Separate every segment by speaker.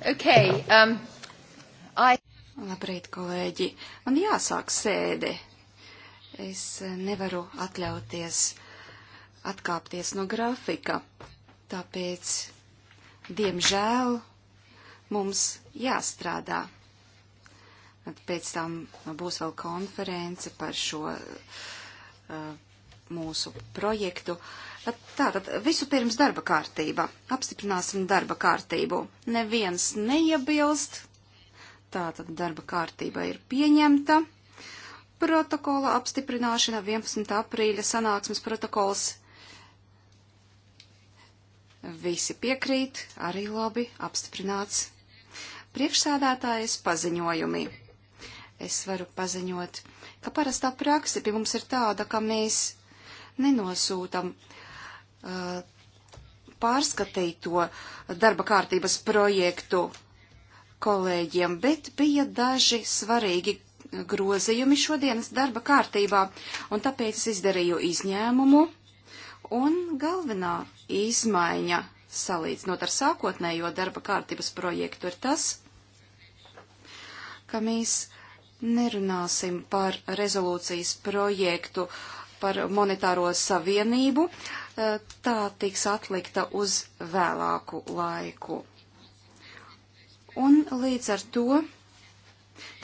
Speaker 1: Okay, um, I... Labrīt, kolēģi. Man jāsāk sēde. Es nevaru atļauties atkāpties no grafika, tāpēc, diemžēl, mums jāstrādā. Pēc tam būs vēl konference par šo uh, mūsu projektu. Uh, Tātad visu pirms darba kārtība. Apstiprināsim darba kārtību. Neviens neiebilst. Tātad darba kārtība ir pieņemta. Protokola apstiprināšana 11. aprīļa sanāksmes protokols. Visi piekrīt, arī labi apstiprināts. Priekšsēdētājas paziņojumi. Es varu paziņot, ka parastā praksa pie mums ir tāda, ka mēs nenosūtam uh, Uh, pārskatīto darba kārtības projektu kolēģiem, bet bija daži svarīgi grozījumi šodienas darba kārtībā, un tāpēc es izdarīju izņēmumu. Un galvenā izmaiņa, salīdzinot ar sākotnējo darba kārtības projektu, ir tas, ka mēs nerunāsim par rezolūcijas projektu par monetāro savienību, uh, Eh, tā tiks atlikta uz vēlāku laiku. Un līdz ar to,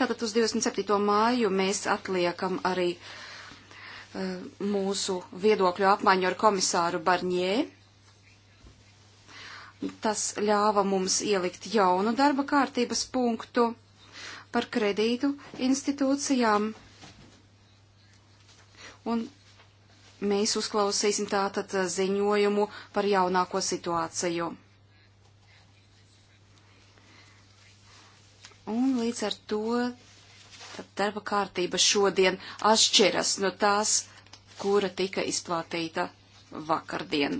Speaker 1: tātad uz 27. māju mēs atliekam arī eh, mūsu viedokļu apmaiņu ar komisāru Barņē. Tas ļāva mums ielikt jaunu darba kārtības punktu par kredītu institūcijām. Un mēs uzklausīsim tātad eh, ziņojumu par jaunāko situāciju. Un līdz ar to darba kārtība šodien atšķiras no tās, kura tika izplatīta vakardien.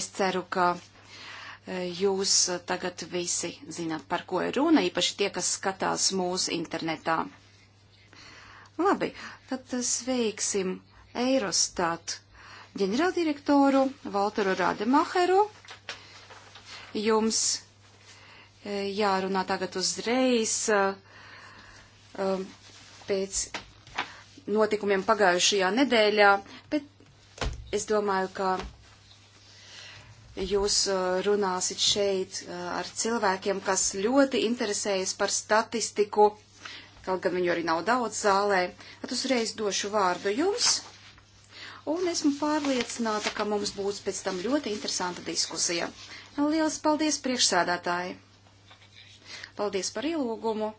Speaker 1: Es ceru, ka eh, jūs tagad visi zināt, par ko ir runa, īpaši tie, kas skatās mūsu internetā. Labi, tad eh, sveiksim Eirostat ģenerāldirektoru Valteru Rademacheru. Jums e, jārunā tagad uzreiz e, e, pēc notikumiem pagājušajā nedēļā, bet es domāju, ka jūs runāsit šeit ar cilvēkiem, kas ļoti interesējas par statistiku, kaut gan viņu arī nav daudz zālē. Tad uzreiz došu vārdu jums un esmu pārliecināta, ka mums būs pēc tam ļoti interesanta diskusija. Lielas paldies priekšsēdētāji! Paldies par ielūgumu!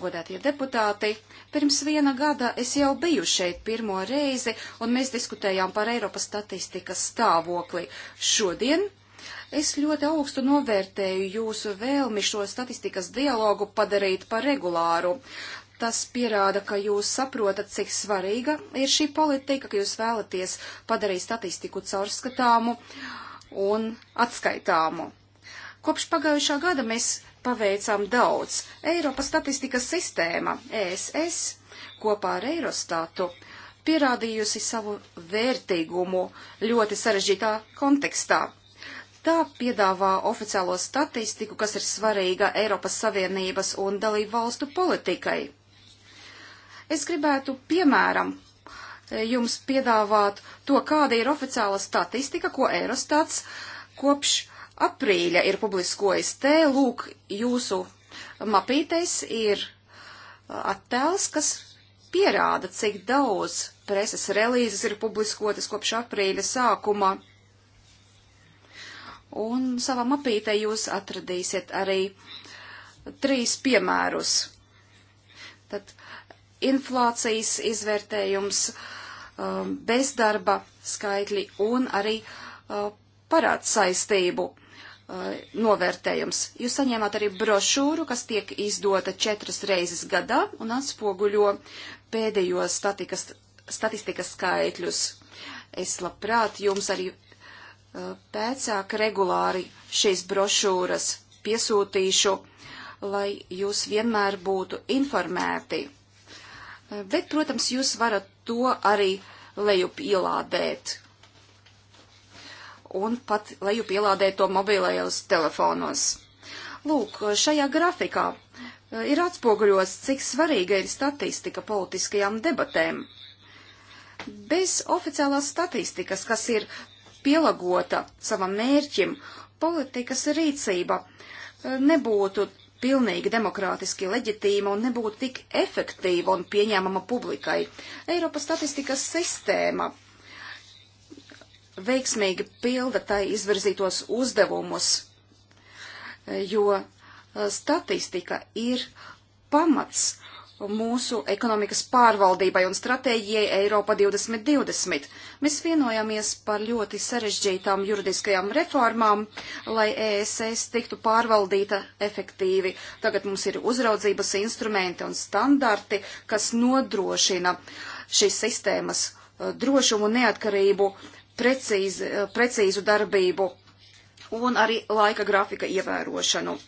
Speaker 1: Godātie deputāti, pirms viena gada es jau biju šeit pirmo reizi, un mēs diskutējām par Eiropas statistikas stāvokli. Šodien es ļoti augstu novērtēju jūsu vēlmi šo statistikas dialogu padarīt par regulāru. Tas pierāda, ka jūs saprotat, cik svarīga ir šī politika, ka jūs vēlaties padarīt statistiku caurskatāmu un atskaitāmu. Kopš pagājušā gada mēs paveicām daudz. Eiropas statistikas sistēma ESS kopā ar Eirostatu pierādījusi savu vērtīgumu ļoti sarežģītā kontekstā. Tā piedāvā oficiālo statistiku, kas ir svarīga Eiropas Savienības un dalību valstu politikai Es gribētu, piemēram, jums piedāvāt to, kāda ir oficiāla statistika, ko Eurostats kopš aprīļa ir publiskojis. Te, lūk, jūsu mapītais ir uh, attēls, kas pierāda, cik daudz preses relīzes ir publiskotas kopš aprīļa sākuma. Un savā mapītē jūs atradīsiet arī trīs piemērus. Tad inflācijas izvērtējums, um, bezdarba skaitļi un arī uh, parāds saistību uh, novērtējums. Jūs saņēmāt arī brošūru, kas tiek izdota četras reizes gadā un atspoguļo pēdējos statikas, statistikas skaitļus. Es labprāt jums arī uh, pēcāk regulāri šīs brošūras piesūtīšu, lai jūs vienmēr būtu informēti Bet, protams, jūs varat to arī lejup ielādēt. Un pat lejup ielādēt to mobilajos telefonos. Lūk, šajā grafikā e, ir atspoguļos, cik svarīga ir statistika politiskajām debatēm. Bez oficiālās statistikas, kas ir pielāgota savam mērķim, politikas rīcība e, nebūtu pilnīgi demokrātiski leģitīma un nebūtu tik efektīva un pieņēmama publikai. Eiropas statistikas sistēma veiksmīgi pilda tai izvirzītos uzdevumus, jo eh, statistika ir pamats mūsu ekonomikas pārvaldībai un stratēģijai Eiropa 2020. Mēs vienojamies par ļoti sarežģītām juridiskajām reformām, lai ESS tiktu pārvaldīta efektīvi. Tagad mums ir uzraudzības instrumenti un standarti, kas nodrošina šīs sistēmas uh, drošumu, neatkarību, precīzi, uh, precīzu darbību un arī laika grafika ievērošanu.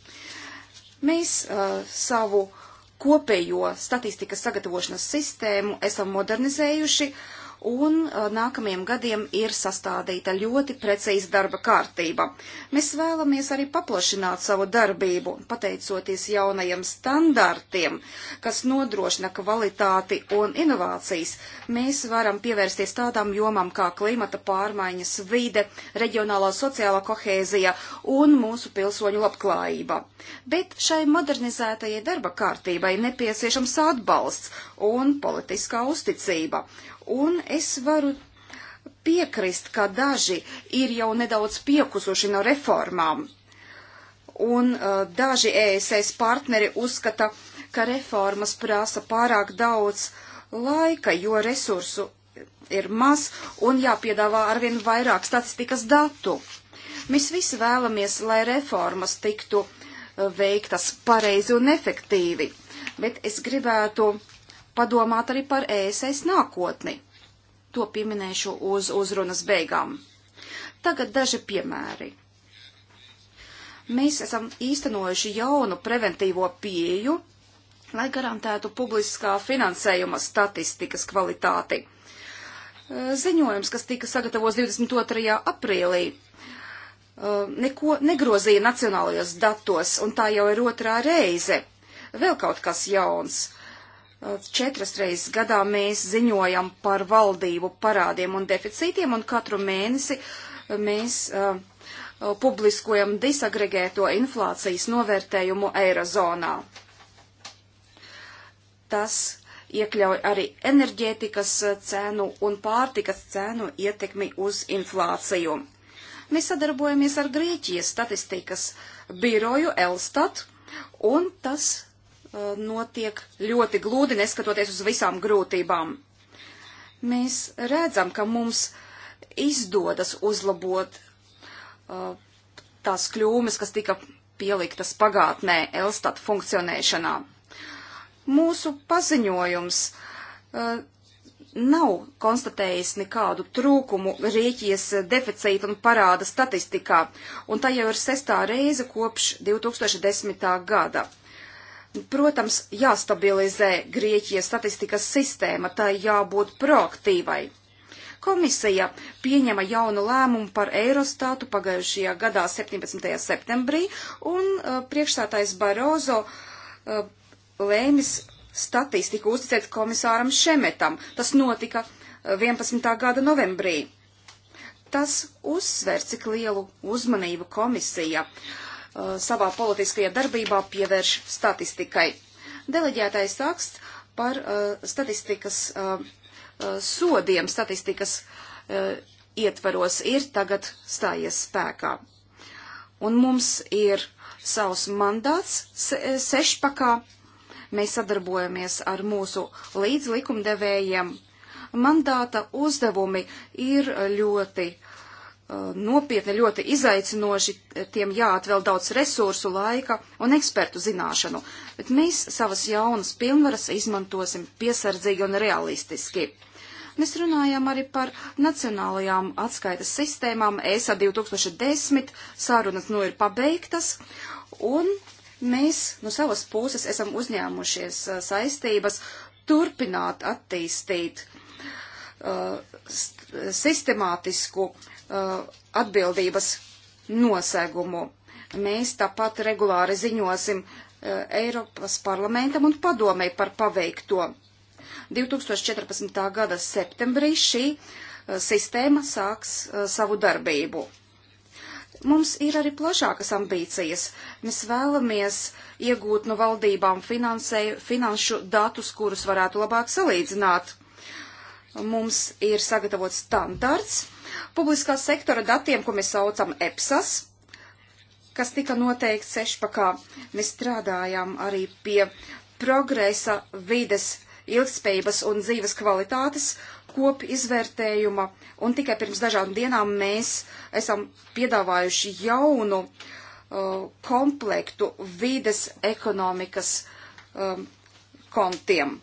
Speaker 1: Mēs uh, savu uh, kopējo statistikas sagatavošanas sistēmu esam modernizējuši, uh, un uh, nākamajiem gadiem ir sastādīta ļoti precīza darba kārtība. Mēs vēlamies arī paplašināt savu darbību, pateicoties jaunajiem standartiem, kas nodrošina kvalitāti un inovācijas. Mēs varam pievērsties tādām jomām kā klimata pārmaiņas, vide, reģionālā sociālā kohēzija un mūsu pilsoņu labklājība. Bet šai modernizētajai darba kārtībai nepieciešams atbalsts un politiskā uzticība. Un es varu piekrist, ka daži ir jau nedaudz piekusuši no reformām. Un uh, daži ESS partneri uzskata, ka reformas prasa pārāk daudz laika, jo resursu ir maz un jāpiedāvā arvien vairāk statistikas datu. Mēs visi vēlamies, lai reformas tiktu uh, veiktas pareizi un efektīvi, bet es gribētu padomāt arī par ESS nākotni. To pieminēšu uz uzrunas beigām. Tagad daži piemēri. Mēs esam īstenojuši jaunu preventīvo pieju, lai garantētu publiskā finansējuma statistikas kvalitāti. Ziņojums, kas tika sagatavots 22. aprīlī, uh, neko negrozīja nacionālajos datos, un tā jau ir otrā reize. Vēl kaut kas jauns. Četras reizes gadā mēs ziņojam par valdību parādiem un deficītiem, un katru mēnesi uh, mēs uh, uh, publiskojam disagregēto inflācijas novērtējumu Eirozonā. Tas iekļauj arī enerģētikas uh, cenu un pārtikas cenu ietekmi uz inflāciju. Mēs sadarbojamies ar Grieķijas statistikas biroju Elstat, un tas Uh, notiek ļoti glūdi, neskatoties uz visām grūtībām. Mēs redzam, ka mums izdodas uzlabot uh, tās kļūmes, kas tika pieliktas pagātnē Elstat funkcionēšanā. Mūsu paziņojums uh, nav konstatējis nekādu trūkumu rieķies deficīta un parāda statistikā, un tā jau ir sestā reize kopš 2010. gada. Protams, jāstabilizē Grieķijas statistikas sistēma, tā jābūt proaktīvai. Komisija pieņēma jaunu lēmumu par Eirostātu pagājušajā gadā 17. septembrī, un uh, priekšstātais Barozo uh, lēmis statistiku uzticēt komisāram Šemetam. Tas notika 11. Uh, gada novembrī. Tas uzsver, cik lielu uzmanību komisija uh, uh, savā politiskajā darbībā pievērš statistikai. Deleģētais aksts par uh, statistikas uh, uh, sodiem statistikas uh, ietvaros ir tagad stājies spēkā. Un mums ir savs mandāts se sešpakā. Mēs sadarbojamies ar mūsu līdzlikumdevējiem. Mandāta uzdevumi ir ļoti uh, Uh, nopietni, ļoti izaicinoši, eh, tiem jāatvēl daudz resursu, laika un ekspertu zināšanu, bet mēs savas jaunas pilnvaras izmantosim piesardzīgi un realistiski. Mēs runājām arī par nacionālajām atskaitas sistēmām. ESA 2010 sārunas nu ir pabeigtas, un mēs no savas puses esam uzņēmušies uh, saistības turpināt attīstīt uh, sistemātisku uh, Uh, atbildības nosegumu. Mēs tāpat regulāri ziņosim uh, Eiropas parlamentam un padomē par paveikto. 2014. gada septembrī šī uh, sistēma sāks savu darbību. Mums ir arī plašākas ambīcijas. Mēs vēlamies iegūt no valdībām finansē, finanšu datus, kurus varētu labāk salīdzināt. Mums ir sagatavots standarts, publiskā sektora datiem, ko mēs saucam EPSAS, kas tika noteikts sešpakā. Mēs strādājām arī pie progresa vides ilgspējības un dzīves kvalitātes kop izvērtējuma, un tikai pirms dažām dienām mēs esam piedāvājuši jaunu uh, komplektu vides ekonomikas um, kontiem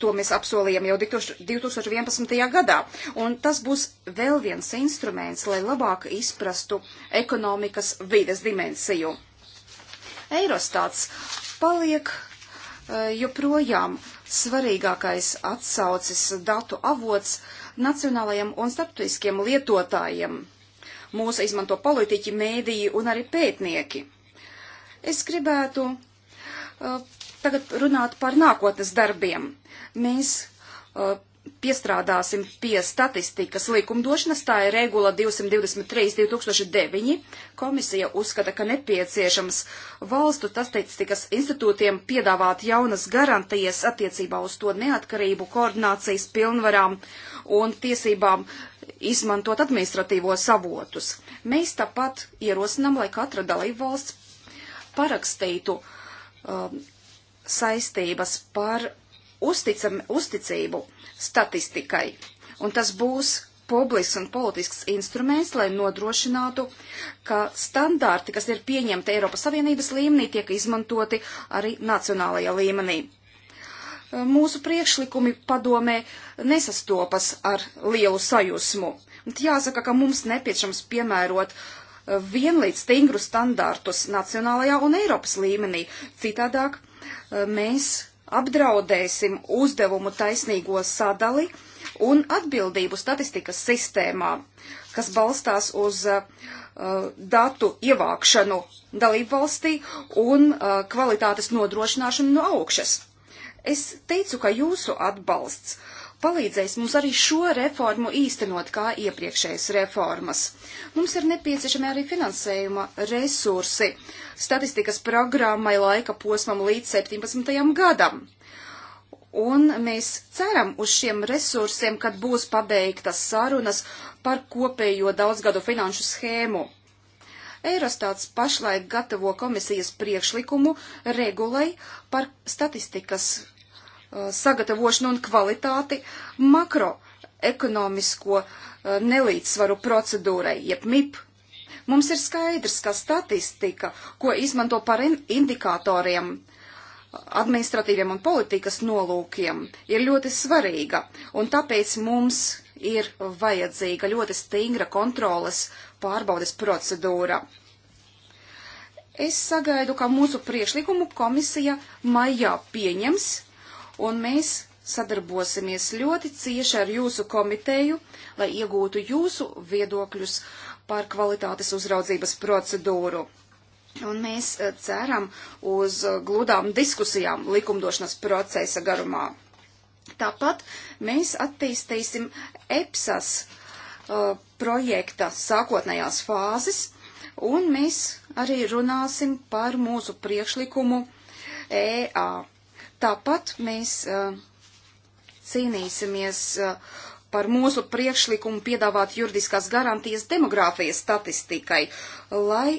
Speaker 1: to mēs apsolījām jau 2011. gadā. Un tas būs vēl viens instruments, lai labāk izprastu ekonomikas vides dimensiju. Eirostāts paliek e, joprojām svarīgākais atsaucis datu avots nacionālajiem un starptautiskiem lietotājiem. Mūsu izmanto politiķi, mēdīji un arī pētnieki. Es gribētu e, Tagad runāt par nākotnes darbiem. Mēs uh, piestrādāsim pie statistikas likumdošanas, tā ir regula 223.2009. Komisija uzskata, ka nepieciešams valstu statistikas institūtiem piedāvāt jaunas garantijas attiecībā uz to neatkarību, koordinācijas pilnvarām un tiesībām izmantot administratīvo savotus. Mēs tāpat ierosinām, lai katra dalība valsts parakstītu um, saistības par uzticam, uzticību statistikai. Un tas būs publisks un politisks instruments, lai nodrošinātu, ka standārti, kas ir pieņemti Eiropas Savienības līmenī, tiek izmantoti arī nacionālajā līmenī. Mūsu priekšlikumi padomē nesastopas ar lielu sajūsmu. Un jāsaka, ka mums nepieciešams piemērot eh, vienlīdz stingru standārtus nacionālajā un Eiropas līmenī. Citādāk Eh, mēs apdraudēsim uzdevumu taisnīgo sadali un atbildību statistikas sistēmā, kas balstās uz uh, datu ievākšanu dalībvalstī un uh, kvalitātes nodrošināšanu no augšas. Es teicu, ka jūsu atbalsts uh, palīdzēs mums arī šo reformu īstenot kā iepriekšējas reformas. Mums ir nepieciešami arī finansējuma resursi statistikas programmai laika posmam līdz 17. gadam. Un mēs ceram uz šiem resursiem, kad būs pabeigtas sarunas par kopējo daudzgadu finanšu schēmu. Eirostāts pašlaik gatavo komisijas priekšlikumu regulai par statistikas Uh, sagatavošanu un kvalitāti makroekonomisko uh, nelīdzsvaru procedūrai, jeb MIP. Mums ir skaidrs, ka statistika, ko izmanto par indikatoriem, administratīviem un politikas nolūkiem, ir ļoti svarīga, un tāpēc mums ir vajadzīga ļoti stingra kontroles pārbaudes procedūra. Es sagaidu, ka mūsu priešlikumu komisija maijā pieņems un mēs sadarbosimies ļoti cieši ar jūsu komiteju, lai iegūtu jūsu viedokļus par kvalitātes uzraudzības procedūru. Un mēs e, ceram uz e, gludām diskusijām likumdošanas procesa garumā. Tāpat mēs attīstīsim EPSAS uh, projekta sākotnējās fāzes, un mēs arī runāsim par mūsu priekšlikumu EA Tāpat mēs uh, cīnīsimies uh, par mūsu priekšlikumu piedāvāt juridiskās garantijas demogrāfijas statistikai, lai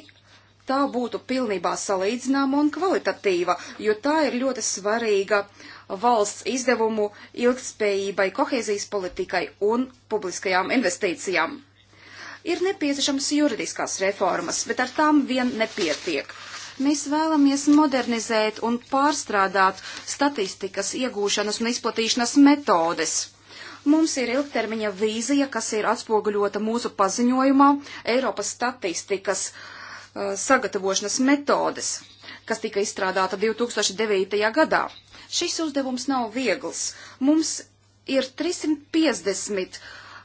Speaker 1: tā būtu pilnībā salīdzināma un kvalitatīva, jo tā ir ļoti svarīga valsts izdevumu ilgtspējībai, kohēzijas politikai un publiskajām investīcijām. Ir nepieciešams juridiskās reformas, bet ar tām vien nepietiek Mēs vēlamies modernizēt un pārstrādāt statistikas iegūšanas un izplatīšanas metodes. Mums ir ilgtermiņa vīzija, kas ir atspoguļota mūsu paziņojumā Eiropas statistikas uh, sagatavošanas metodes, kas tika izstrādāta 2009. gadā. Šis uzdevums nav viegls. Mums ir 350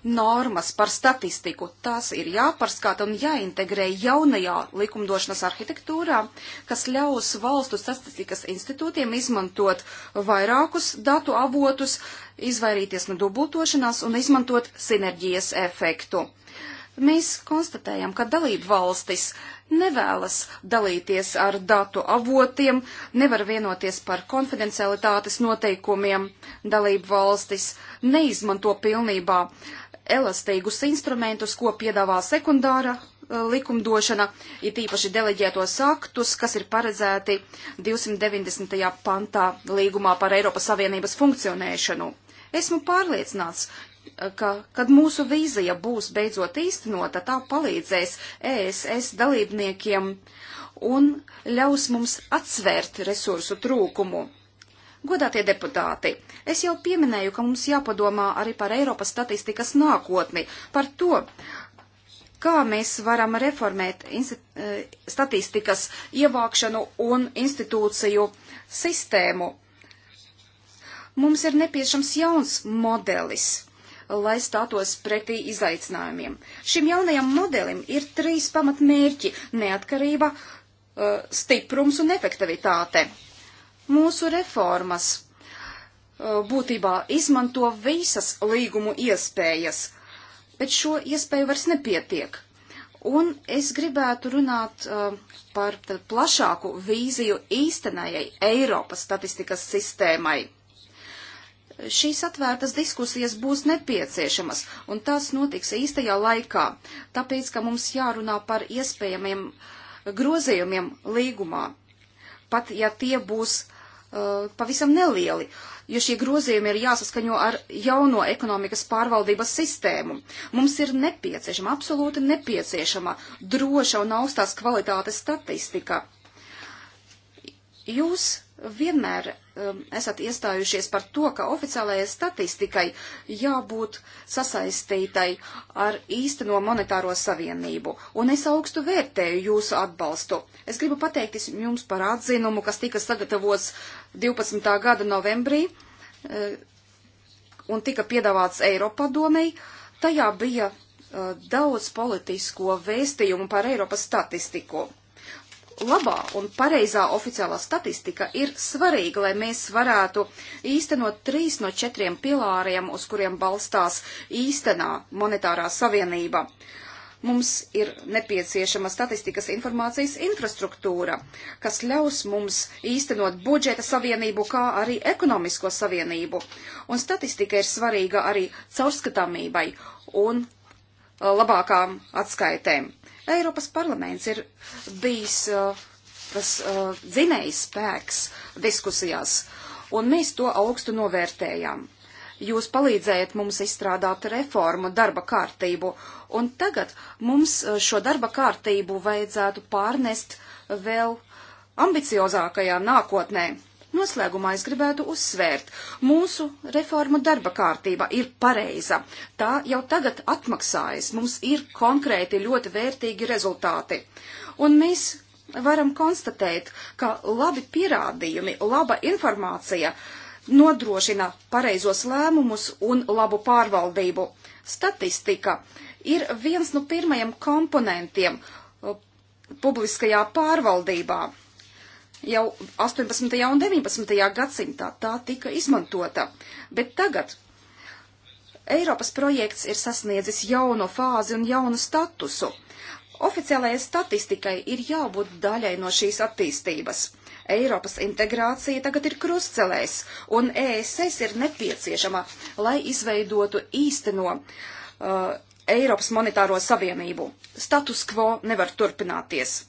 Speaker 1: normas par statistiku. Tās ir jāpārskata un jāintegrē jaunajā likumdošanas arhitektūrā, kas ļaus valstu statistikas institūtiem izmantot vairākus datu avotus, izvairīties no dubultošanās un izmantot sinerģijas efektu. Mēs konstatējam, ka dalību valstis nevēlas dalīties ar datu avotiem, nevar vienoties par konfidencialitātes noteikumiem, dalību valstis neizmanto pilnībā uh, elastīgus instrumentus, ko piedāvā sekundāra e, likumdošana, ir tīpaši deleģētos aktus, kas ir paredzēti 290. pantā līgumā par Eiropas Savienības funkcionēšanu. Esmu pārliecināts, e, ka, kad mūsu vīzija būs beidzot īstenota, tā palīdzēs ESS dalībniekiem un ļaus mums atsvērt resursu trūkumu. Godātie deputāti, es jau pieminēju, ka mums jāpadomā arī par Eiropas statistikas nākotni, par to, kā mēs varam reformēt eh, statistikas ievākšanu un institūciju sistēmu. Mums ir nepieciešams jauns modelis, lai stātos pretī izaicinājumiem. Šim jaunajam modelim ir trīs pamatmērķi - neatkarība, eh, stiprums un efektivitāte mūsu reformas uh, būtībā izmanto visas līgumu iespējas, bet šo iespēju vairs nepietiek. Un es gribētu runāt uh, par plašāku vīziju īstenējai Eiropas statistikas sistēmai. Šīs atvērtas diskusijas būs nepieciešamas, un tās notiks īstajā laikā, tāpēc, ka mums jārunā par iespējamiem grozījumiem līgumā, pat ja tie būs uh, uh, pavisam nelieli, jo šie grozījumi ir jāsaskaņo ar jauno ekonomikas pārvaldības sistēmu. Mums ir nepieciešama, absolūti nepieciešama droša un augstās kvalitātes statistika. Jūs vienmēr um, esat iestājušies par to, ka oficiālajai statistikai jābūt sasaistītai ar īsteno monetāro savienību, un es augstu vērtēju jūsu atbalstu. Es gribu pateikt jums par atzinumu, kas tika sagatavots 12. gada novembrī uh, un tika piedāvāts Eiropadomei. Tajā bija uh, daudz politisko vēstījumu par Eiropas statistiku. Uh, labā un pareizā oficiālā statistika ir svarīga, lai mēs varētu īstenot trīs no četriem pilāriem, uz kuriem balstās īstenā monetārā savienība. Mums ir nepieciešama statistikas informācijas infrastruktūra, kas ļaus mums īstenot budžeta savienību, kā arī ekonomisko savienību. Un statistika ir svarīga arī caurskatāmībai un labākām atskaitēm. Eiropas parlaments ir bijis uh, tas uh, dzinējs spēks diskusijās, un mēs to augstu novērtējām. Jūs palīdzējat mums izstrādāt reformu darba kārtību, un tagad mums uh, šo darba kārtību vajadzētu pārnest vēl ambiciozākajā nākotnē. Noslēgumā es gribētu uzsvērt, mūsu reformu darba kārtība ir pareiza. Tā jau tagad atmaksājas, mums ir konkrēti ļoti vērtīgi rezultāti. Un mēs varam konstatēt, ka labi pierādījumi, laba informācija nodrošina pareizos lēmumus un labu pārvaldību. Statistika ir viens no pirmajiem komponentiem uh, publiskajā pārvaldībā jau 18. un 19. gadsimtā tā tika izmantota. Bet tagad Eiropas projekts ir sasniedzis jaunu fāzi un jaunu statusu. Oficiālajai statistikai ir jābūt daļai no šīs attīstības. Eiropas integrācija tagad ir krustcelēs, un ESS ir nepieciešama, lai izveidotu īsteno uh, Eiropas monetāro savienību. Status quo nevar turpināties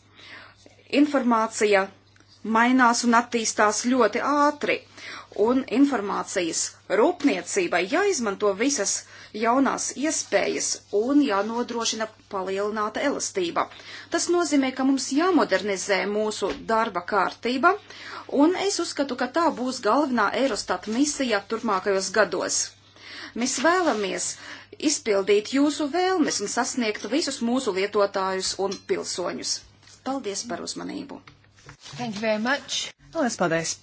Speaker 1: informācija mainās un attīstās ļoti ātri, un informācijas rūpniecībai jāizmanto visas jaunās iespējas un jānodrošina palielināta elastība. Tas nozīmē, ka mums jāmodernizē mūsu darba kārtība, un es uzskatu, ka tā būs galvenā Eurostat misija turpmākajos gados. Mēs vēlamies izpildīt jūsu vēlmes un sasniegt visus mūsu lietotājus un pilsoņus. Paldies par uzmanību!
Speaker 2: Thank you very much. Lielas paldies.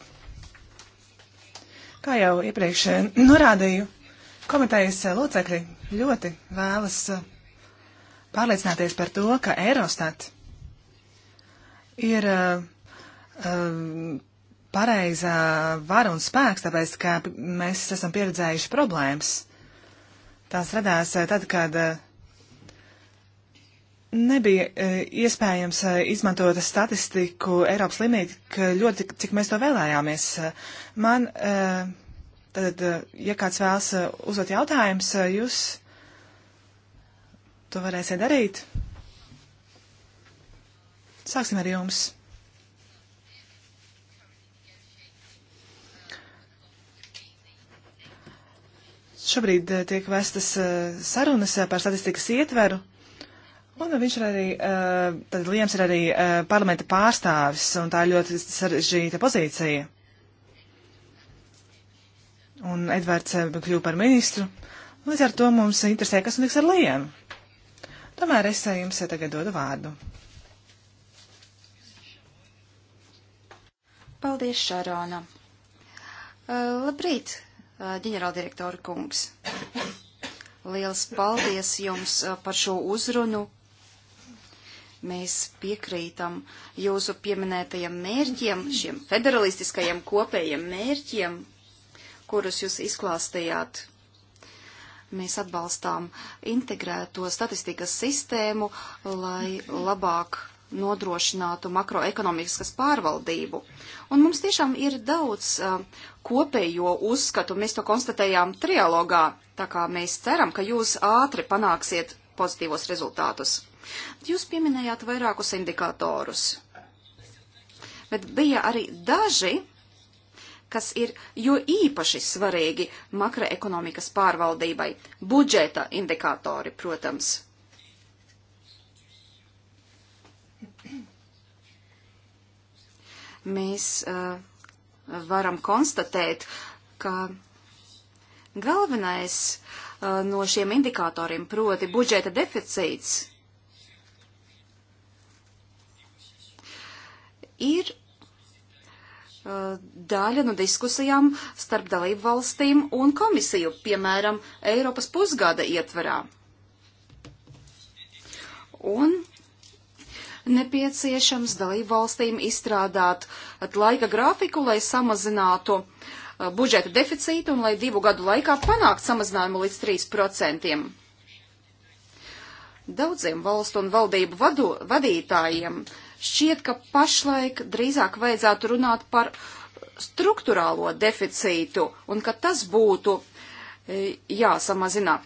Speaker 2: Kā jau iepriekš eh, norādīju, komitejas eh, locekļi ļoti vēlas eh, pārliecināties par to, ka Eurostat ir um, pareizā vara un spēks, tāpēc, ka mēs esam pieredzējuši problēmas. Tās radās tad, kad uh, nebija e, iespējams e, izmantot statistiku Eiropas līmenī tik ļoti, cik mēs to vēlējāmies. E, man, tad, ja kāds vēlas uzdot jautājumus, jūs to varēsiet darīt. Sāksim ar jums. Šobrīd tiek vestas sarunas par statistikas ietveru Un viņš ir arī, eh, tad Liems ir arī eh, parlamenta pārstāvis, un tā ir ļoti sarežģīta pozīcija. Un Edvards eh, kļuva par ministru, līdz ar to mums interesē, kas notiks ar Liemu. Tomēr es jums tagad dodu vārdu.
Speaker 1: Paldies, Šarona. Labrīt, ģenerāldirektora kungs. Liels paldies jums par šo uzrunu Mēs piekrītam jūsu pieminētajiem mērķiem, šiem federalistiskajiem kopējiem mērķiem, kurus jūs izklāstījāt. Mēs atbalstām integrēto statistikas sistēmu, lai labāk nodrošinātu makroekonomikas pārvaldību. Un mums tiešām ir daudz uh, kopējo uzskatu, mēs to konstatējām trialogā, tā kā mēs ceram, ka jūs ātri panāksiet pozitīvos rezultātus. Jūs pieminējāt vairākus indikatorus, bet bija arī daži, kas ir jo īpaši svarīgi makroekonomikas pārvaldībai - budžeta indikatori, protams. Mēs uh, varam konstatēt, ka galvenais uh, no šiem indikatoriem, proti budžeta deficīts, ir uh, daļa no diskusijām starp dalību valstīm un komisiju, piemēram, Eiropas pusgada ietverā. Un nepieciešams dalību valstīm izstrādāt laika grafiku, lai samazinātu uh, budžeta deficītu un lai divu gadu laikā panākt samazinājumu līdz 3%. Daudziem valstu un valdību vadu, vadītājiem uh, Šķiet, ka pašlaik drīzāk vajadzētu runāt par struktūrālo deficītu un ka tas būtu e, jāsamazina,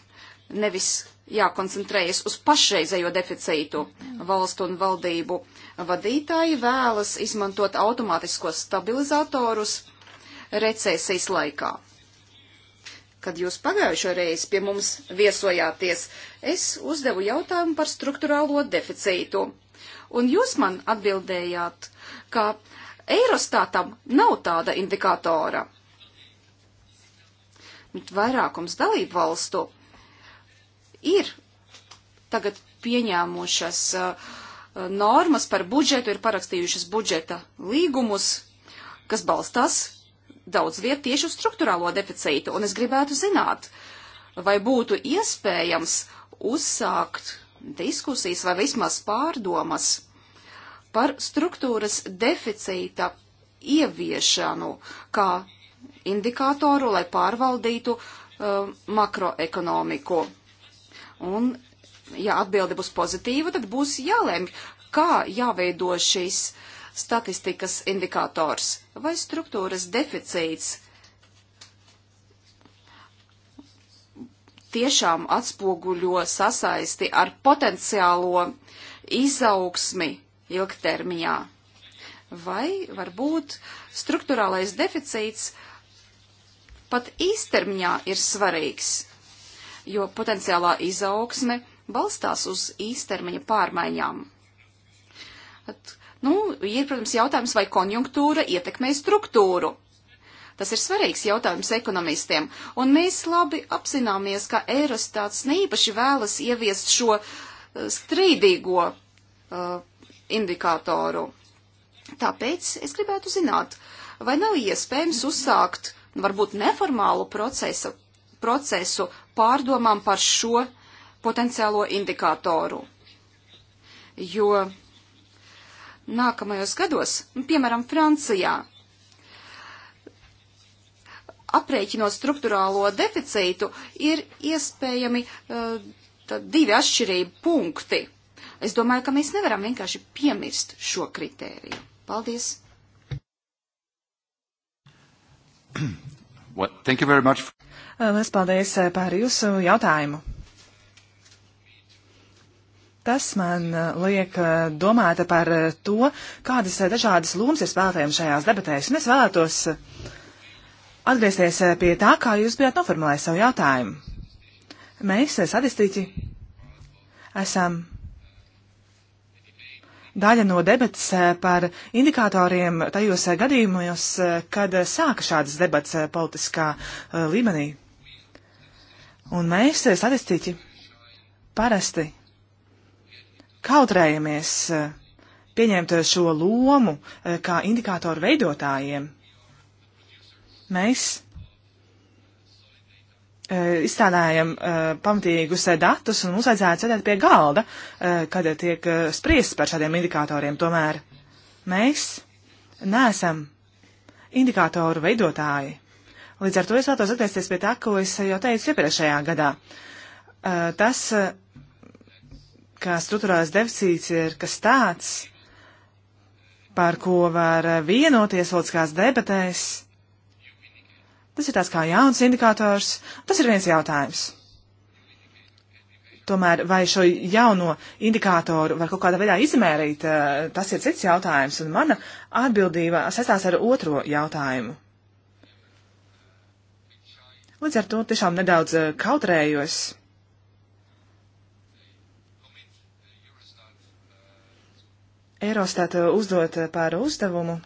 Speaker 1: nevis jākoncentrējas uz pašreizējo deficītu. Valstu un valdību vadītāji vēlas izmantot automātiskos stabilizatorus recesijas laikā. Kad jūs pagājušo reizi pie mums viesojāties, es uzdevu jautājumu par struktūrālo deficītu. Un jūs man atbildējāt, ka Eirostatam nav tāda indikātora. Vairākums dalību valstu ir tagad pieņēmušas uh, normas par budžetu, ir parakstījušas budžeta līgumus, kas balstās daudz viet tieši uz struktūrālo deficītu. Un es gribētu zināt, vai būtu iespējams uzsākt diskusijas vai vismaz pārdomas par struktūras deficīta ieviešanu kā indikātoru, lai pārvaldītu uh, makroekonomiku. Un, ja atbilde būs pozitīva, tad būs jālemj, kā jāveido šis statistikas indikators vai struktūras deficīts tiešām atspoguļo sasaisti ar potenciālo izaugsmi ilgtermiņā. Vai varbūt struktūrālais deficīts pat īstermiņā ir svarīgs, jo potenciālā izaugsme balstās uz īstermiņa pārmaiņām. At, nu, ir, protams, jautājums, vai konjunktūra ietekmē struktūru. Tas ir svarīgs jautājums ekonomistiem, un mēs labi apzināmies, ka Eirostāts neīpaši vēlas ieviest šo eh, strīdīgo uh, indikātoru. Tāpēc es gribētu zināt, vai nav iespējams uzsākt nu, varbūt neformālu procesu, procesu pārdomām par šo potenciālo indikātoru. Jo nākamajos gados, nu, piemēram, Francijā, aprēķinot struktūrālo deficītu, ir iespējami uh, divi atšķirību punkti. Es domāju, ka mēs nevaram vienkārši
Speaker 2: piemirst šo kritēriju. Paldies!
Speaker 1: Well, thank you very much.
Speaker 2: Eh, Lielas paldies eh, par jūsu jautājumu. Tas man liek domāt par to, kādas dažādas lomas ir spēlētājiem šajās debatēs, un es vēlētos uh, atgriezties eh, pie tā, kā jūs bijāt noformulējis savu jautājumu. Mēs, eh, statistiķi, esam daļa no debatas eh, par indikatoriem tajos gadījumos, kad sāka šādas debatas politiskā līmenī. Un mēs, statistiķi, parasti kautrējamies pieņemt šo lomu kā indikātoru veidotājiem mēs eh, izstrādājam eh, pamatīgus eh, datus un mums vajadzētu sēdēt pie galda, kad tiek spriests par šādiem indikatoriem. Tomēr mēs neesam indikātoru veidotāji. Līdz ar to es vēlos atgriezties pie tā, ko es jau teicu iepriekšējā gadā. Tas, kā struktūrāls deficīts ir kas tāds, par ko var vienoties valsts debatēs, Tas ir tāds kā jauns indikators. Tas ir viens jautājums. Tomēr vai šo jauno indikātoru var kaut kādā veidā izmērīt, eh, tas ir cits jautājums, un mana atbildība saistās ar otro jautājumu. Līdz ar to tiešām nedaudz eh, kautrējos. Eurostat eh, uzdot par uzdevumu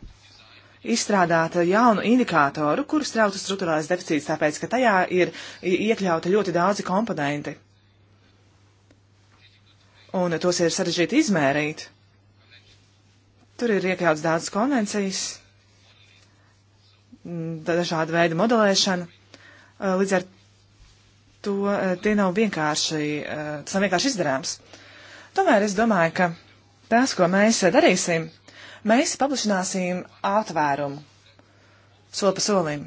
Speaker 2: izstrādāt jaunu indikātoru, kuru strautu struktūrālais deficīts, tāpēc, ka tajā ir iekļauta ļoti daudzi komponenti. Un tos ir sarežģīti izmērīt. Tur ir iekļauts daudz konvencijas, dažāda veida modelēšana. Līdz ar to eh, tie nav vienkārši, eh, tas nav vienkārši izdarāms. Tomēr es domāju, ka tas, ko mēs darīsim, Mēs paplašināsim aptvērumu soli pa solim.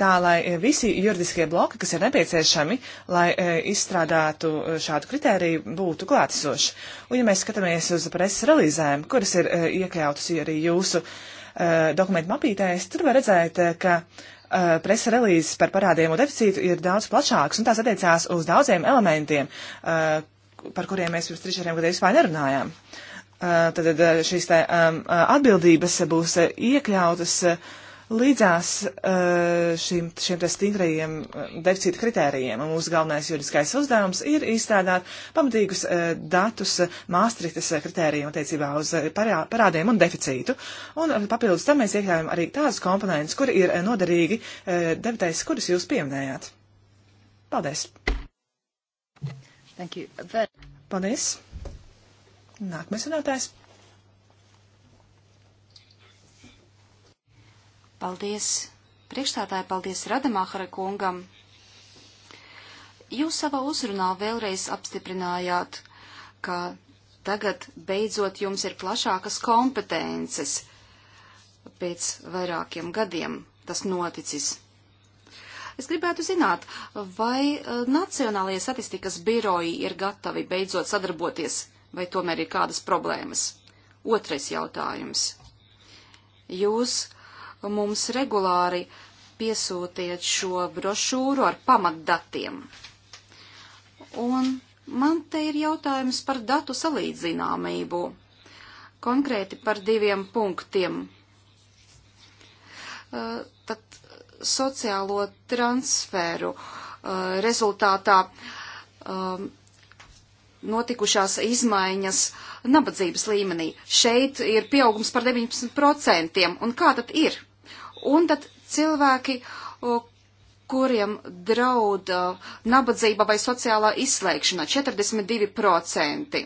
Speaker 2: Tā lai eh, visi juridiskie bloki, kas ir nepieciešami, lai e, izstrādātu eh, šādu kritēriju, būtu klātesoši. Un, ja mēs skatāmies uz preses relīzēm, kuras ir e, iekļautas arī jūsu e, dokumentu mapītēs, tur var redzēt, ka presa relīzes par parādiem un deficītu ir daudz plašāks, un tās attiecās uz daudziem elementiem, par kuriem mēs pirms trešiem gadiem vispār nerunājām. Uh, tad šīs tā, atbildības būs iekļautas līdzās šim, šiem stingrajiem deficīta kritērijiem. Mūsu galvenais juridiskais uzdevums ir izstrādāt pamatīgus datus māstrītas kritērijiem attiecībā uz parādiem un deficītu. Un papildus tam mēs iekļaujam arī tādus komponentus, kuri ir noderīgi debatēs, kurus jūs pieminējāt. Paldies! Thank you. Paldies! Nākamais runātājs. Paldies
Speaker 1: priekšstādāji, paldies Rademāhara kungam. Jūs savā uzrunā vēlreiz apstiprinājāt, ka tagad beidzot jums ir plašākas kompetences pēc vairākiem gadiem tas noticis. Es gribētu zināt, vai eh, Nacionālajie statistikas biroji ir gatavi beidzot sadarboties vai tomēr ir kādas problēmas? Otrais jautājums. Jūs mums regulāri piesūtiet šo brošūru ar pamatdatiem. Un man te ir jautājums par datu salīdzināmību, konkrēti par diviem punktiem. Uh, tad sociālo transferu uh, rezultātā um, notikušās izmaiņas nabadzības līmenī. Šeit ir pieaugums par 19%, un kā tad ir? Un tad cilvēki, kuriem draud nabadzība vai sociālā izslēgšana, 42%.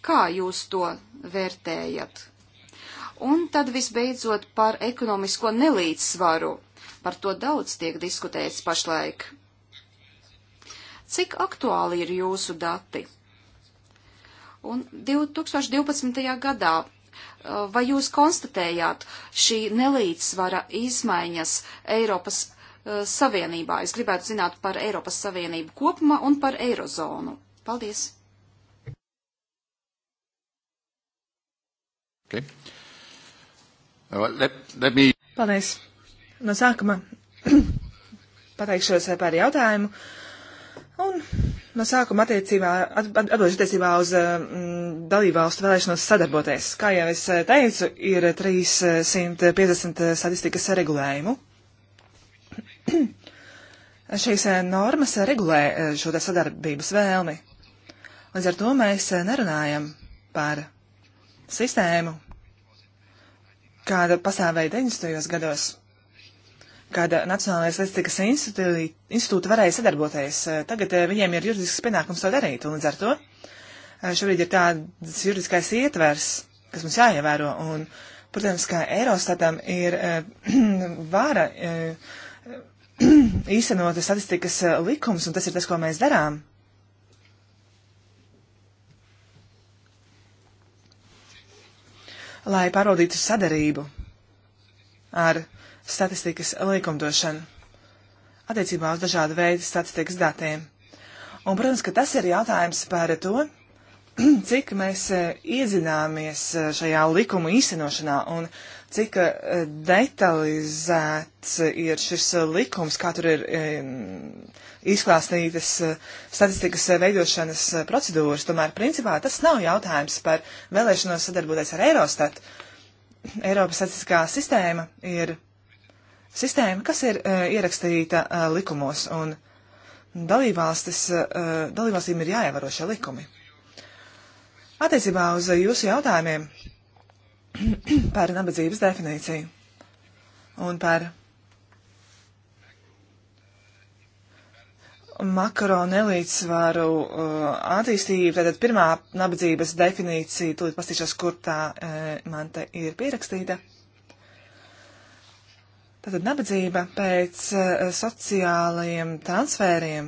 Speaker 1: Kā jūs to vērtējat? Un tad visbeidzot par ekonomisko nelīdzsvaru. Par to daudz tiek diskutēts pašlaik. Cik aktuāli ir jūsu dati? Un 2012. gadā uh, vai jūs konstatējāt šī nelīdzsvara izmaiņas Eiropas uh, Savienībā? Es gribētu zināt par Eiropas Savienību kopumā un par Eirozonu. Paldies!
Speaker 3: Okay. Well, let, let me...
Speaker 2: Paldies! No sākuma pateikšos par jautājumu. Un No sākuma attiecībā, atbildot attiecībā uz mm, eh, dalībvalstu vēlēšanos sadarboties. Kā jau es eh, teicu, ir 350 eh, statistikas regulējumu. Šīs normas regulē šo sadarbības vēlmi. Līdz ar to mēs nerunājam par sistēmu, kāda pastāvēja 90. gados kāda Nacionālajā statistikas institūta varēja sadarboties. Tagad eh, viņiem ir juridisks pienākums to darīt, un līdz ar to eh, šobrīd ir tāds juridiskais ietvers, kas mums jāievēro, un, protams, kā Eurostatam ir eh, vara īstenot statistikas likums, un tas ir tas, ko mēs darām. Lai pārvaldītu sadarību ar uh, statistikas likumdošanu attiecībā uz dažādu veidu statistikas datiem. Un, protams, ka tas ir jautājums par to, cik mēs eh, iedzināmies eh, šajā likumu īstenošanā un cik eh, detalizēts ir šis likums, kā tur ir izklāstītas statistikas veidošanas procedūras. Tomēr, principā, tas nav jautājums par vēlēšanos sadarboties ar Eurostat. Eiropas statistiskā sistēma ir sistēma, kas ir uh, ierakstīta uh, likumos, un dalībvalstis, uh, dalībvalstīm ir jāievēro šie likumi. Attiecībā uz jūsu jautājumiem par nabadzības definīciju un par makro nelīdzsvaru uh, attīstību. Tātad pirmā nabadzības definīcija, tūlīt pastīšos, kur tā uh, man te ir pierakstīta. Tātad nabadzība pēc eh, sociālajiem transfēriem.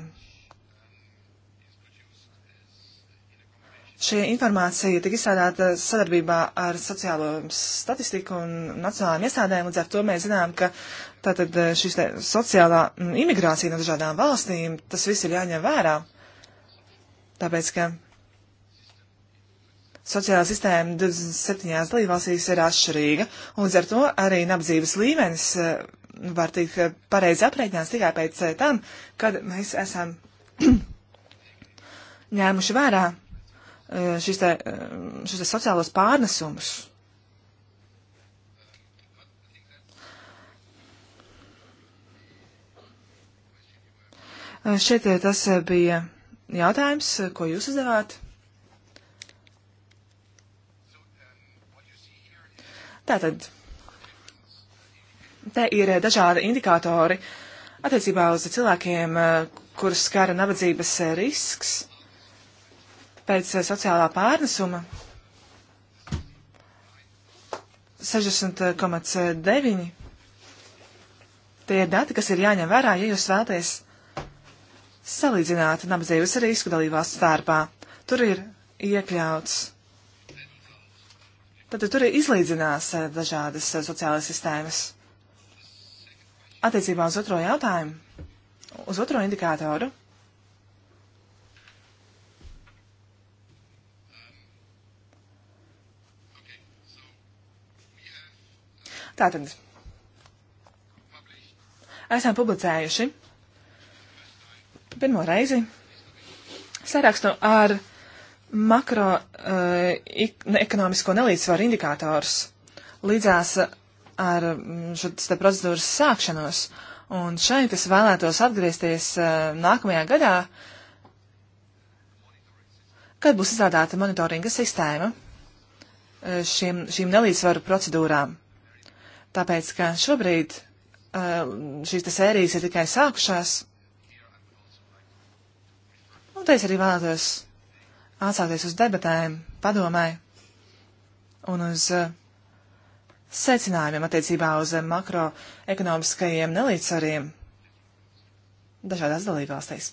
Speaker 2: Šī informācija tika izstrādāta sadarbībā ar sociālo statistiku un nacionālām iestādēm, līdz ar to mēs zinām, ka tātad eh, šī sociālā mm, imigrācija no dažādām valstīm, tas viss ir jāņem vērā. Tāpēc, ka Sociālā sistēma 27. dalībvalstīs ir atšķirīga, un līdz ar to arī nabadzības līmenis eh, var tikt eh, pareizi aprēķināts tikai pēc eh, tam, kad mēs esam ņēmuši vērā šis te, šis te sociālos pārnesumus. Šeit tas bija jautājums, ko jūs uzdevāt. Tātad, te ir dažādi indikātori attiecībā uz cilvēkiem, eh, kurus skara nabadzības eh, risks pēc eh, sociālā pārnesuma. 60,9. Tie ir dati, kas ir jāņem vērā, ja jūs vēlaties salīdzināt nabadzības risku dalībās starpā. Tur ir iekļauts Tad tur ir izlīdzinās eh, dažādas eh, sociālās sistēmas. Attiecībā uz otro jautājumu, uz otro indikātoru. Tātad esam publicējuši pirmo reizi sarakstu ar makroekonomisko eh, uh, nelīdzsvaru indikātors līdzās ar mm, šādas procedūras sākšanos. Un šeit es vēlētos atgriezties uh, nākamajā gadā, kad būs izstrādāta monitoringa sistēma uh, šiem, šīm nelīdzsvaru procedūrām. Tāpēc, ka šobrīd šīs sērijas ir tikai sākušās. Un te es arī vēlētos atsākties uz debatēm, padomē un uz eh, secinājumiem attiecībā uz eh, makroekonomiskajiem nelīdzsvariem dažādās dalībvalstīs.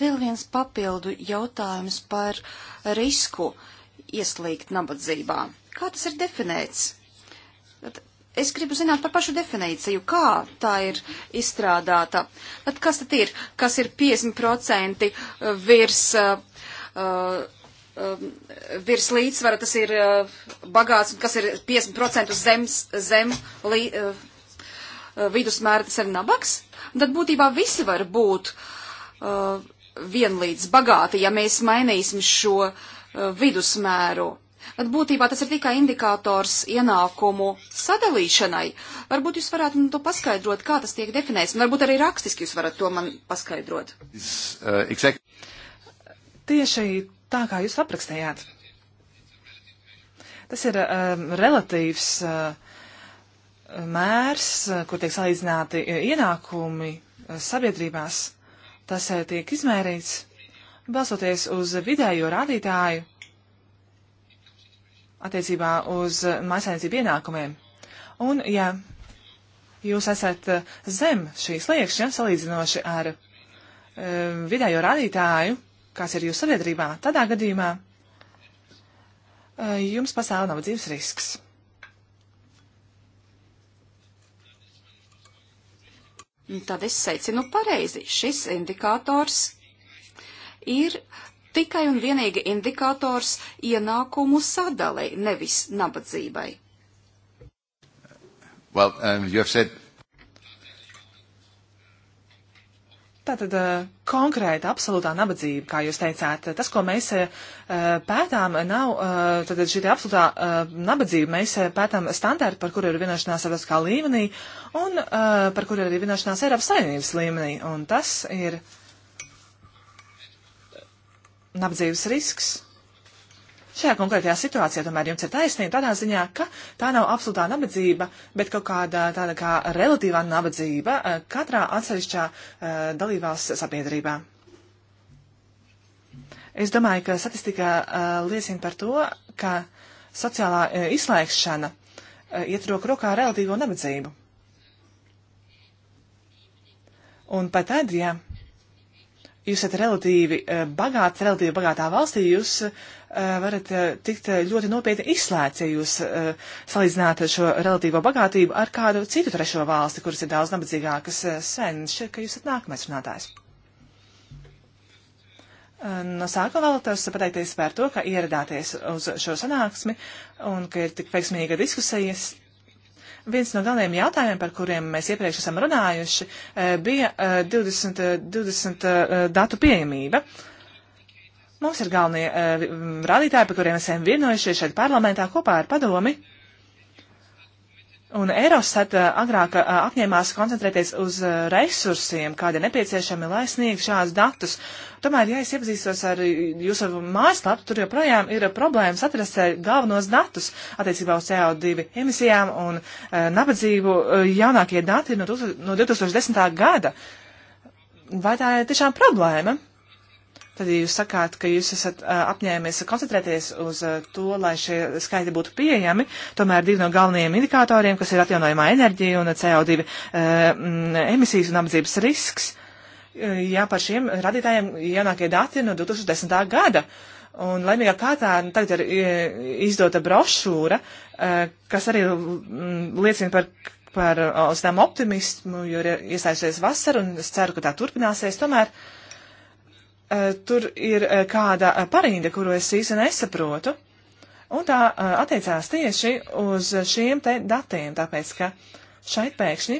Speaker 2: Vēl viens papildu
Speaker 1: jautājums par risku ieslīgt nabadzībā. Kā tas ir definēts? es gribu zināt par pašu definīciju, kā tā ir izstrādāta. Tad kas tad ir? Kas ir 50% virs, uh, uh, um, virs līdzsvara, tas ir uh, bagāts, un kas ir 50% zems, zem lī, uh, uh, vidusmēra, tas ir nabaks? Un tad būtībā visi var būt uh, vienlīdz bagāti, ja mēs mainīsim šo uh, vidusmēru. Bet būtībā tas ir tikai indikators ienākumu sadalīšanai. Varbūt jūs varētu man to paskaidrot, kā tas tiek definēts, un
Speaker 2: varbūt arī rakstiski jūs varat to man paskaidrot. Is,
Speaker 3: uh, exactly.
Speaker 2: Tieši tā, kā jūs aprakstījāt. Tas ir um, relatīvs uh, mērs, uh, kur tiek salīdzināti uh, ienākumi uh, sabiedrībās. Tas uh, tiek izmērīts balsoties uz vidējo rādītāju attiecībā uz mājasainicību ienākumiem. Un, ja jūs esat eh, zem šīs liekšņa, salīdzinoši ar um, vidējo rādītāju, kāds ir jūsu sabiedrībā, tādā gadījumā uh, jums pastāv nabadzības risks.
Speaker 1: Tad es secinu pareizi. Šis indikators ir tikai un vienīgi indikators ienākumu sadalei, nevis nabadzībai.
Speaker 3: Well, um, said...
Speaker 2: Tātad uh, konkrēta, absolūtā nabadzība, kā jūs teicāt, tas, ko mēs uh, pētām, nav uh, tātad šī absolūtā nabadzība. Mēs pētām standārtu, par kuru ir vienošanās Eiropas līmenī un par kuru ir vienošanās Eiropas saimnības līmenī. Un tas ir. Uh, nabadzības risks. Šajā konkrētajā situācijā tomēr jums ir taisnība tādā ziņā, ka tā nav absolūtā nabadzība, bet kaut kāda tāda kā relatīvā nabadzība eh, katrā atsevišķā uh, dalībās sabiedrībā. Es domāju, ka statistika uh, liecina par to, ka sociālā uh, izslēgšana iet roku rokā ar relatīvo nabadzību. Un pat tad, ja jūs esat relatīvi eh, bagāts, relatīvi bagātā valstī, jūs eh, varat eh, tikt ļoti nopietni izslēgts, ja jūs salīdzinātu šo relatīvo bagātību ar kādu citu trešo valsti, kuras ir daudz nabadzīgākas sen. Šķiet, ka jūs esat nākamais runātājs. No sākuma vēlētos pateikties par to, ka ieradāties uz šo sanāksmi un ka ir tik veiksmīga diskusijas, Viens no galvenajiem jautājumiem, par kuriem mēs iepriekš esam runājuši, eh, bija 20, eh, 20 eh, datu pieejamība. Mums ir galvenie rādītāji, par kuriem esam vienojušies šeit parlamentā kopā ar padomi. Uh, Un Eurostat eh, agrāk eh, apņēmās koncentrēties uz eh, resursiem, kādi ir nepieciešami, lai sniegtu šādus datus. Tomēr, ja es iepazīstos ar jūsu mājaslapu, tur joprojām ir problēmas atrast galvenos datus attiecībā uz CO2 emisijām un nabadzību. Jaunākie dati ir no 2010. gada. Vai tā ir tiešām problēma? Tad, ja jūs sakāt, ka jūs esat apņēmies koncentrēties uz to, lai šie skaitļi būtu pieejami, tomēr divi no galvenajiem indikatoriem, kas ir atjaunojumā enerģija un CO2 emisijas un apdzības risks, jā, par šiem radītājiem jaunākie dati no 2010. gada. Un laimīgā kārtā nu, tagad ir izdota brošūra, kas arī liecina par par zinām optimismu, jo ir iestājusies vasara un es ceru, ka tā turpināsies. Tomēr uh, Eh, tur ir eh, kāda eh, parīda, kuru es īsi nesaprotu, un tā attiecās tieši uz šiem te datiem, tāpēc, ka šeit pēkšņi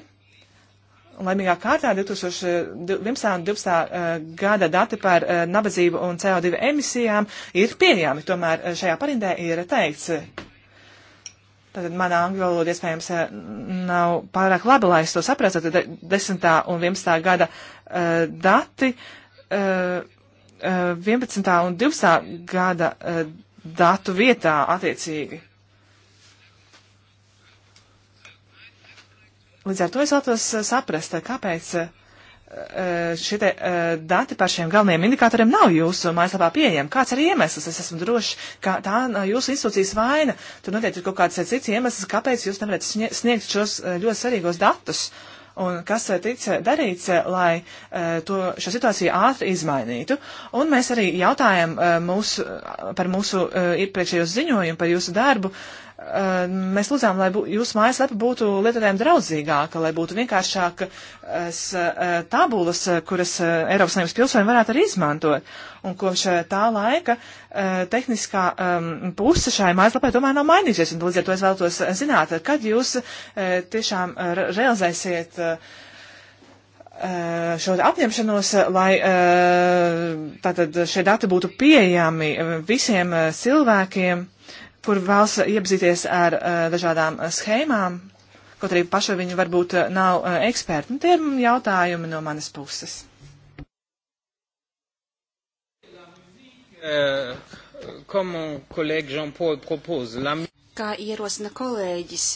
Speaker 2: laimīgā kārtā 2012. gada dati par nabadzību un CO2 emisijām ir pieejami. Tomēr šajā parindē ir teikts, tātad mana angļu valoda iespējams nav pārāk laba, lai es to saprastu, tad 10. un 11. gada dati. Uh, 11. Uh, un 12. gada uh, datu vietā attiecīgi. Līdz ar to es vēlos uh, saprast, kāpēc šie dati par šiem galvenajiem indikatoriem nav jūsu mājaslapā pieejami. Kāds ir iemesls? Es esmu drošs, ka tā nav jūsu institūcijas vaina. Tur noteikti ir kaut kāds cits iemesls, kāpēc jūs nevarat sniegt šos ļoti svarīgos datus. Uh, un kas eh, tic eh, darīts, eh, lai to, šo situāciju ātri izmainītu. Un mēs arī jautājam mūsu, par mūsu iepriekšējos ziņojumu, par jūsu darbu, uh, Ehm, mēs lūdzām, lai bū, jūsu mājaslapa būtu lietotājiem draudzīgāka, lai būtu vienkāršākas eh, eh, tabulas, eh, kuras Eiropas Savienības pilsoņi varētu arī izmantot. Un kopš tā laika tehniskā ehm, puse šai mājaslapai tomēr nav mainījusies, un līdz ar to es vēlos zināt, kad jūs tiešām realizēsiet šo apņemšanos, lai tātad šie dati būtu pieejami visiem cilvēkiem kur vēlas iepazīties ar eh, dažādām eh, schēmām, kaut arī paši viņi varbūt eh, nav eksperti. Un nu, tie ir jautājumi no manas puses. Kā ierosina
Speaker 1: kolēģis,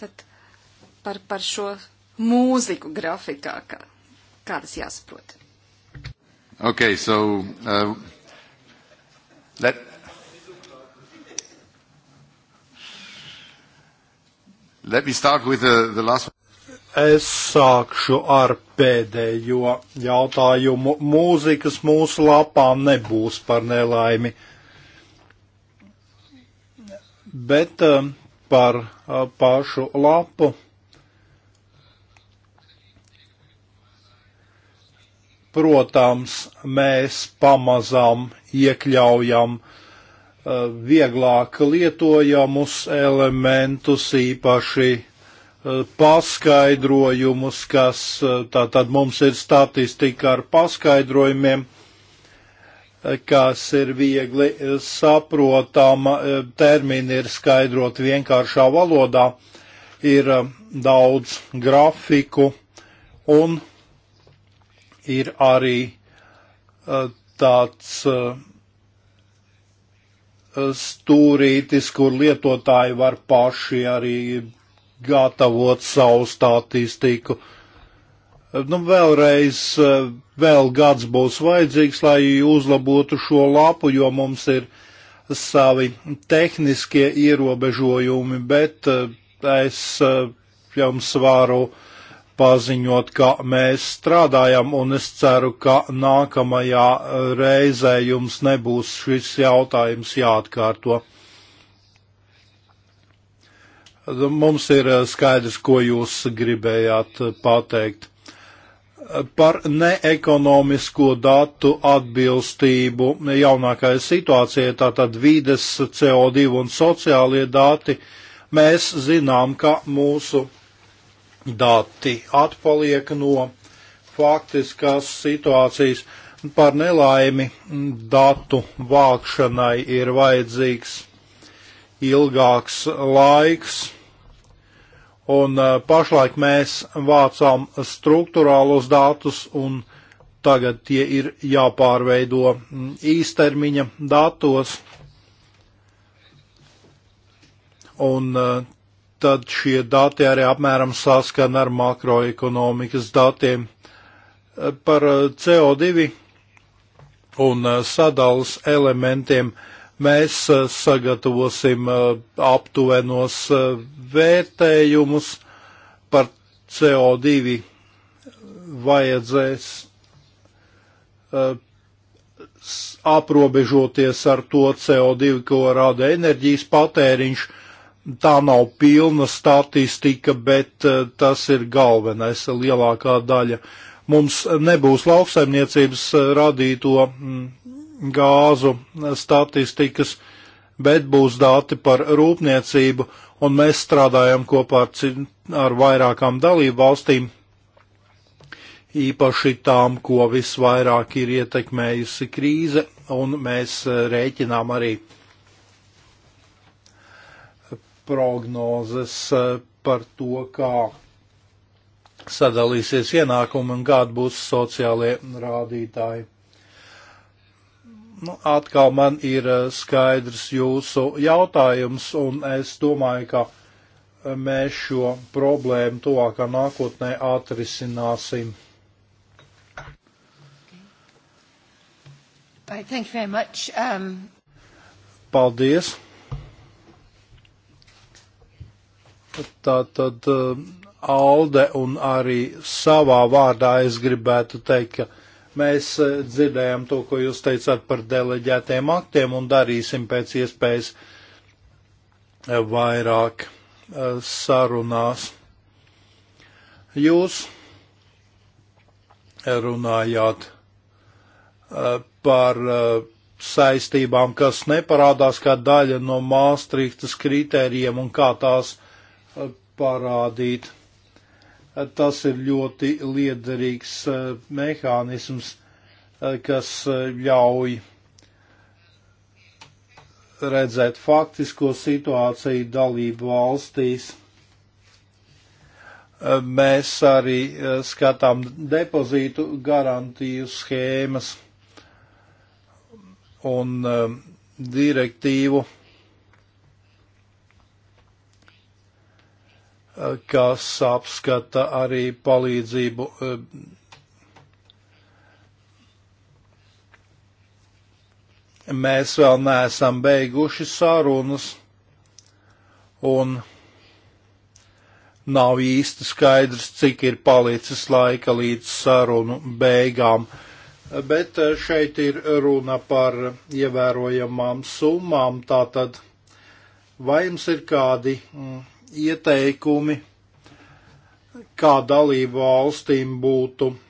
Speaker 1: tad par, par šo mūziku grafikā, kā, kā tas jāsaprot.
Speaker 3: Okay, so, uh, let, Let me start with the, the last one. Es sākšu ar pēdējo jautājumu. Mūzikas mūsu lapām nebūs par nelaimi. Bet um, par uh, pašu lapu. Protams, mēs pamazām iekļaujam uh, Eh, vieglāk lietojamus elementus, īpaši eh, paskaidrojumus, kas eh, tātad mums ir statistika ar paskaidrojumiem, kas ir viegli saprotama, termini ir skaidrot vienkāršā valodā, ir daudz grafiku un ir arī tāds stūrītis, kur lietotāji var paši arī gatavot savu statistiku. Nu, vēlreiz, vēl gads būs vajadzīgs, lai uzlabotu šo lapu, jo mums ir savi tehniskie ierobežojumi, bet eh, es eh, jums varu paziņot, ka mēs strādājam, un es ceru, ka nākamajā e, reizē jums nebūs šis jautājums jāatkārto. Nu, mums ir e, skaidrs, ko jūs gribējāt pateikt. E, par neekonomisko datu atbilstību jaunākajai situācijai, tātad vides CO2 un sociālie dati, mēs zinām, ka mūsu dati atpaliek no faktiskās situācijas. Par nelaimi datu vākšanai ir vajadzīgs ilgāks laiks, un pašlaik mēs vācām struktūrālos datus, un tagad tie ir jāpārveido īstermiņa datos, un tad šie dati arī apmēram saskana ar makroekonomikas datiem. Par uh, CO2 un uh, sadalas elementiem mēs uh, sagatavosim aptuvenos vērtējumus par CO2 vajadzēs aprobežoties ar to CO2, ko rada enerģijas patēriņš, tā nav pilna statistika, bet eh, tas ir galvenais lielākā daļa. Mums nebūs lauksaimniecības eh, radīto mm, gāzu eh, statistikas, bet būs dati par rūpniecību, un mēs strādājam kopā ar, ar vairākām dalību valstīm, īpaši tām, ko visvairāk ir ietekmējusi krīze, un mēs rēķinām arī uh, prognozes eh, par to, kā sadalīsies ienākumi un kādi būs sociālie rādītāji. Nu, atkal man ir eh, skaidrs jūsu jautājums, un es domāju, ka eh, mēs šo problēmu tuvākā nākotnē atrisināsim.
Speaker 4: Right, thank you very much. Um...
Speaker 3: Paldies. Tātad eh, Alde un arī savā vārdā es gribētu teikt, ka mēs eh, dzirdējām to, ko jūs teicāt par deleģētiem aktiem un darīsim pēc iespējas eh, vairāk sarunās. Jūs runājāt par saistībām, kas neparādās kā daļa no Māstrihtas kritērijiem un kā tās parādīt. Tas ir ļoti liederīgs eh, mehānisms, eh, kas eh, ļauj redzēt faktisko situāciju dalību valstīs. Mēs arī skatām depozītu garantiju schēmas un direktīvu kas apskata arī palīdzību e, mēs vēl neesam beiguši sarunas, un nav īsti skaidrs, cik ir palicis laika līdz sarunu beigām. Bet e, šeit ir runa par ievērojamām summām, tātad vai jums ir kādi mm, ieteikumi, kā dalību valstīm būtu eh,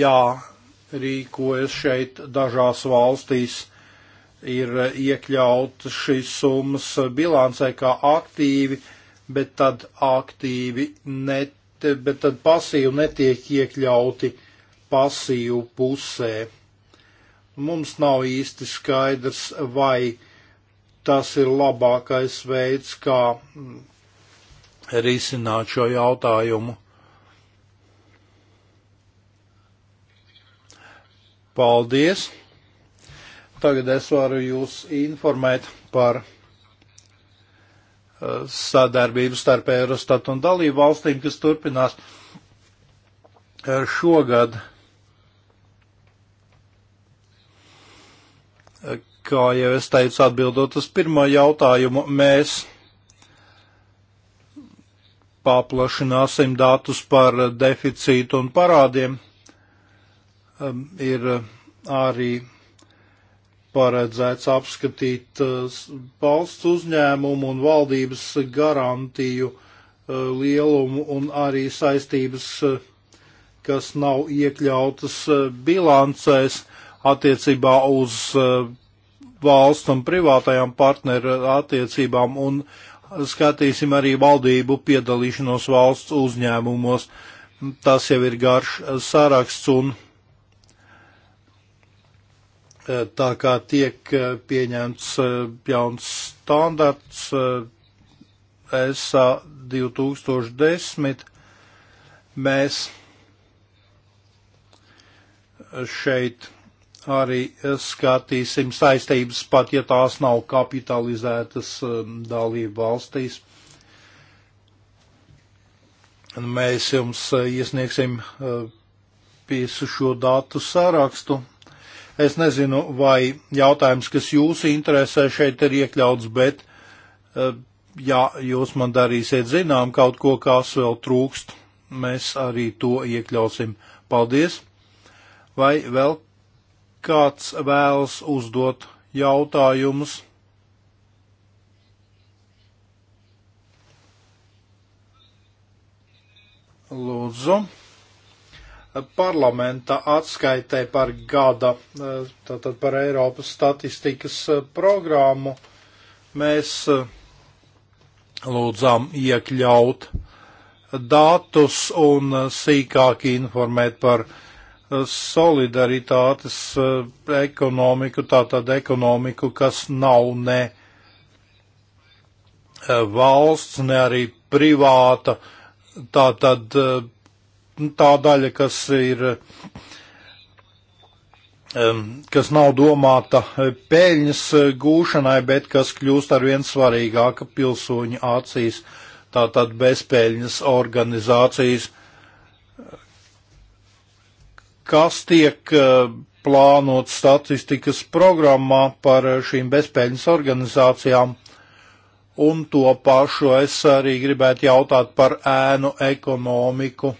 Speaker 3: jārīkojas šeit dažās valstīs, ir iekļaut šīs summas bilancē kā aktīvi, bet tad aktīvi net, bet tad pasīvi netiek iekļauti pasīvu pusē. Mums nav īsti skaidrs, vai uh, tas ir labākais veids, kā risināt šo jautājumu. Paldies! Tagad es varu jūs informēt par eh, sadarbību starp Eurostat un dalību valstīm, kas turpinās eh, šogad eh, kā jau es teicu, atbildot uz pirmo jautājumu, mēs paplašināsim datus par deficītu un parādiem. Ir arī paredzēts apskatīt eh, valsts uzņēmumu un valdības garantiju eh, lielumu un arī saistības, eh, kas nav iekļautas bilancēs attiecībā uz valsts un privātajām partneru attiecībām un skatīsim arī valdību piedalīšanos valsts uzņēmumos. Tas jau ir garš saraksts un e, tā kā tiek e, pieņemts e, jauns standarts ESA 2010, mēs šeit arī skatīsim saistības, pat ja tās nav kapitalizētas um, dalību valstīs. Mēs jums uh, iesniegsim uh, visu šo datu sārakstu. Es nezinu, vai jautājums, kas jūs interesē, šeit ir iekļauts, bet uh, ja jūs man darīsiet zinām kaut ko, kas vēl trūkst, mēs arī to iekļausim. Paldies! Vai vēl kāds vēlas uzdot jautājumus. Lūdzu. Parlamenta atskaitē par gada, tātad par Eiropas statistikas programmu, mēs lūdzām iekļaut datus un sīkāk informēt par uh, solidaritātes eh, ekonomiku, tātad ekonomiku, kas nav ne eh, valsts, ne arī privāta, tātad eh, nu, tā daļa, kas ir, kas nav domāta peļņas gūšanai, bet kas kļūst ar vien svarīgāka pilsoņu acīs, tātad bezpeļņas organizācijas kas tiek eh, plānot statistikas programmā par šīm bezpēļņas organizācijām. Un to pašu es arī gribētu jautāt par ēnu ekonomiku.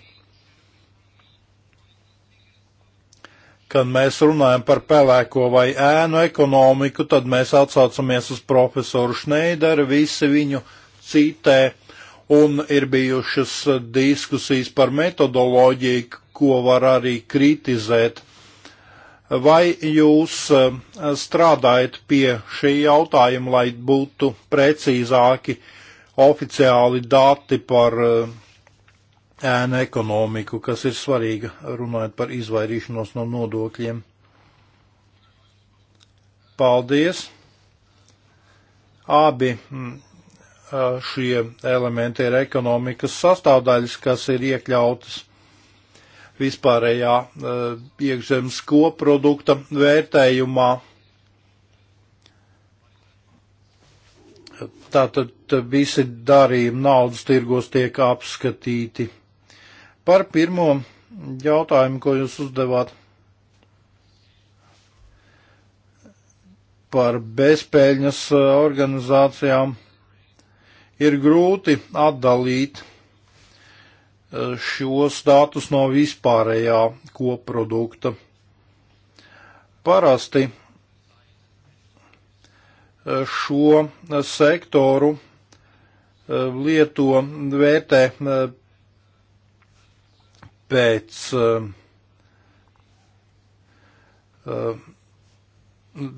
Speaker 3: Kad mēs runājam par pelēko vai ēnu ekonomiku, tad mēs atsaucamies uz profesoru Šneideru, visi viņu citē, un ir bijušas diskusijas par metodoloģiju, ko var arī kritizēt. Vai jūs e, strādājat pie šī jautājuma, lai būtu precīzāki oficiāli dati par e, ēnu ekonomiku, kas ir svarīga runājot par izvairīšanos no nodokļiem? Paldies! Abi mm, e, šie elementi ir ekonomikas sastāvdaļas, kas ir iekļautas vispārējā eh, iekšzemes koprodukta vērtējumā. Tātad eh, visi darījumi naudas tirgos tiek apskatīti. Par pirmo jautājumu, ko jūs uzdevāt par bezpēļņas eh, organizācijām, ir grūti atdalīt šos datus no vispārējā koprodukta. Parasti e, šo sektoru e, lieto vērtē e, pēc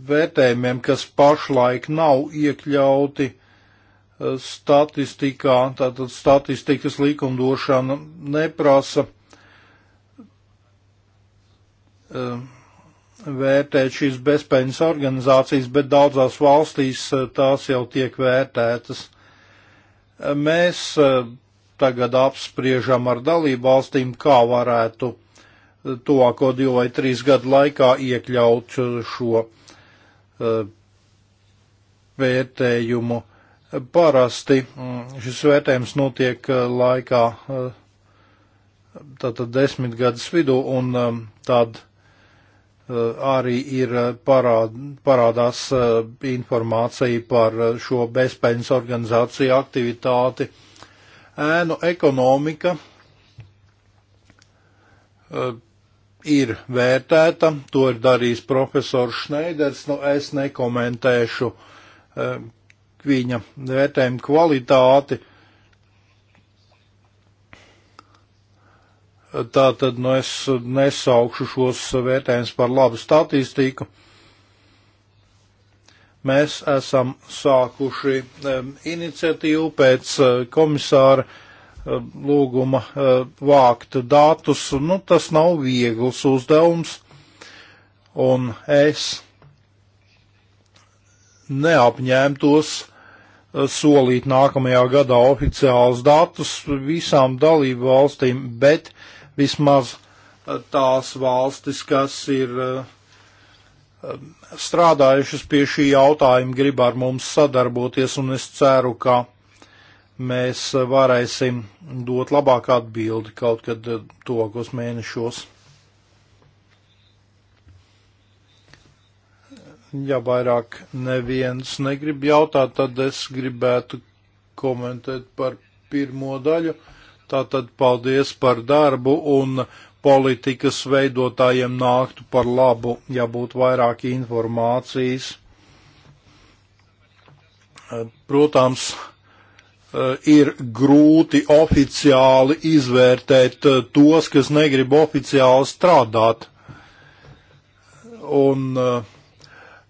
Speaker 3: vērtējumiem, kas pašlaik nav iekļauti uh, statistikā, tātad statistikas likumdošana neprasa um, vērtēt šīs bezpējas organizācijas, bet daudzās valstīs uh, tās jau tiek vērtētas. Uh, mēs uh, tagad apspriežam ar dalību valstīm, kā varētu tuvāko divu vai trīs gadu laikā iekļaut šo vērtējumu. Uh, Parasti mm, šis vērtējums notiek eh, laikā eh, tātad desmit gadus vidū, un mm, tad eh, arī ir parād, parādās informācija par šo bezpējas organizāciju aktivitāti. Ēnu ekonomika ir vērtēta, to ir darījis profesors Šneiders, nu es nekomentēšu viņa vērtējuma kvalitāti. Tā tad nu, es nesaukšu šos vērtējumus par labu statistiku. Mēs esam sākuši um, iniciatīvu pēc uh, komisāra uh, lūguma uh, vākt datus. Nu, tas nav viegls uzdevums. Un es neapņēmtos eh, solīt nākamajā gadā oficiālus datus visām dalību valstīm, bet vismaz eh, tās valstis, kas ir eh, strādājušas pie šī jautājuma, grib ar mums sadarboties, un es ceru, ka mēs varēsim dot labāku atbildi kaut kad tuvākos mēnešos. Ja vairāk neviens negrib jautāt, tad es gribētu komentēt par pirmo daļu. Tātad paldies par darbu un politikas veidotājiem nāktu par labu, ja būtu vairāk informācijas. Protams, ir grūti oficiāli izvērtēt tos, kas negrib oficiāli strādāt. Un uh,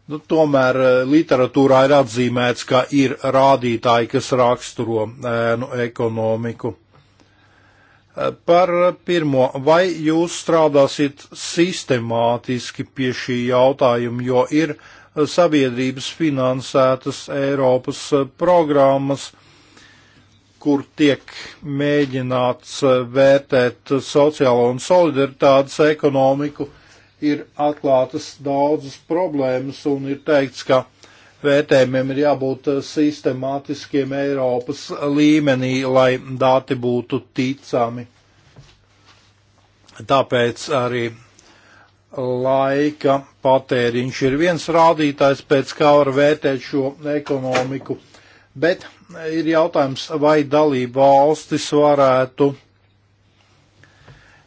Speaker 3: Nu, tomēr eh, literatūrā ir atzīmēts, ka ir rādītāji, kas raksturo ēnu ekonomiku. Eh, par pirmo, vai jūs strādāsiet sistemātiski pie šī jautājuma, jo ir eh, sabiedrības finansētas Eiropas programmas, kur tiek mēģināts vērtēt sociālo un solidaritātes ekonomiku, uh, ir atklātas daudzas problēmas un ir teikts, ka vērtējumiem ir jābūt eh, sistemātiskiem Eiropas līmenī, lai dati būtu ticami. Tāpēc arī laika patēriņš ir viens rādītājs, pēc kā var vērtēt šo ekonomiku, bet ir jautājums, vai dalība valstis varētu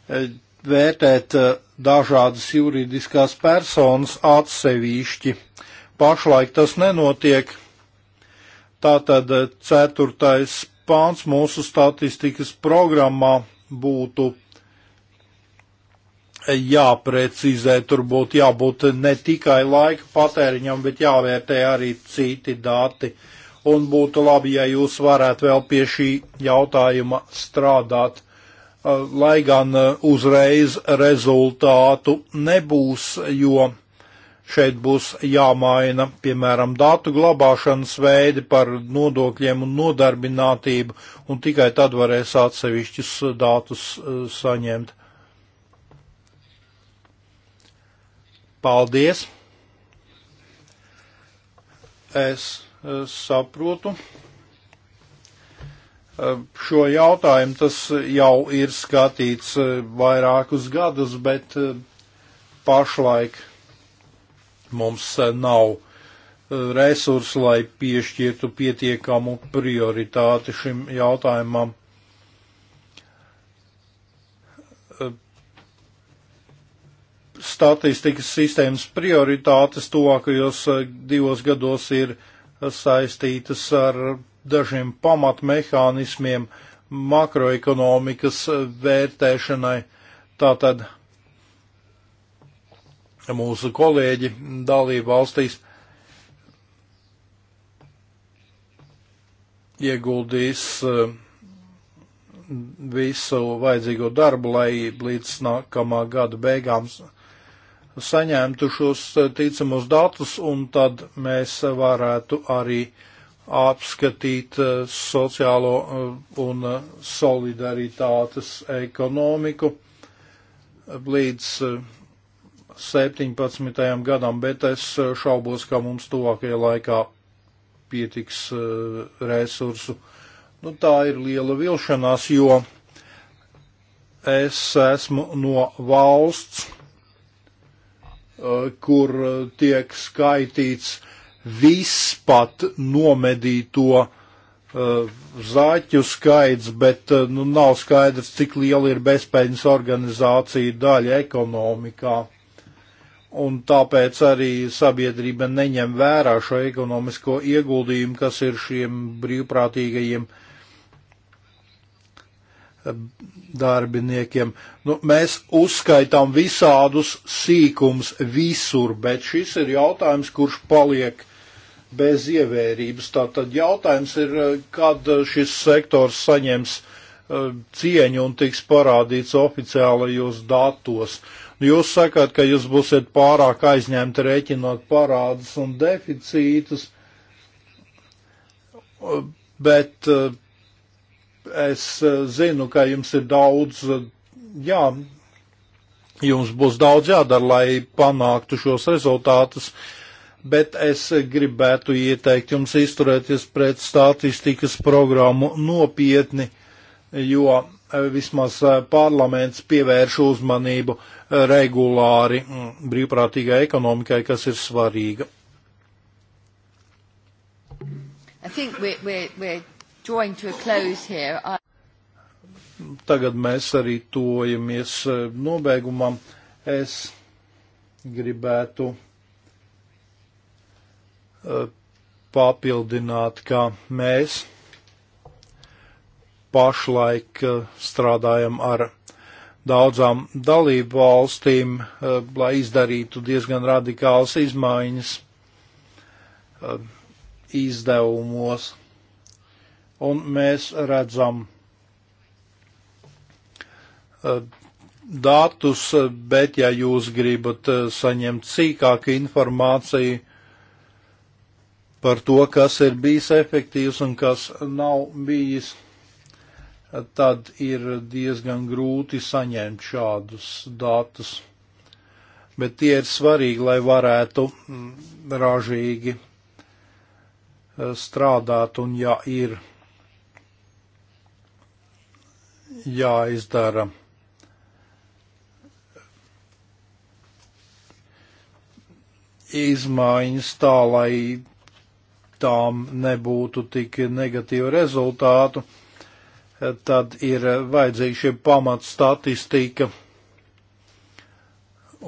Speaker 3: eh, vērtēt eh, dažādas juridiskās personas atsevišķi. Pašlaik tas nenotiek. Tātad eh, ceturtais pāns mūsu statistikas programmā būtu eh, jāprecizē, tur būtu jābūt ne tikai laika patēriņam, bet jāvērtē arī citi dati. Un būtu labi, ja jūs varētu vēl pie šī jautājuma strādāt. Eh, lai gan eh, uzreiz rezultātu nebūs, jo šeit būs jāmaina, piemēram, datu glabāšanas veidi par nodokļiem un nodarbinātību, un tikai tad varēs atsevišķus datus eh, saņemt. Paldies! Es saprotu šo jautājumu. Tas jau ir skatīts vairākus gadus, bet pašlaik mums nav resursu, lai piešķirtu pietiekamu prioritāti šim jautājumam. Statistikas sistēmas prioritātes tuvākajos divos gados ir saistītas ar dažiem pamatmehānismiem makroekonomikas eh, vērtēšanai. Tātad mūsu kolēģi dalību valstīs ieguldīs eh, visu vajadzīgo darbu, lai līdz nākamā gada beigām saņemtu šos eh, ticamos datus, un tad mēs varētu arī uh, apskatīt eh, sociālo eh, un eh, solidaritātes ekonomiku līdz 17. gadam, bet es šaubos, ka mums tuvākajā laikā pietiks resursu. Nu, tā ir liela vilšanās, jo es esmu no valsts, kur tiek skaitīts uh, vispat nomedīto uh, zaķu skaits, bet uh, nu, nav skaidrs, cik liela ir bezpējas organizācija daļa ekonomikā. Un tāpēc arī sabiedrība neņem vērā šo ekonomisko ieguldījumu, kas ir šiem brīvprātīgajiem uh, darbiniekiem. Nu, mēs uzskaitām visādus sīkums visur, bet šis ir jautājums, kurš paliek bez ievērības. Tātad jautājums ir, eh, kad šis sektors saņems eh, cieņu un tiks parādīts oficiālajos datos. Jūs sakāt, ka jūs būsiet pārāk aizņemti rēķinot parādus un deficītus, eh, bet es zinu, ka jums ir daudz, jā, jums būs daudz jādara, lai panāktu šos rezultātus. Uh, bet es gribētu ieteikt jums izturēties pret statistikas programmu nopietni, jo eh, vismaz eh, parlaments pievērš uzmanību eh, regulāri mm, brīvprātīgai ekonomikai, kas ir svarīga.
Speaker 1: We're, we're, we're I...
Speaker 3: Tagad mēs arī tojamies nobeigumam. Es gribētu papildināt, ka mēs pašlaik eh, strādājam ar daudzām dalību valstīm, eh, lai izdarītu diezgan radikālas izmaiņas eh, izdevumos. Un mēs redzam datus, bet ja jūs gribat saņemt sīkāku informāciju, par to, kas ir bijis efektīvs un kas nav bijis, tad ir diezgan grūti saņemt šādus datus. Bet tie ir svarīgi, lai varētu mm, ražīgi e, strādāt un ja ir jāizdara. Izmaiņas tā, lai tām nebūtu tik negatīvu rezultātu, tad ir vajadzīga šī pamatstatistika.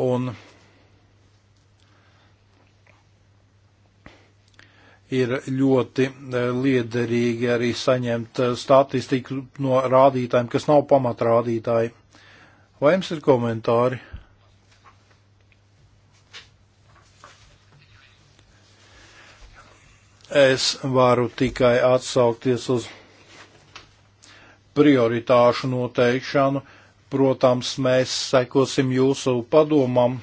Speaker 3: Un ir ļoti liederīgi arī saņemt statistiku no rādītājiem, kas nav pamatrādītāji. Vai jums ir komentāri? Es varu tikai atsaukties uz prioritāšu noteikšanu. Protams, mēs sekosim jūsu padomam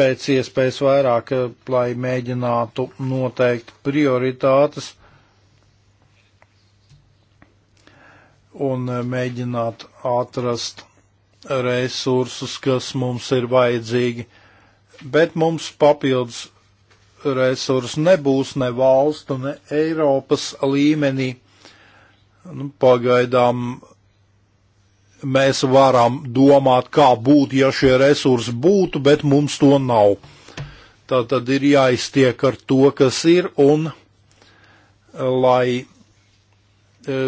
Speaker 3: pēc iespējas vairāk, lai mēģinātu noteikt prioritātes un mēģināt atrast resursus, kas mums ir vajadzīgi. Bet mums papildus resursu nebūs ne valstu, ne Eiropas līmenī. Nu, pagaidām mēs varam domāt, kā būtu, ja šie resursi būtu, bet mums to nav. Tā tad ir jāiztiek ar to, kas ir, un lai e,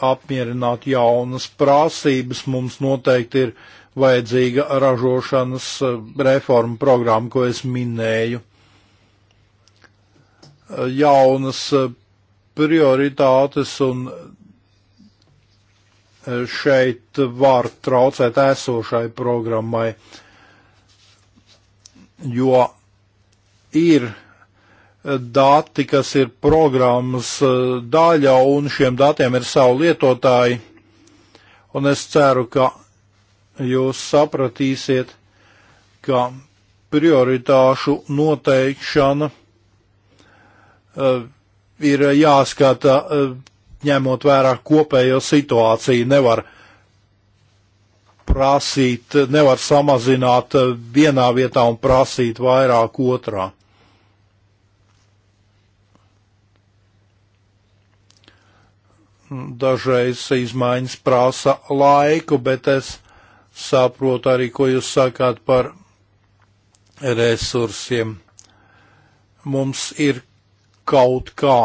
Speaker 3: apmierinātu jaunas prasības, mums noteikti ir vajadzīga ražošanas e, reforma programma, ko es minēju jaunas eh, prioritātes un eh, šeit var traucēt esošai programmai, jo ir eh, dati, kas ir programmas daļa, un šiem datiem ir savu lietotāji. Un es ceru, ka jūs sapratīsiet, ka prioritāšu noteikšana Uh, ir uh, jāskata uh, ņemot vērā kopējo situāciju. Nevar prasīt, nevar samazināt vienā vietā un prasīt vairāk otrā. Dažreiz izmaiņas prasa laiku, bet es saprotu arī, ko jūs sakāt par resursiem. Mums ir kaut kā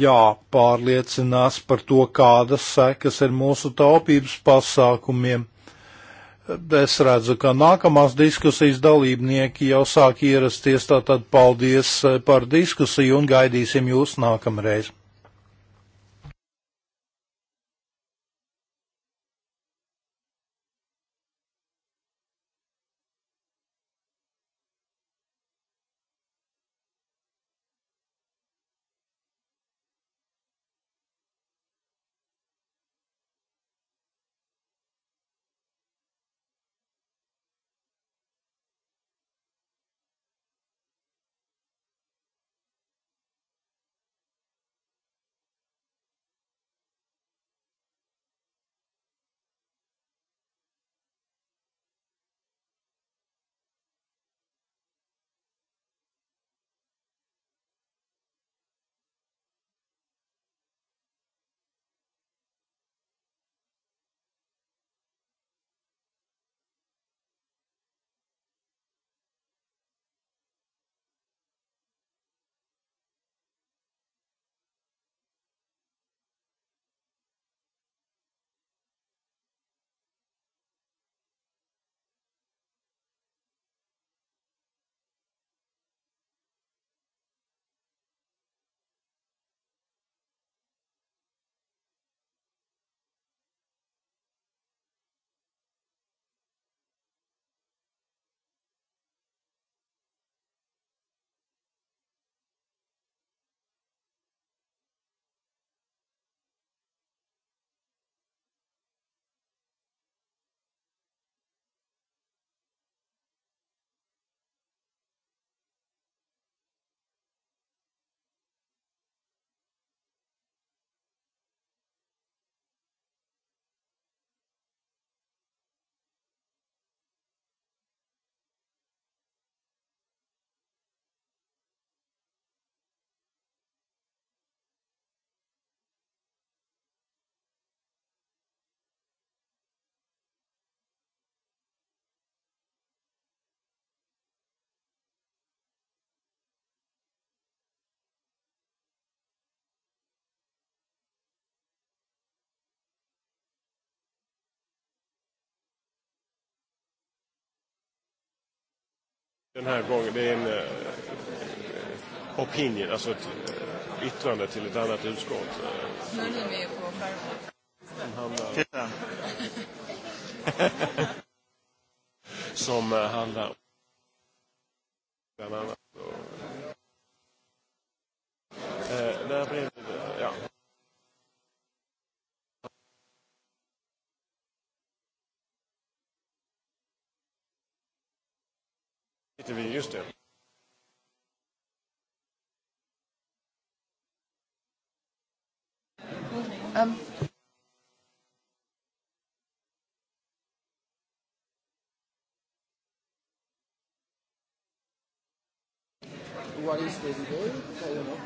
Speaker 3: jāpārliecinās par to, kādas sekas ir mūsu taupības pasākumiem. Es redzu, ka nākamās diskusijas dalībnieki jau sāk ierasties, tātad paldies par diskusiju un gaidīsim jūs nākamreiz.
Speaker 4: Den här gången, det är en eh, opinion, alltså ett eh, yttrande till ett annat utskott. Nu är ni med på skärmen. Som eh, handlar bland annat. Eh, nej, perspektywie jeszcze. Um. What is David Bowie? I don't know.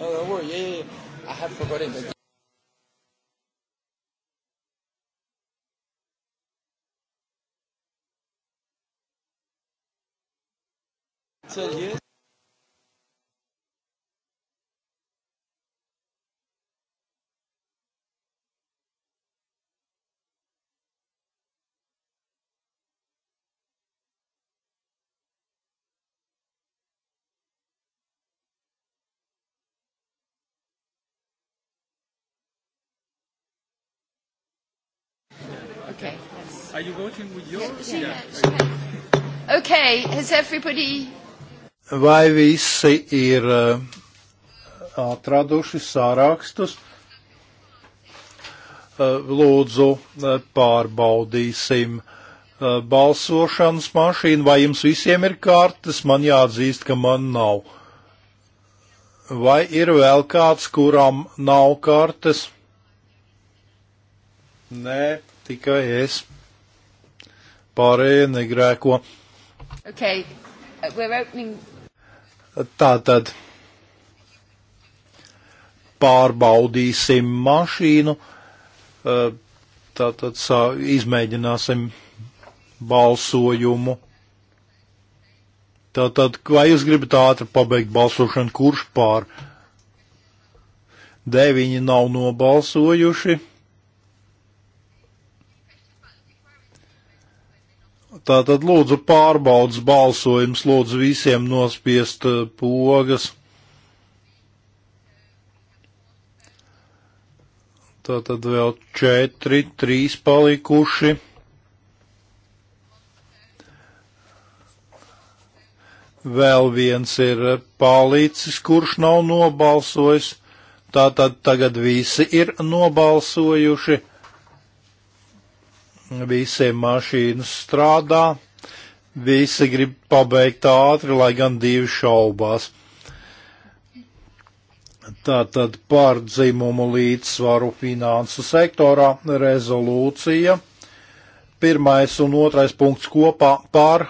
Speaker 4: Oh, don't worry. Yeah, yeah, yeah. I have forgotten. But tell you
Speaker 1: Okay. Yes. Are you voting with yours? Yeah. yeah. yeah. Okay. Has everybody
Speaker 3: Vai visi ir eh, atraduši sārakstus? Eh, lūdzu, eh, pārbaudīsim balsošanas mašīnu, vai jums visiem ir kartes, man jāatzīst, ka man nav. Vai ir vēl kāds, kuram nav kartes? Nē, tikai es. Pārējie negrēko.
Speaker 1: Okay. Uh, we're opening
Speaker 3: Tātad pārbaudīsim mašīnu, eh, tātad izmēģināsim balsojumu. Tātad, vai jūs gribat ātri pabeigt balsošanu, kurš pār? Deviņi nav nobalsojuši. Tātad lūdzu pārbaudas balsojums, lūdzu visiem nospiest eh, pogas. Tātad vēl četri, trīs palikuši. Vēl viens ir palicis, kurš nav nobalsojis. Tātad tagad visi ir nobalsojuši visiem mašīnas strādā, visi grib pabeigt ātri, lai gan divi šaubās. Tātad par dzimumu līdzsvaru finansu sektorā rezolūcija. Pirmais un otrais punkts kopā par,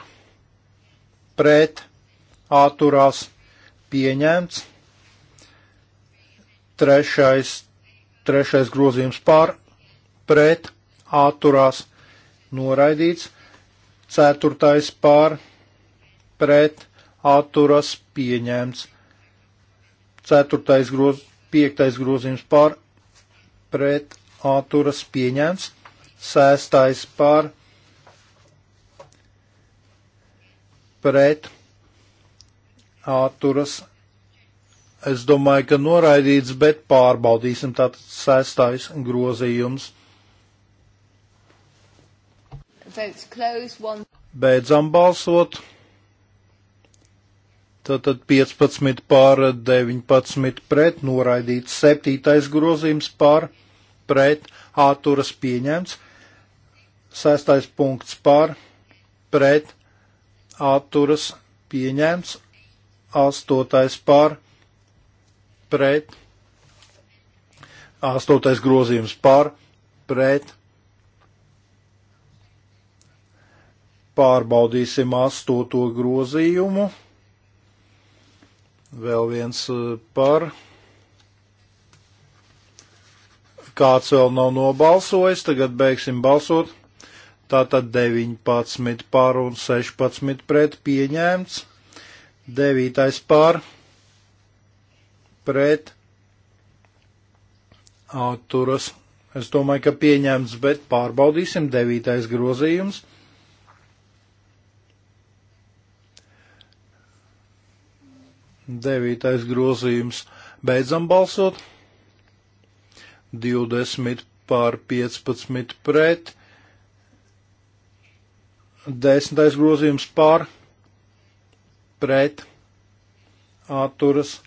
Speaker 3: pret, atturās, pieņemts. Trešais, trešais grozījums par, pret, atturās, pieņemts noraidīts, ceturtais pār pret atturas pieņemts, ceturtais groz, piektais grozījums pār pret atturas pieņemts, sēstais pār pret atturas. Es domāju, ka noraidīts, bet pārbaudīsim tātad sēstais grozījums.
Speaker 4: Votes closed. One.
Speaker 3: Beidzam balsot. Tātad 15 pār 19 pret, noraidīts 7. grozījums pār pret, āturas pieņemts, 6. punkts pār pret, atturas pieņemts, astotais pār, pret, astotais grozījums pār, pret, Pārbaudīsim astoto grozījumu. Vēl viens e, par. Kāds vēl nav nobalsojis, tagad beigsim balsot. Tātad 19 par un 16 pret pieņēmts. 9 par pret atturas. Es domāju, ka pieņēmts, bet pārbaudīsim 9 grozījums. Devītais grozījums. Beidzam balsot. 20 pār 15 pret. Desmitais grozījums pār pret atturas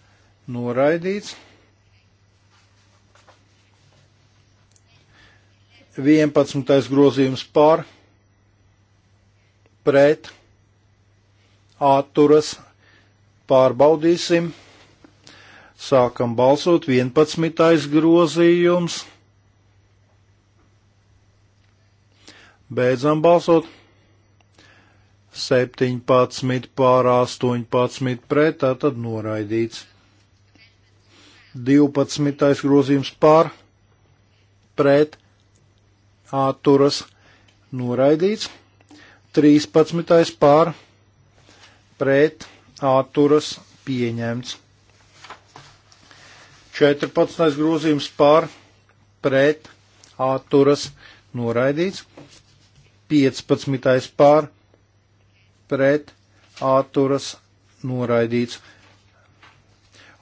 Speaker 3: noraidīts. 11. grozījums pār pret atturas Pārbaudīsim. Sākam balsot 11. grozījums. Beidzam balsot. 17 pār 18 pret, tātad noraidīts. 12. grozījums pār, pret, atturas, noraidīts. 13. pār, pret, atturas pieņemts. 14. grozījums par pret atturas noraidīts. 15. par pret atturas noraidīts.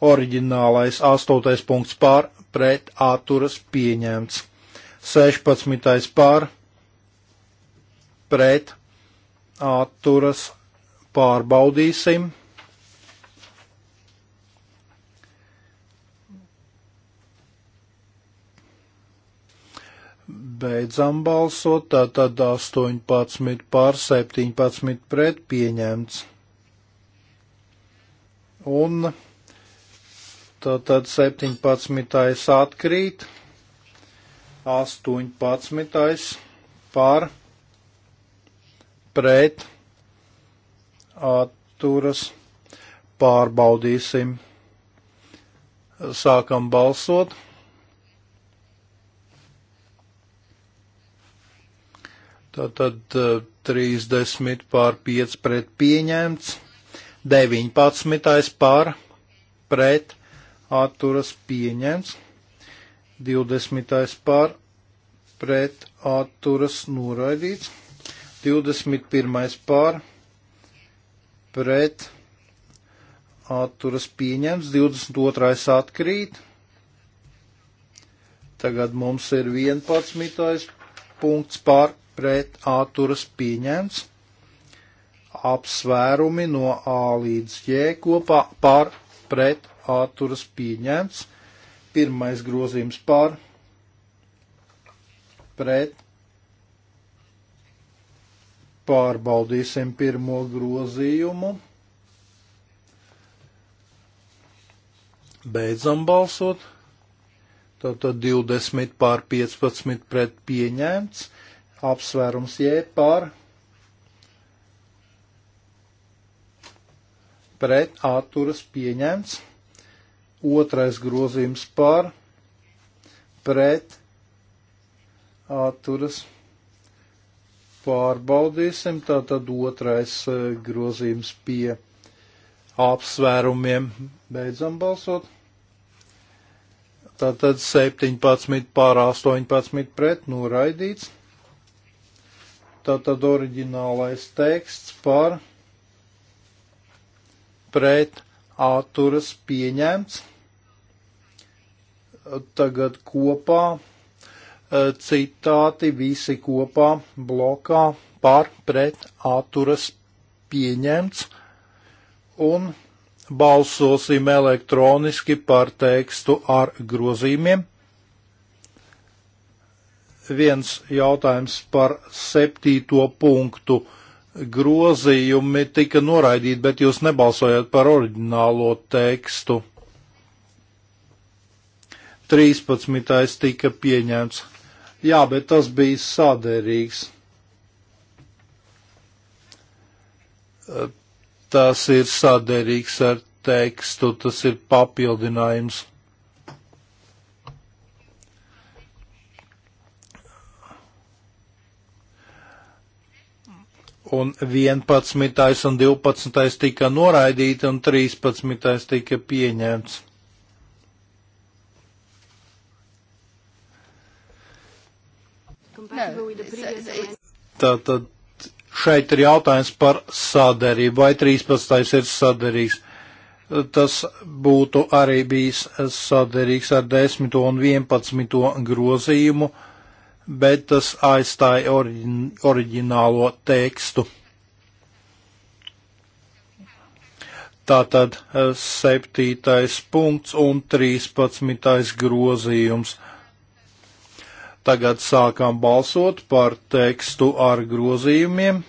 Speaker 3: Oriģinālais 8. punkts par pret atturas pieņemts. 16. par pret atturas pārbaudīsim. Beidzam balsot, tātad 18 pār 17 pret pieņemts. Un tātad 17. atkrīt, 18. pār pret atturas pārbaudīsim. Sākam balsot. Tātad 30 eh, pār 5 pret pieņemts, 19 pār pret atturas pieņemts, 20 pār pret atturas noraidīts, 21 pār pret atturas pieņemts, 22 atkrīt. Tagad mums ir 11. punkts pār pret āturas pieņemts. Apsvērumi no A līdz J kopā par pret āturas pieņemts. Pirmais grozījums par pret. Pārbaudīsim pirmo grozījumu. Beidzam balsot. Tātad 20 pār 15 pret pieņemts apsvērums J par pret atturas pieņemts, otrais grozījums par pret atturas pārbaudīsim, tātad otrais e, grozījums pie apsvērumiem beidzam balsot. Tātad 17 pār 18 pret noraidīts. Tātad oriģinālais teksts par pret atturas pieņemts. Tagad kopā e, citāti visi kopā blokā par pret atturas pieņemts. Un balsosim elektroniski par tekstu ar grozījumiem viens jautājums par septīto punktu. Grozījumi tika noraidīti, bet jūs nebalsojat par oriģinālo tekstu. 13. tika pieņemts. Jā, bet tas bija saderīgs. Tas ir saderīgs ar tekstu, tas ir papildinājums. un 11. un 12. tika noraidīti, un 13. tika pieņemts. Tātad šeit ir jautājums par sadarību, vai 13. ir sadarīgs. Tas būtu arī bijis sadarīgs ar 10. un 11. grozījumu. Uh, bet tas aizstāja oriģin, oriģinālo tekstu. Tātad eh, septītais punkts un trīspadsmitais grozījums. Tagad sākām balsot par tekstu ar grozījumiem.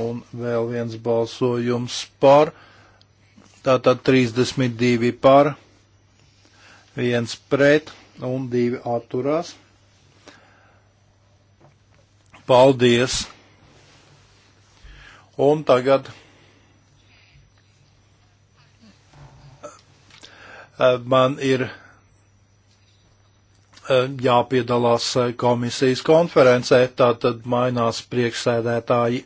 Speaker 3: Un vēl viens balsojums par uh, Tātad 32 par, 1 pret un 2 atturās. Paldies! Un tagad eh, man ir eh, jāpiedalās eh, komisijas konferencē, tātad mainās priekšsēdētāji.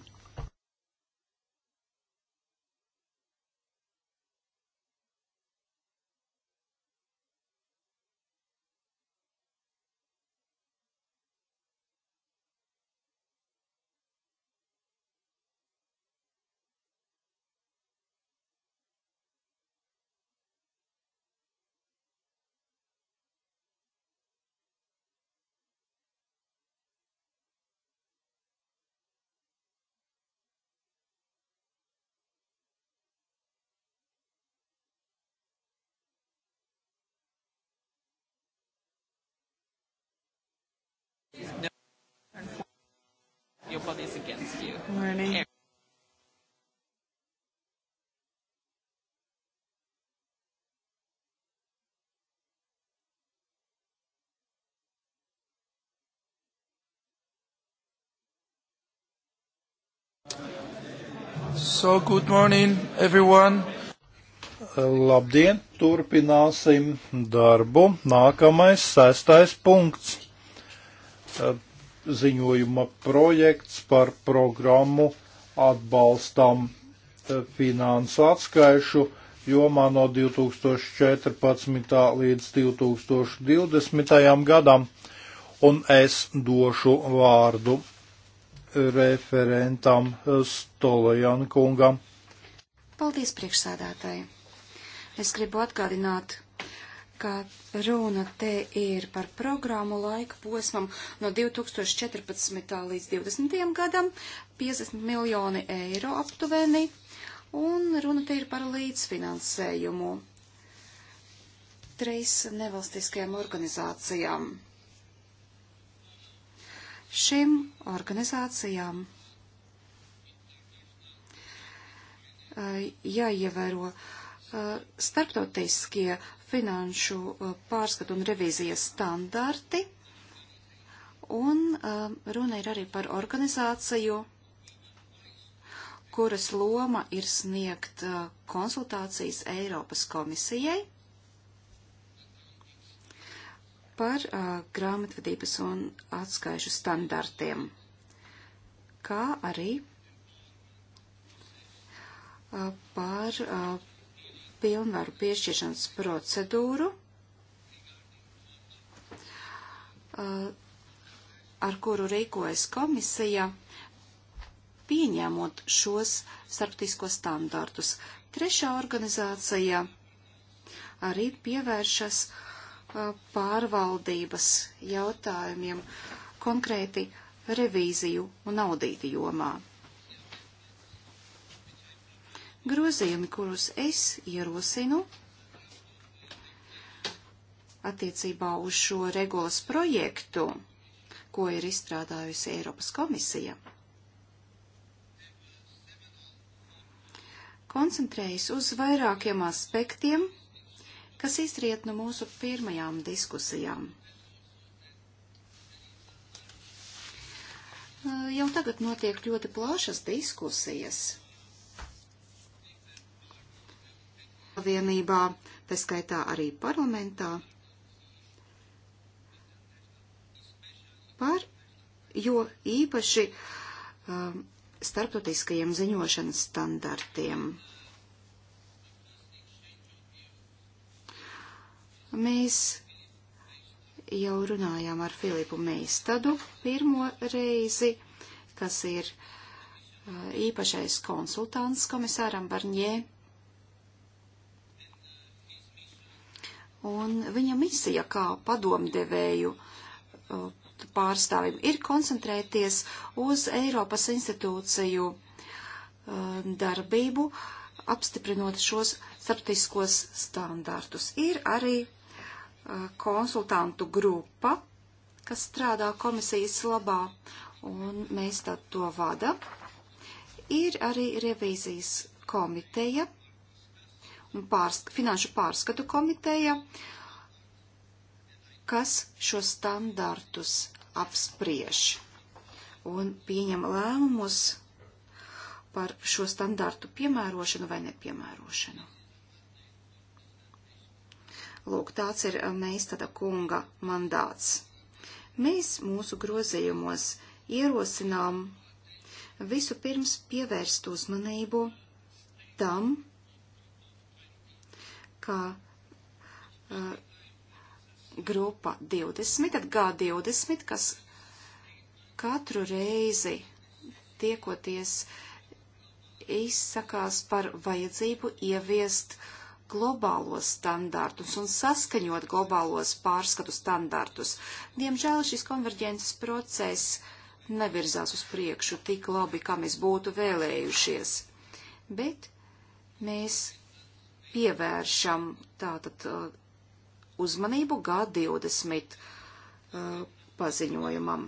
Speaker 3: morning. So, good morning, everyone. Labdien, turpināsim darbu. Nākamais, sestais punkts ziņojuma projekts par programmu atbalstam e, finansu atskaišu jomā no 2014. līdz 2020. gadam, un es došu vārdu referentam e, Stolajan kungam.
Speaker 1: Paldies priekšsēdētāji! Es gribu atgādināt ka runa te ir par programmu laika posmam no 2014. līdz 2020. gadam, 50 miljoni eiro aptuveni, un runa te ir par līdzfinansējumu trīs nevalstiskajām organizācijām. Šim organizācijām eh, jāievēro ja Eh, starptautiskie finanšu eh, pārskatu un revīzijas standarti, un eh, runa ir arī par organizāciju, kuras loma ir sniegt konsultācijas Eiropas komisijai par grāmatvedības un atskaišu standartiem, kā arī par pilnvaru piešķiršanas procedūru, eh, ar kuru rīkojas komisija, pieņemot šos starptisko standartus. Trešā organizācija arī pievēršas eh, pārvaldības jautājumiem konkrēti revīziju un audīti jomā. Grozījumi, kurus es ierosinu attiecībā uz šo regulas projektu, ko ir izstrādājusi Eiropas komisija, koncentrējas uz vairākiem aspektiem, kas izriet no mūsu pirmajām diskusijām. Jau tagad notiek ļoti plašas diskusijas vienībā, tā skaitā arī parlamentā, par jo īpaši um, starptautiskajiem ziņošanas standartiem. Mēs jau runājām ar Filipu Meistadu pirmo reizi, kas ir uh, īpašais konsultants komisāram Barņē Un viņa misija kā padomdevēju uh, pārstāvim ir koncentrēties uz Eiropas institūciju uh, darbību, apstiprinot šos starptiskos standartus. Ir arī uh, konsultantu grupa, kas strādā komisijas labā, un mēs tad to vada. Ir arī revīzijas komiteja, un pārsk finanšu pārskatu komiteja, kas šo standartus apspriež un pieņem lēmumus par šo standartu piemērošanu vai nepiemērošanu. Lūk, tāds ir meistada kunga mandāts. Mēs mūsu grozījumos ierosinām visu pirms pievērst uzmanību tam, kā uh, grupa 20, tad G20, kas katru reizi tiekoties izsakās par vajadzību ieviest globālos standartus un saskaņot globālos pārskatu standartus. Diemžēl šis konverģences process nevirzās uz priekšu tik labi, kā mēs būtu vēlējušies. Bet mēs pievēršam tātad uh, uzmanību G20 uh, paziņojumam.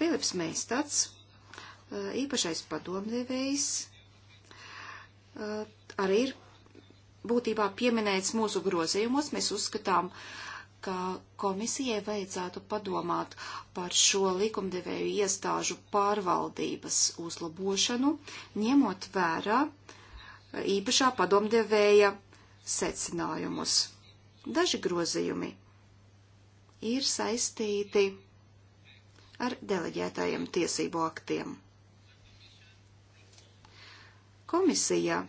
Speaker 1: Filips Meistats, uh, īpašais padomdevējs, arī ir būtībā pieminēts mūsu grozījumos. Mēs uzskatām, uh, ka komisijai vajadzētu padomāt par šo likumdevēju iestāžu pārvaldības uzlabošanu, ņemot vērā īpašā padomdevēja secinājumus. Daži grozījumi ir saistīti ar deleģētajiem tiesību aktiem. Komisija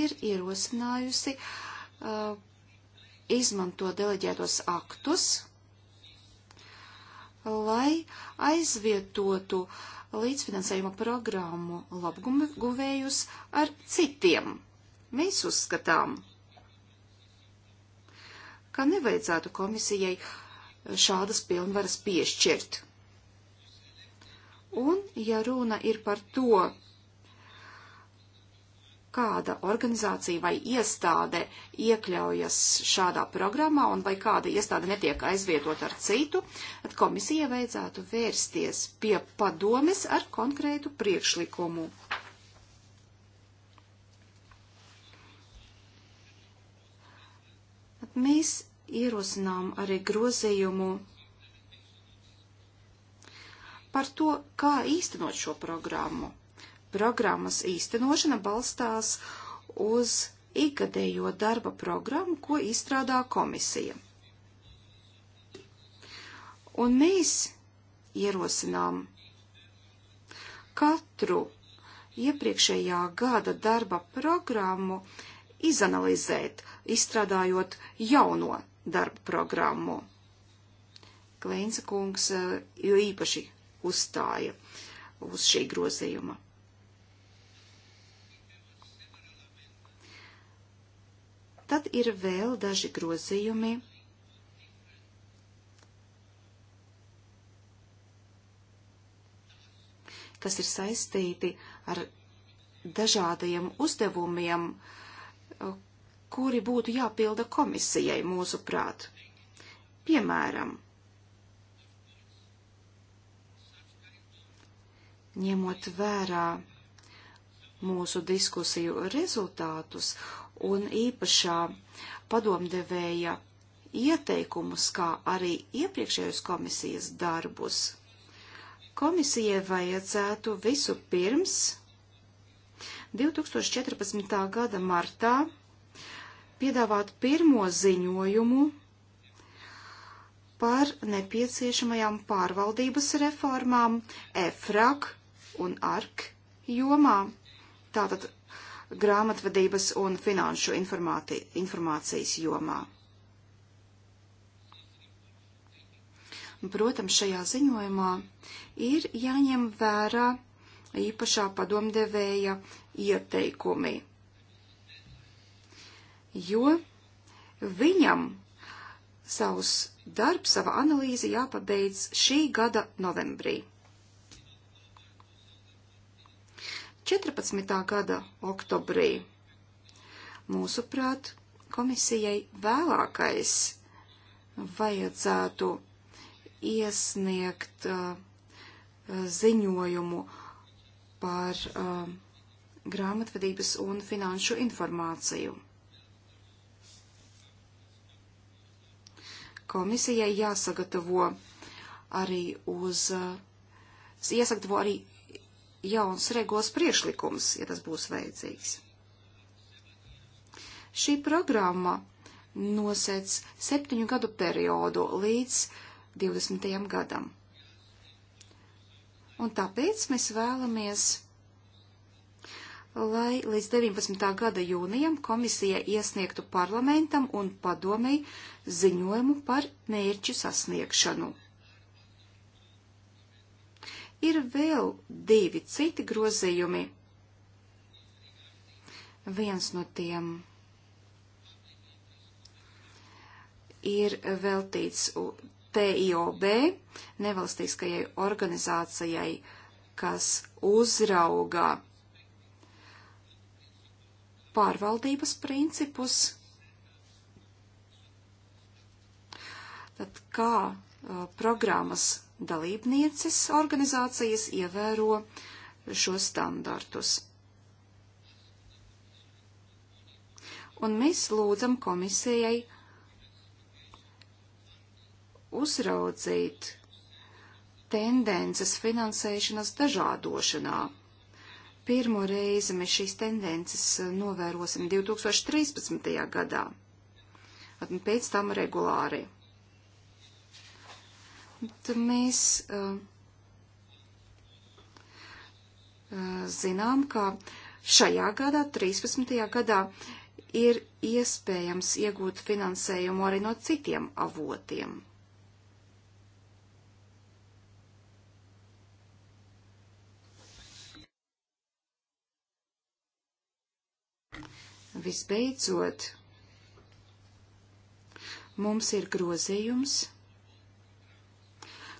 Speaker 1: ir ierosinājusi uh, izmanto deleģētos aktus, lai aizvietotu līdzfinansējuma programmu labguvējus ar citiem. Mēs uzskatām, ka nevajadzētu komisijai šādas pilnvaras piešķirt. Un, ja runa ir par to, kāda organizācija vai iestāde iekļaujas šādā programmā un vai kāda iestāde netiek aizvietot ar citu, tad komisija vajadzētu vērsties pie padomes ar konkrētu priekšlikumu. Tad mēs ierosinām arī grozījumu par to, kā īstenot šo programmu programmas īstenošana balstās uz ikgadējo darba programmu, ko izstrādā komisija. Un mēs ierosinām katru iepriekšējā gada darba programmu izanalizēt, izstrādājot jauno darba programmu. Kleinsa kungs eh, jo īpaši uzstāja uz šī grozījuma. Tad ir vēl daži grozījumi. kas ir saistīti ar dažādiem uzdevumiem, kuri būtu jāpilda komisijai mūsuprāt. Piemēram, ņemot vērā mūsu diskusiju rezultātus un īpašā padomdevēja ieteikumus, kā arī iepriekšējos komisijas darbus. Komisijai vajadzētu visu pirms 2014. gada martā piedāvāt pirmo ziņojumu par nepieciešamajām pārvaldības reformām EFRAK un ARK jomā. Tātad grāmatvedības un finanšu informācijas jomā. Protams, šajā ziņojumā ir jāņem vērā īpašā padomdevēja ieteikumi, jo viņam savus darbs, sava analīze jāpabeidz šī gada novembrī. 14. gada oktobrī. Mūsuprāt, komisijai vēlākais vajadzētu iesniegt uh, ziņojumu par uh, grāmatvedības un finanšu informāciju. Komisijai jāsagatavo arī uz, uh, jāsagatavo arī jauns regulas priešlikums, ja tas būs vajadzīgs. Šī programma nosēc septiņu gadu periodu līdz 20. gadam. Un tāpēc mēs vēlamies, lai līdz 19. gada jūnijam komisija iesniegtu parlamentam un padomēji ziņojumu par mērķu sasniegšanu. Ir vēl divi citi grozījumi. Viens no tiem ir veltīts TIOB, nevalstiskajai organizācijai, kas uzrauga pārvaldības principus. Tad kā uh, programmas dalībnieces organizācijas ievēro šo standartus. Un mēs lūdzam komisijai uzraudzīt tendences finansēšanas dažādošanā. Pirmo reizi mēs šīs tendences novērosim 2013. gadā, un pēc tam regulāri. Tad mēs uh, zinām, ka šajā gadā, 13. gadā, ir iespējams iegūt finansējumu arī no citiem avotiem. Visbeidzot, mums ir grozījums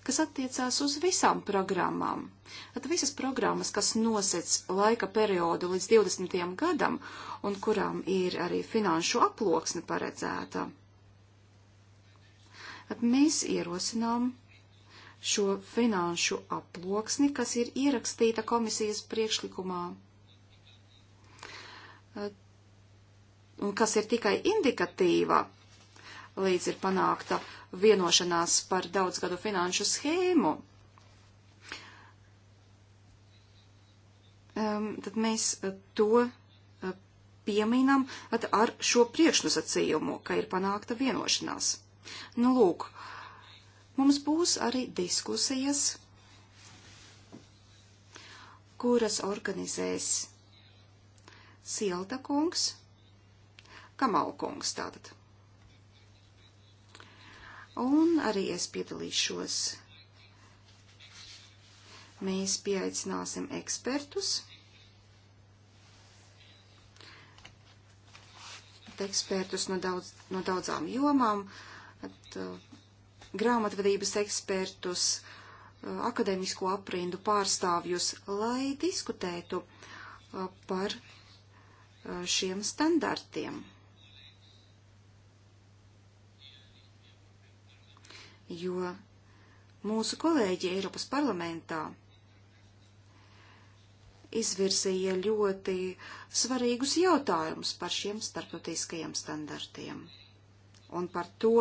Speaker 1: kas attiecās uz visām programmām. Tad visas programmas, kas nosec laika periodu līdz 20. gadam un kurām ir arī finanšu aploksne paredzēta. Tad mēs ierosinām šo finanšu aploksni, kas ir ierakstīta komisijas priekšlikumā eh, un kas ir tikai indikatīva līdz ir panākta vienošanās par daudzgadu finanšu schēmu. Um, tad mēs eh, to eh, pieminam ar šo priekšnosacījumu, ka ir panākta vienošanās. Nu, lūk, mums būs arī diskusijas, kuras organizēs Silta kungs, Kamalkungs tātad un arī es piedalīšos. Mēs pieaicināsim ekspertus. Ekspertus no, daudz, no daudzām jomām, at, uh, grāmatvedības ekspertus, uh, akadēmisko aprindu pārstāvjus, lai diskutētu uh, par uh, šiem standartiem. jo mūsu kolēģi Eiropas parlamentā izvirzīja ļoti svarīgus jautājumus par šiem starptautiskajiem standartiem un par to,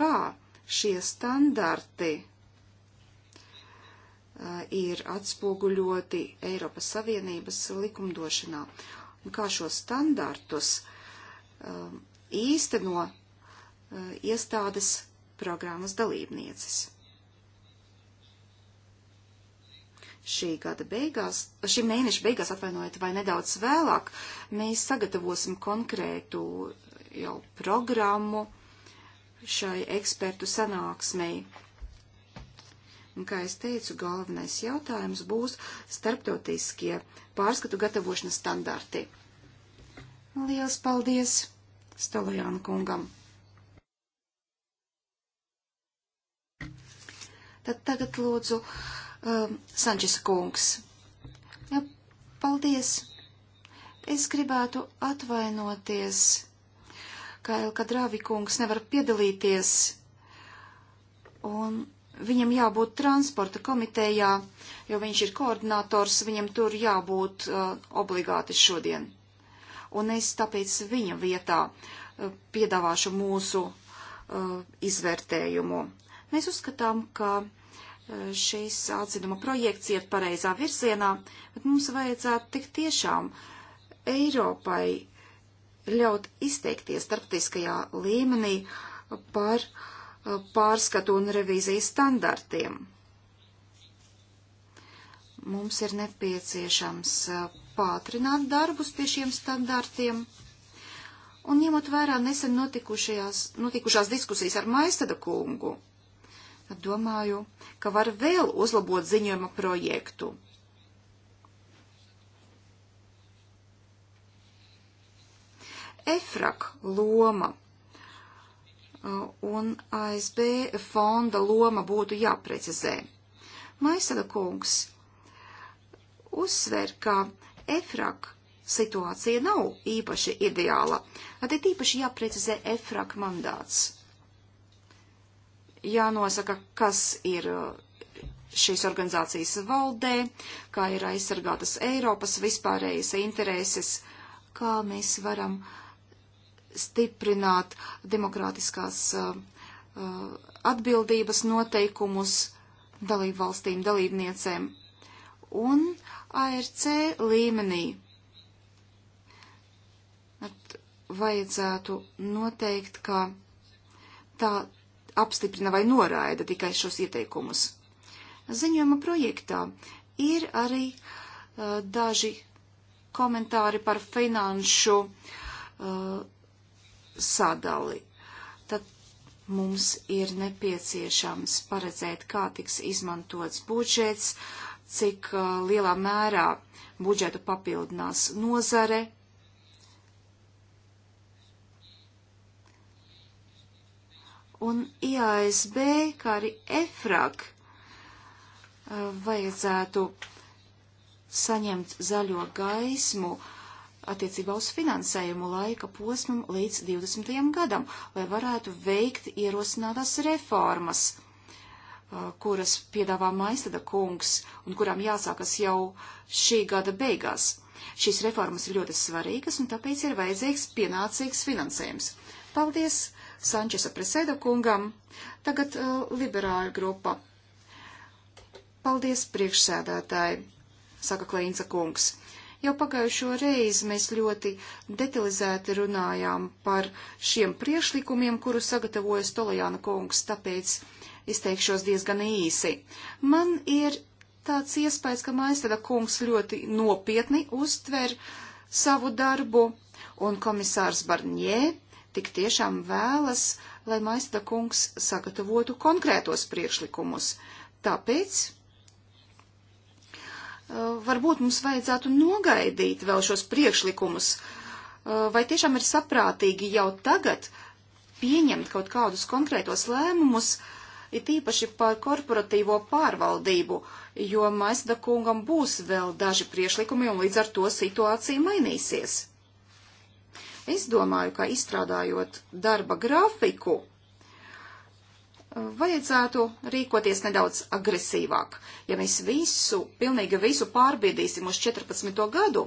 Speaker 1: kā šie standarti uh, ir atspoguļoti Eiropas Savienības likumdošanā un kā šos standartus uh, īsteno Eh, iestādes programmas dalībnieces. Šī gada beigās, šī mēneša beigās atvainojiet vai nedaudz vēlāk, mēs sagatavosim konkrētu jau programmu šai ekspertu sanāksmei. Un, kā es teicu, galvenais jautājums būs starptautiskie pārskatu gatavošanas standarti. Lielas paldies Stolojānu kungam! Tad tagad lūdzu um, Sančesa kungs. Ja, paldies! Es gribētu atvainoties, ka Elka Drāvi kungs nevar piedalīties, un viņam jābūt transporta komitejā, jo viņš ir koordinators, viņam tur jābūt uh, obligāti šodien. Un es tāpēc viņa vietā uh, piedāvāšu mūsu uh, izvērtējumu Mēs uzskatām, ka e, šīs atzinuma projekts iet pareizā virzienā, bet mums vajadzētu tik tiešām Eiropai ļaut izteikties starptautiskajā līmenī par e, pārskatu un revīzijas standartiem. Mums ir nepieciešams e, pātrināt darbus pie šiem standartiem. Un ņemot vērā nesen notikušās diskusijas ar Maistada kungu, domāju, ka var vēl uzlabot ziņojuma projektu. EFRAK loma un ASB fonda loma būtu jāprecizē. Maisala kungs uzsver, ka EFRAK situācija nav īpaši ideāla, tad ir īpaši jāprecizē EFRAK mandāts jānosaka, kas ir uh, šīs organizācijas valdē, kā ir aizsargātas Eiropas vispārējas intereses, kā mēs varam stiprināt demokrātiskās uh, uh atbildības noteikumus dalību valstīm, dalībniecēm un ARC līmenī. At vajadzētu noteikt, ka tā apstiprina vai noraida tikai šos ieteikumus. Ziņojuma projektā ir arī uh, daži komentāri par finanšu uh, sadali. Tad mums ir nepieciešams paredzēt, kā tiks izmantots budžets, cik uh, lielā mērā budžetu papildinās nozare, un IASB, kā arī EFRAG uh, vajadzētu saņemt zaļo gaismu attiecībā uz finansējumu laika posmam līdz 20. gadam, lai varētu veikt ierosinātās reformas, uh, kuras piedāvā Maistada kungs un kurām jāsākas jau šī gada beigās. Šīs reformas ir ļoti svarīgas un tāpēc ir vajadzīgs pienācīgs finansējums. Paldies! Sančesa Presēda kungam. Tagad uh, liberāļu grupa. Paldies priekšsēdētāji, saka Kleinca kungs. Jau pagājušo reizi mēs ļoti detalizēti runājām par šiem priešlikumiem, kurus sagatavojas Tolajāna kungs, tāpēc izteikšos diezgan īsi. Man ir tāds iespējas, ka Maistada kungs ļoti nopietni uztver savu darbu, un komisārs Barņē tik tiešām vēlas, lai Maista kungs sagatavotu konkrētos priekšlikumus. Tāpēc uh, varbūt mums vajadzētu nogaidīt vēl šos priekšlikumus, uh, vai tiešām ir saprātīgi jau tagad pieņemt kaut kādus konkrētos lēmumus, ir tīpaši par korporatīvo pārvaldību, jo Maisda kungam būs vēl daži priekšlikumi un līdz ar to situācija mainīsies. Es domāju, ka izstrādājot darba grafiku, eh, vajadzētu rīkoties nedaudz agresīvāk. Ja mēs visu, pilnīgi visu pārbīdīsim uz 14. gadu,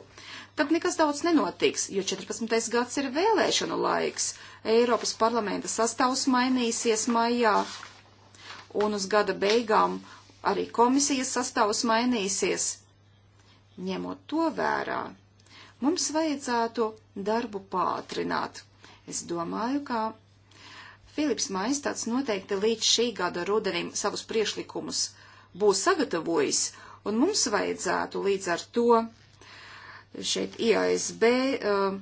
Speaker 1: tad nekas daudz nenotiks, jo 14. gads ir vēlēšanu laiks. Eiropas parlamenta sastāvs mainīsies maijā, un uz gada beigām arī komisijas sastāvs mainīsies. Ņemot to vērā, Mums vajadzētu darbu pātrināt. Es domāju, ka Filips Maistāts noteikti līdz šī gada rudenim savus priešlikumus būs sagatavojis, un mums vajadzētu līdz ar to šeit IASB uh,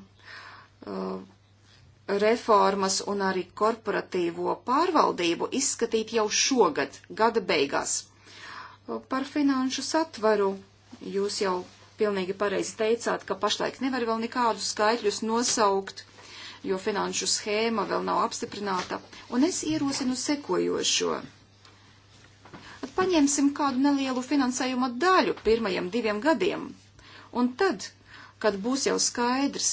Speaker 1: uh, reformas un arī korporatīvo pārvaldību izskatīt jau šogad, gada beigās. Par finanšu satvaru jūs jau pilnīgi pareizi teicāt, ka pašlaik nevar vēl nekādus skaitļus nosaukt, jo finanšu schēma vēl nav apstiprināta, un es ierosinu sekojošo. At paņemsim kādu nelielu finansējuma daļu pirmajiem diviem gadiem, un tad, kad būs jau skaidrs,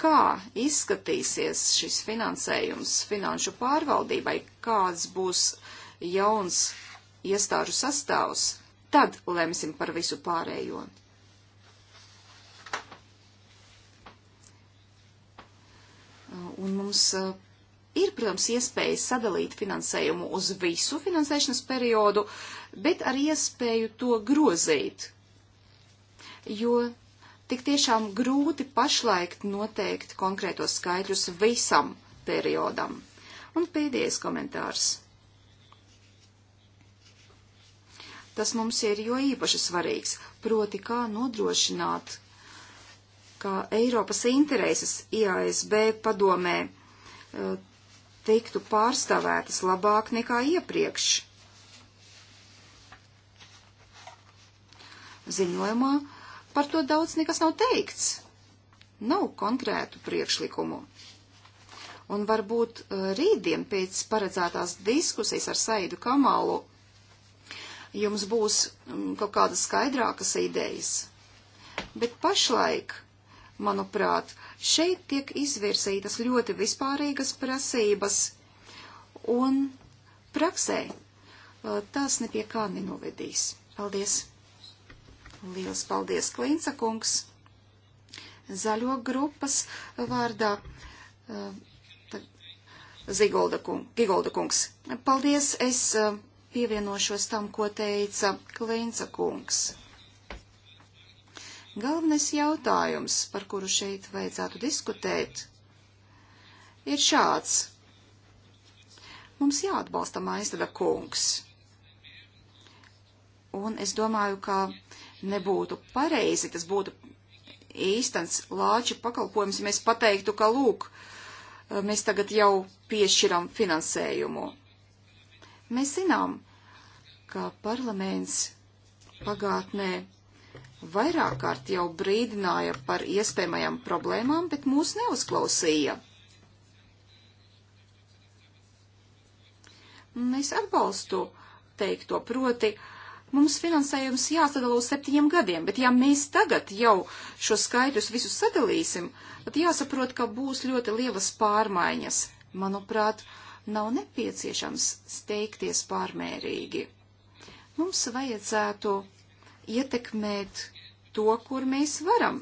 Speaker 1: kā izskatīsies šis finansējums finanšu pārvaldībai, kāds būs jauns iestāžu sastāvs, tad lemsim par visu pārējo. Uh, un mums uh, ir, protams, iespēja sadalīt finansējumu uz visu finansēšanas periodu, bet ar iespēju to grozīt. Jo tik tiešām grūti pašlaik noteikt konkrētos skaidrus visam periodam. Un pēdējais komentārs. Tas mums ir jo īpaši svarīgs, proti kā nodrošināt, ka Eiropas intereses IASB padomē e, tiktu pārstāvētas labāk nekā iepriekš. Ziņojumā par to daudz nekas nav teikts. Nav konkrētu priekšlikumu. Un varbūt e, rītdien pēc paredzētās diskusijas ar Saidu Kamalu jums būs mm, kaut kādas skaidrākas idejas. Bet pašlaik, manuprāt, šeit tiek izvirsītas ļoti vispārīgas prasības, un praksē eh, tās nepie kā nenovedīs. Paldies! Liels paldies, Klīnca kungs! Zaļo grupas vārdā. Eh, Zigolda kung, kungs. Paldies, es eh, pievienošos tam, ko teica Klīnca kungs. Galvenais jautājums, par kuru šeit vajadzētu diskutēt, ir šāds. Mums jāatbalsta maistada kungs. Un es domāju, ka nebūtu pareizi, tas būtu īstens lāča pakalpojums, ja mēs pateiktu, ka lūk, mēs tagad jau piešķiram finansējumu. Mēs zinām, ka parlaments pagātnē vairāk kārt jau brīdināja par iespējamajām problēmām, bet mūs neuzklausīja. Es atbalstu teikto, proti, mums finansējums jāsadala uz septiņiem gadiem, bet ja mēs tagad jau šo skaidrus visus sadalīsim, tad jāsaprot, ka būs ļoti lielas pārmaiņas. Manuprāt, uh, nav nepieciešams steigties pārmērīgi. Mums vajadzētu ietekmēt to, kur mēs varam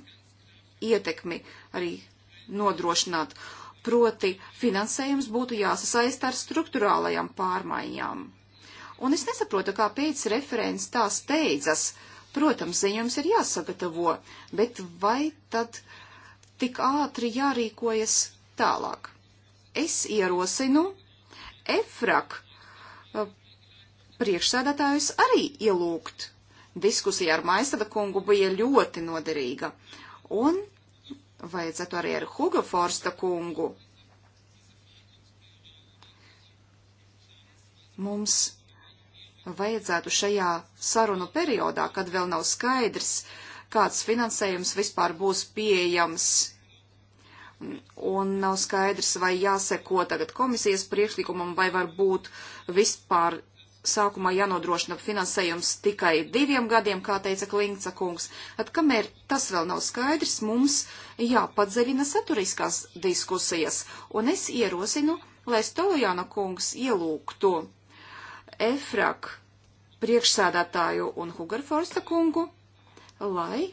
Speaker 1: ietekmi arī nodrošināt, proti finansējums būtu jāsasaista ar struktūrālajām pārmaiņām. Un es nesaprotu, kāpēc referents tā steidzas. Protams, ziņojums ir jāsagatavo, bet vai tad tik ātri jārīkojas tālāk? Es ierosinu EFRAK priekšsēdētājus arī ielūgt. Diskusija ar Maistada kungu bija ļoti noderīga. Un vajadzētu arī ar Huga Forsta kungu. Mums vajadzētu šajā sarunu periodā, kad vēl nav skaidrs, kāds finansējums vispār būs pieejams un nav skaidrs, vai jāseko tagad komisijas priekšlikumam, vai varbūt vispār sākumā jānodrošina finansējums tikai diviem gadiem, kā teica Klinkca kungs. At kamēr tas vēl nav skaidrs, mums jāpadzaļina saturiskās diskusijas, un es ierosinu, lai Stolojana kungs ielūgtu Efrak priekšsēdētāju un Hugarforsta kungu, lai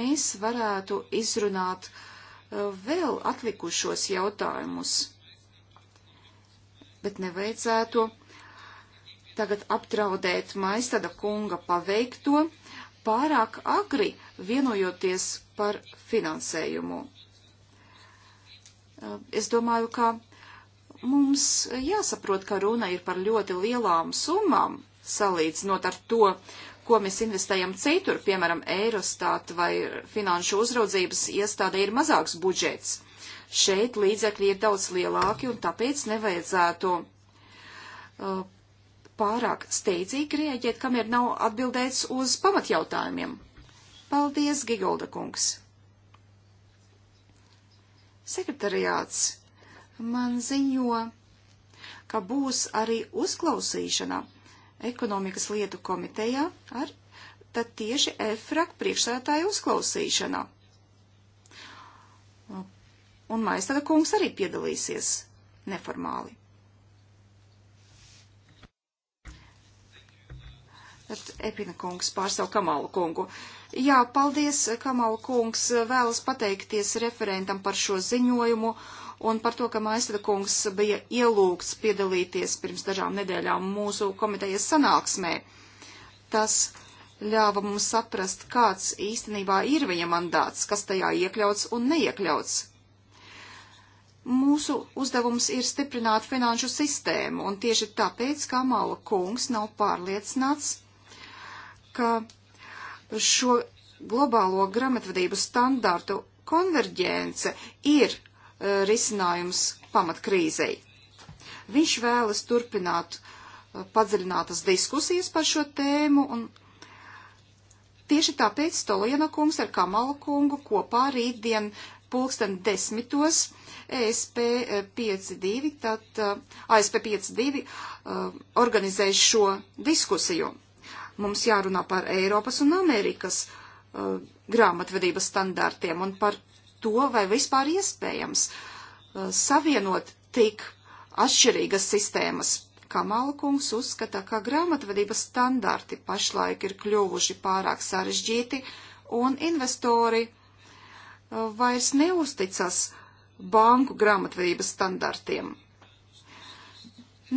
Speaker 1: mēs varētu izrunāt uh, vēl atlikušos jautājumus. Bet nevajadzētu tagad apdraudēt maistada kunga paveikto pārāk agri vienojoties par finansējumu. Es domāju, ka mums jāsaprot, ka runa ir par ļoti lielām summām, salīdzinot ar to, uh, ko mēs investējam citur, piemēram, Eirostat vai finanšu uzraudzības iestādē ir mazāks budžets. Šeit līdzekļi ir daudz lielāki un tāpēc nevajadzētu uh, pārāk steidzīgi rēģēt, kamēr nav atbildēts uz pamatjautājumiem. Paldies, Gigolda kungs! Sekretariāts man ziņo, ka būs arī uzklausīšana ekonomikas lietu komitejā ar tad tieši EFRAK priekšsētāju uzklausīšanā. Un Maistara kungs arī piedalīsies neformāli. Tad Epina kungs pārstāv Kamalu kungu. Jā, paldies, Kamalu kungs, vēlas pateikties referentam par šo ziņojumu. Uh, un par to, ka Maistra kungs bija ielūgts piedalīties pirms dažām nedēļām mūsu komitejas sanāksmē. Tas ļāva mums saprast, kāds īstenībā ir viņa mandāts, kas tajā iekļauts un neiekļauts. Mūsu uzdevums ir stiprināt finanšu sistēmu, un tieši tāpēc Kamala kungs nav pārliecināts, ka šo globālo gramatvedību standārtu konverģence ir Eh, risinājums pamatkrīzei. Viņš vēlas turpināt eh, padziļinātas diskusijas par šo tēmu, un tieši tāpēc Toliena kungs ar Kamalu kungu kopā rītdien pulksten desmitos ESP 52, eh, tad ASP 52 organizēs šo diskusiju. Mums jārunā par Eiropas un Amerikas grāmatvedības standārtiem un par to, vai vispār iespējams uh, savienot tik atšķirīgas sistēmas. Kamalkungs uzskata, ka grāmatvedības standarti pašlaik ir kļuvuši pārāk sarežģīti un investori uh, vairs neusticas banku grāmatvedības standartiem.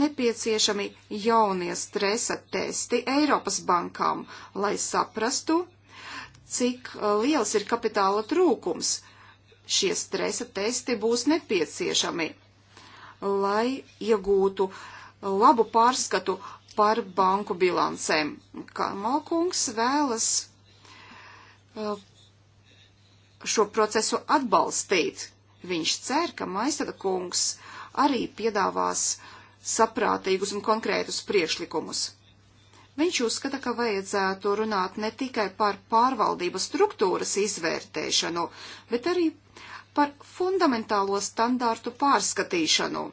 Speaker 1: Nepieciešami jaunie stresa testi Eiropas bankām, lai saprastu, cik uh, liels ir kapitāla trūkums, šie stresa testi būs nepieciešami, lai iegūtu labu pārskatu par banku bilancēm. Kamalkungs vēlas uh, šo procesu atbalstīt. Viņš cer, ka Maistada kungs arī piedāvās saprātīgus un konkrētus priekšlikumus. Viņš uzskata, ka vajadzētu runāt ne tikai par pārvaldības struktūras izvērtēšanu, bet arī par fundamentālo standārtu pārskatīšanu.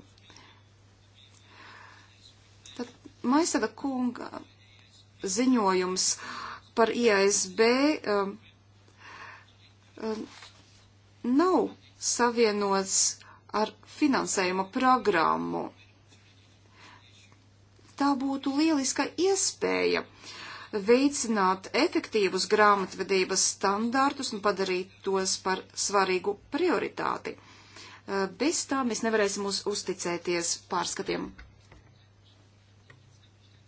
Speaker 1: Tad Maisada kunga ziņojums par IASB um, um, nav savienots ar finansējuma programmu tā būtu lieliska iespēja veicināt efektīvus grāmatvedības standārtus un padarīt tos par svarīgu prioritāti. Eh, bez tā mēs nevarēsim uz, uzticēties pārskatiem.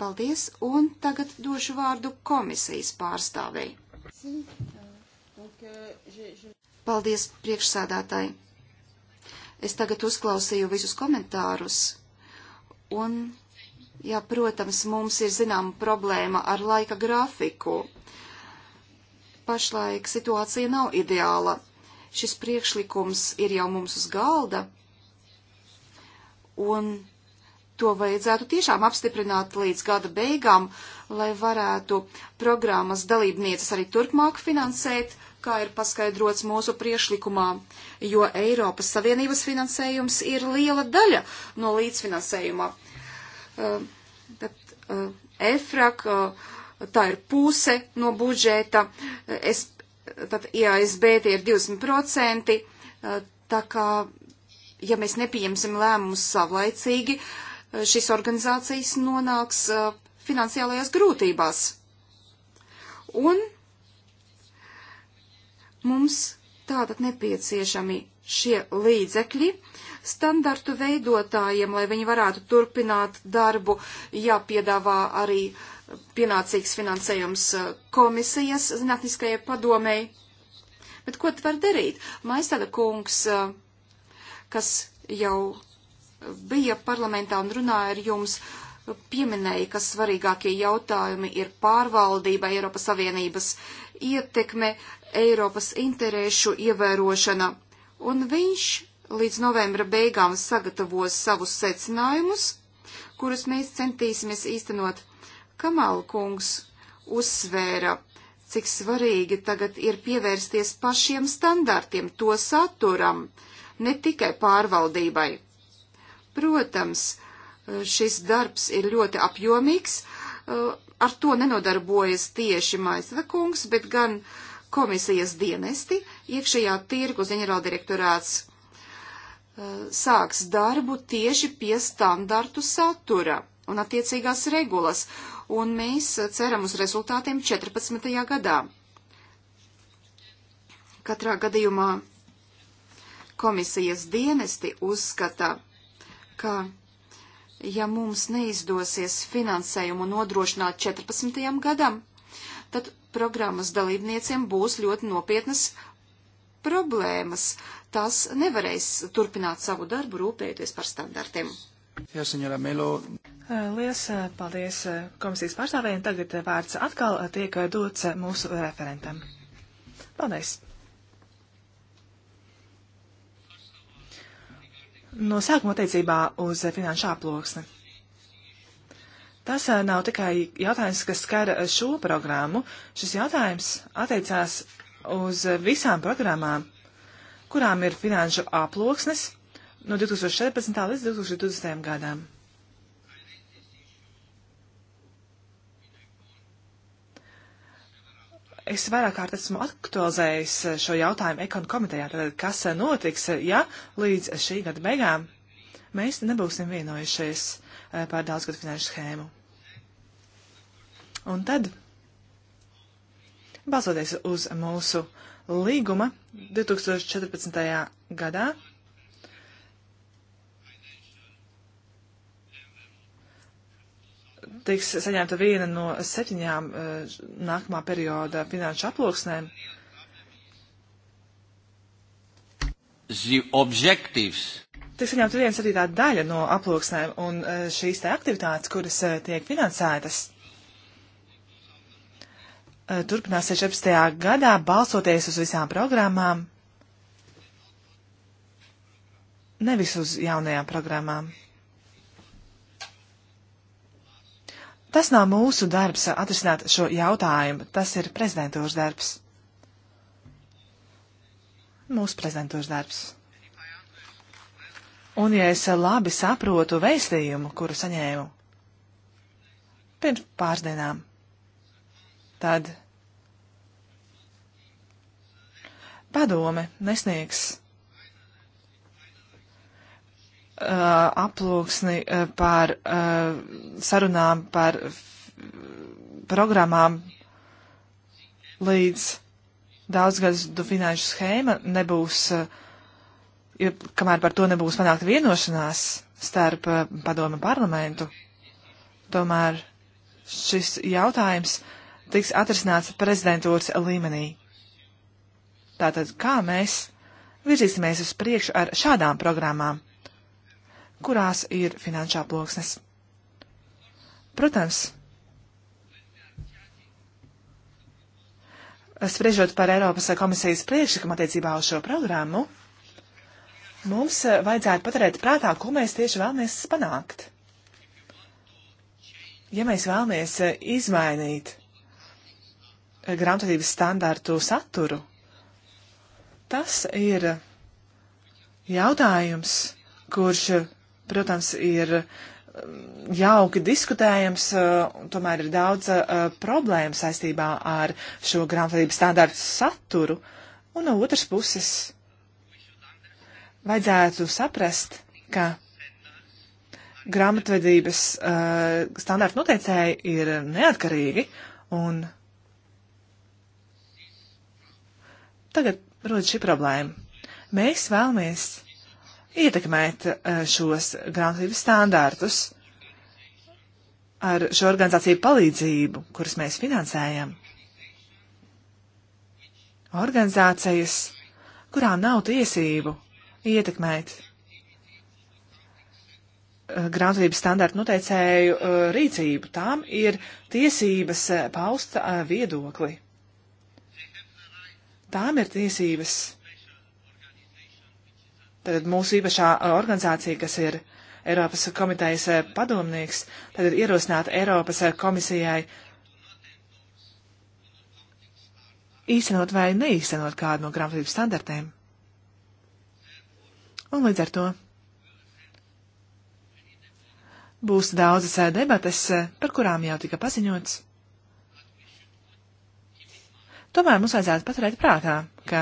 Speaker 1: Paldies, un tagad došu vārdu komisijas pārstāvei.
Speaker 2: Eh, euh,
Speaker 1: Paldies, priekšsādātāji. Es tagad uzklausīju visus komentārus, un Jā, protams, mums ir zināma problēma ar laika grafiku. Pašlaik situācija nav ideāla. Šis priekšlikums ir jau mums uz galda, un to vajadzētu tiešām apstiprināt līdz gada beigām, lai varētu programmas dalībnieces arī turpmāk finansēt, kā ir paskaidrots mūsu priešlikumā, jo Eiropas Savienības finansējums ir liela daļa no līdzfinansējuma. Uh, Eh, bet eh, EFRAK, eh, tā ir puse no budžeta, es, tad IASB tie ir 20%, tā kā, ja mēs nepieņemsim lēmumus savlaicīgi, šis organizācijas nonāks finansiālajās grūtībās. Un mums tātad nepieciešami šie līdzekļi standartu veidotājiem, lai viņi varētu turpināt darbu, jāpiedāvā arī pienācīgs finansējums uh, komisijas zinātniskajai padomēji. Bet ko tu var darīt? Maistada kungs, uh, kas jau bija parlamentā un runāja ar jums, pieminēja, ka svarīgākie jautājumi ir pārvaldība, Eiropas Savienības ietekme, Eiropas interešu ievērošana un viņš līdz novembra beigām sagatavos savus secinājumus, kurus mēs centīsimies īstenot. Kamala kungs uzsvēra, cik svarīgi tagad ir pievērsties pašiem standartiem, to saturam, ne tikai pārvaldībai. Protams, šis darbs ir ļoti apjomīgs, eh, ar to nenodarbojas tieši Maisvekungs, bet gan komisijas dienesti, iekšējā tirgus ģenerāldirektorāts eh, sāks darbu tieši pie standartu satura un attiecīgās regulas, un mēs eh, ceram uz rezultātiem 14. gadā. Katrā gadījumā komisijas dienesti uzskata, ka, ja mums neizdosies finansējumu nodrošināt 14. gadam, tad programmas dalībnieciem būs ļoti nopietnas problēmas. Tās nevarēs turpināt savu darbu, rūpējoties par standartiem.
Speaker 2: Jā, senjora Melo. Eh, Lielas eh, paldies eh, komisijas pārstāvējiem. Tagad vārds atkal tiek dots mūsu referentam. Paldies. No sākuma attiecībā uz finanšu aploksni. Tas nav tikai jautājums, kas skar šo programmu. Šis jautājums attiecās uz visām programmām, kurām ir finanšu aploksnes no 2014. līdz 2020. gadam. Es vairāk kārt esmu aktualizējis šo jautājumu ekonu komitejā, tad kas notiks, ja līdz šī gada beigām mēs nebūsim vienojušies eh, par daudzgadu finanšu schēmu. Un tad Balsoties uz mūsu līguma 2014. gadā, tiks saņemta viena no septiņām eh, nākamā perioda finanšu aploksnēm.
Speaker 4: Tiks
Speaker 2: saņemta viena septītā daļa no aploksnēm, un eh, šīs te aktivitātes, kuras eh, tiek finansētas, Eh, turpinās 16. gadā, balsoties uz visām programmām, nevis uz jaunajām programmām. Tas nav mūsu darbs atrisināt šo jautājumu, tas ir prezidentūras darbs. Mūsu prezidentūras darbs. Un ja es labi saprotu vēstījumu, kuru saņēmu pirms pāris dienām, tad padome nesniegs uh, aploksni uh, par uh, sarunām, par programmām līdz daudzgadu finanšu schēma nebūs, uh, ja, kamēr par to nebūs panākta vienošanās starp uh, padomu parlamentu, tomēr šis jautājums tiks atrisināts prezidentūras līmenī. Tātad, kā mēs virzīsimies uz priekšu ar šādām programmām, kurās ir finanšā ploksnes? Protams, spriežot par Eiropas komisijas priekšlikumu attiecībā uz šo programmu, mums vajadzētu paturēt prātā, ko mēs tieši vēlamies panākt. Ja mēs vēlamies izmainīt grāmatvedības standārtu saturu, Tas ir jautājums, kurš, protams, ir um, jauki diskutējams, uh, tomēr ir daudz uh, problēmu saistībā ar šo grāmatvedības standārtu saturu, un no otras puses vajadzētu saprast, ka grāmatvedības uh, standārtu noteicēji ir neatkarīgi, un tagad rodas šī problēma. Mēs vēlamies ietekmēt eh, šos grāmatvedības standārtus ar šo organizāciju palīdzību, kuras mēs finansējam. Organizācijas, kurām nav tiesību ietekmēt eh, grāmatvedības standārtu noteicēju eh, rīcību, tām ir tiesības paust viedokli. Tām ir tiesības. Tad mūsu īpašā organizācija, kas ir Eiropas komitejas eh, padomnieks, tad ir ierosināta Eiropas eh, komisijai īstenot vai neīstenot kādu no grāmatvedības standartēm. Un līdz ar to būs daudzas eh, debates, par kurām jau tika paziņots. Tomēr mums vajadzētu paturēt prātā, ka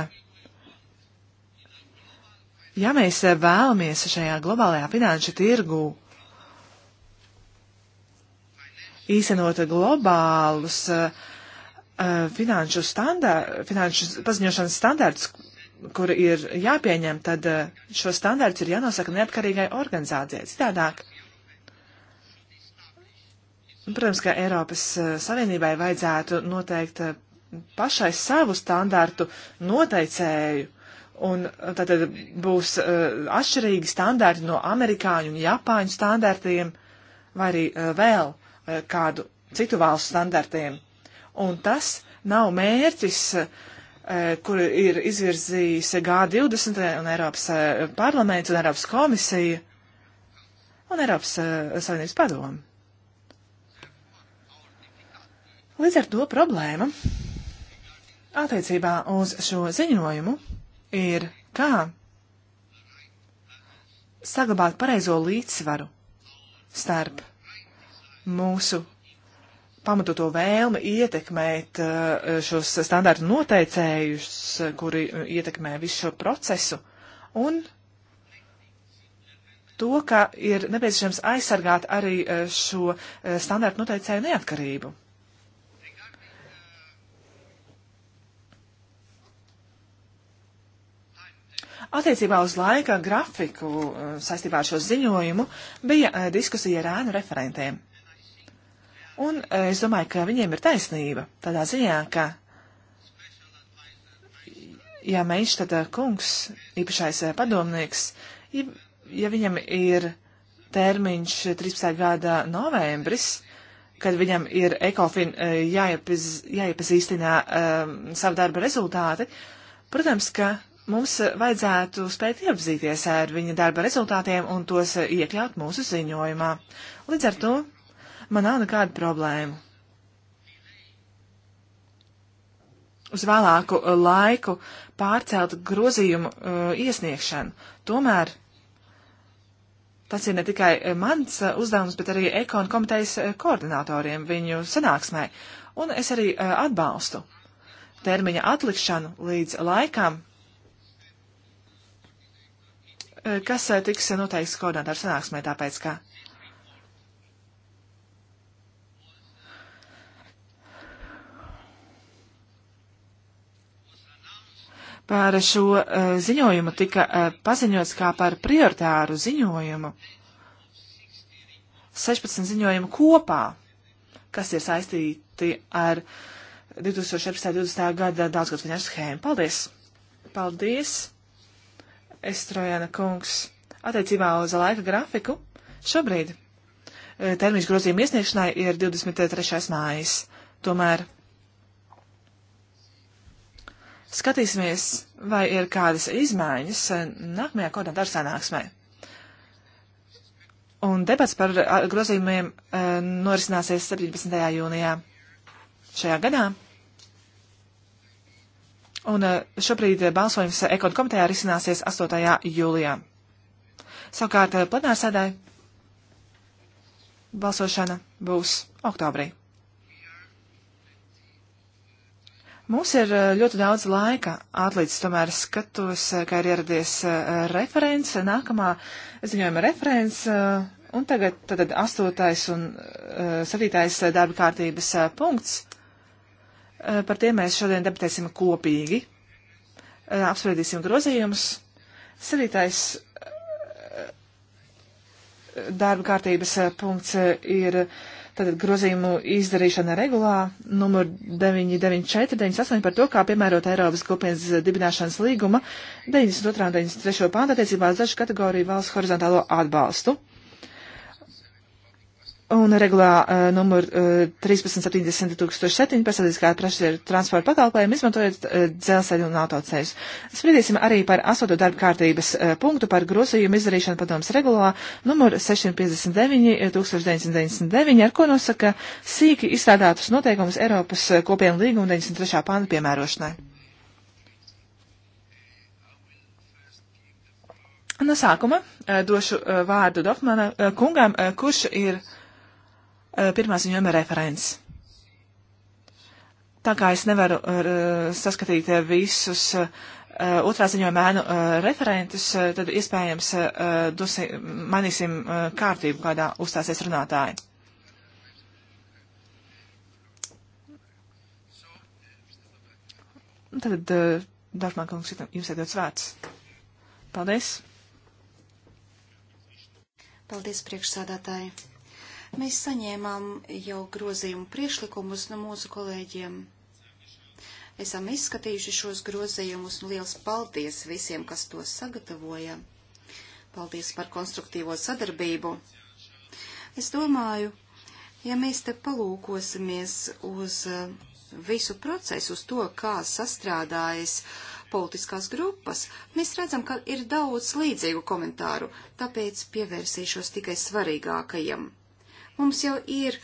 Speaker 2: ja mēs vēlamies šajā globālajā finanšu tirgu īstenot globālus uh, uh finanšu, standār, finanšu paziņošanas standārts, kuri ir jāpieņem, tad uh, šo standārtu ir jānosaka neatkarīgai organizācijai. Citādāk, protams, ka Eiropas uh, Savienībai vajadzētu noteikt pašai savu standārtu noteicēju. Un tad būs uh, atšķirīgi standarti no amerikāņu un japāņu standartiem, vai arī uh, vēl uh, kādu citu valstu standartiem. Un tas nav mērķis, uh, kur ir izvirzījis G20 un Eiropas uh, parlaments un Eiropas komisija un Eiropas uh, Savienības padomu. Līdz ar to problēma attiecībā uz šo ziņojumu ir, kā saglabāt pareizo līdzsvaru starp mūsu pamatoto vēlmi ietekmēt uh, šos standārtu noteicējus, kuri ietekmē visu šo procesu, un to, ka ir nepieciešams aizsargāt arī uh, šo uh, standārtu noteicēju neatkarību. Attiecībā uz laika grafiku eh, saistībā ar šo ziņojumu bija eh, diskusija ar ēnu referentiem. Un eh, es domāju, ka viņiem ir taisnība tādā ziņā, ka ja Meištata kungs, īpašais padomnieks, ja, ja viņam ir termiņš 13. gada novembris, kad viņam ir ekofin jāiepaz, jāiepazīstinā um, savu darbu rezultāti, protams, ka Mums vajadzētu spēt iepazīties ar viņa darba rezultātiem un tos iekļaut mūsu ziņojumā. Līdz ar to man nav nekāda problēma. Uz vēlāku laiku pārcelt grozījumu uh, iesniegšanu. Tomēr tas ir ne tikai mans uh, uzdevums, bet arī ekonu komitejas uh, koordinatoriem viņu sanāksmē. Un es arī uh, atbalstu termiņa atlikšanu līdz laikam, Eh, kas eh, tiks eh, noteikts koordinātāru sanāksmē, tāpēc kā. Par šo ziņojumu tika paziņots kā par prioritāru ziņojumu. 16 ziņojumu kopā, kas ir saistīti ar 2017. gada daudzgadu finanšu schēmu. Paldies! Paldies! Estrojana kungs, attiecībā uz laika grafiku šobrīd e, termiņš grozījuma iesniegšanai ir 23. mājas. Tomēr skatīsimies, vai ir kādas izmaiņas e, nākamajā koordinatāra sanāksmē. Un debats par grozījumiem e, norisināsies 17. jūnijā šajā gadā. Un eh, šobrīd eh, balsojums ekonu komitejā risināsies 8. jūlijā. Savukārt eh, plenārsēdē balsošana būs oktobrī. Mums ir ļoti daudz laika atlīdz, tomēr skatos, kā ir ieradies referents, nākamā ziņojuma referents, un tagad tad 8. un 7. darba kārtības punkts. Eh, par tiem mēs šodien debatēsim kopīgi. Eh, apspriedīsim grozījumus. Sadītais eh, darba kārtības punkts ir tātad grozījumu izdarīšana regulā numur 994-98 par to, kā piemērot Eiropas kopienas dibināšanas līguma 92. un 93. pānta attiecībā uz dažu kategoriju valsts horizontālo atbalstu. Un regulā uh, numur uh, 1370 2007 pasadiskā transporta pakalpojumu izmantojot uh, dzelzceļu un autoceļus. Spriedīsim arī par astoto darba kārtības uh, punktu par grozījumu izdarīšanu padomas regulā numur 659 1999, ar ko nosaka sīki izstrādātus noteikumus Eiropas kopienu līguma 93. pānta piemērošanai. No sākuma uh, došu uh, vārdu Dokmana uh, kungam, uh, kurš ir. Uh, Eh, pirmās viņam ir referents. Tā kā es nevaru eh, saskatīt eh, visus otrā ziņojuma ēnu referentus, tad iespējams dosi, manīsim kārtību, kādā uzstāsies runātāji. Tad, Dārmāk, jums ir dots vārds. Paldies!
Speaker 1: Paldies, priekšsādātāji! Mēs saņēmām jau grozījumu priešlikumus no mūsu kolēģiem. Esam izskatījuši šos grozījumus un liels paldies visiem, kas tos sagatavoja. Paldies par konstruktīvo sadarbību. Es domāju, ja mēs te palūkosimies uz uh, visu procesu, uz to, kā sastrādājas politiskās grupas, mēs redzam, ka ir daudz līdzīgu komentāru, tāpēc pievērsīšos tikai svarīgākajam. Mums jau ir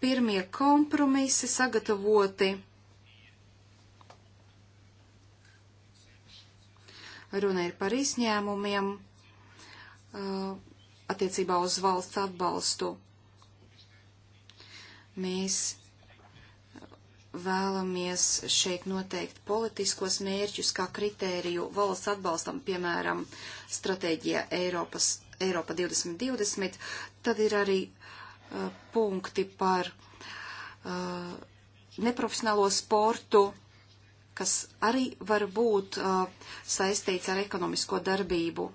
Speaker 1: pirmie kompromisi sagatavoti. Runa ir par izņēmumiem uh, attiecībā uz valsts atbalstu. Mēs vēlamies šeit noteikt politiskos mērķus kā kritēriju valsts atbalstam, piemēram, stratēģija Eiropas, Eiropa 2020, tad ir arī punkti par uh, neprofesionālo sportu, kas arī var būt uh, saistīts ar ekonomisko darbību.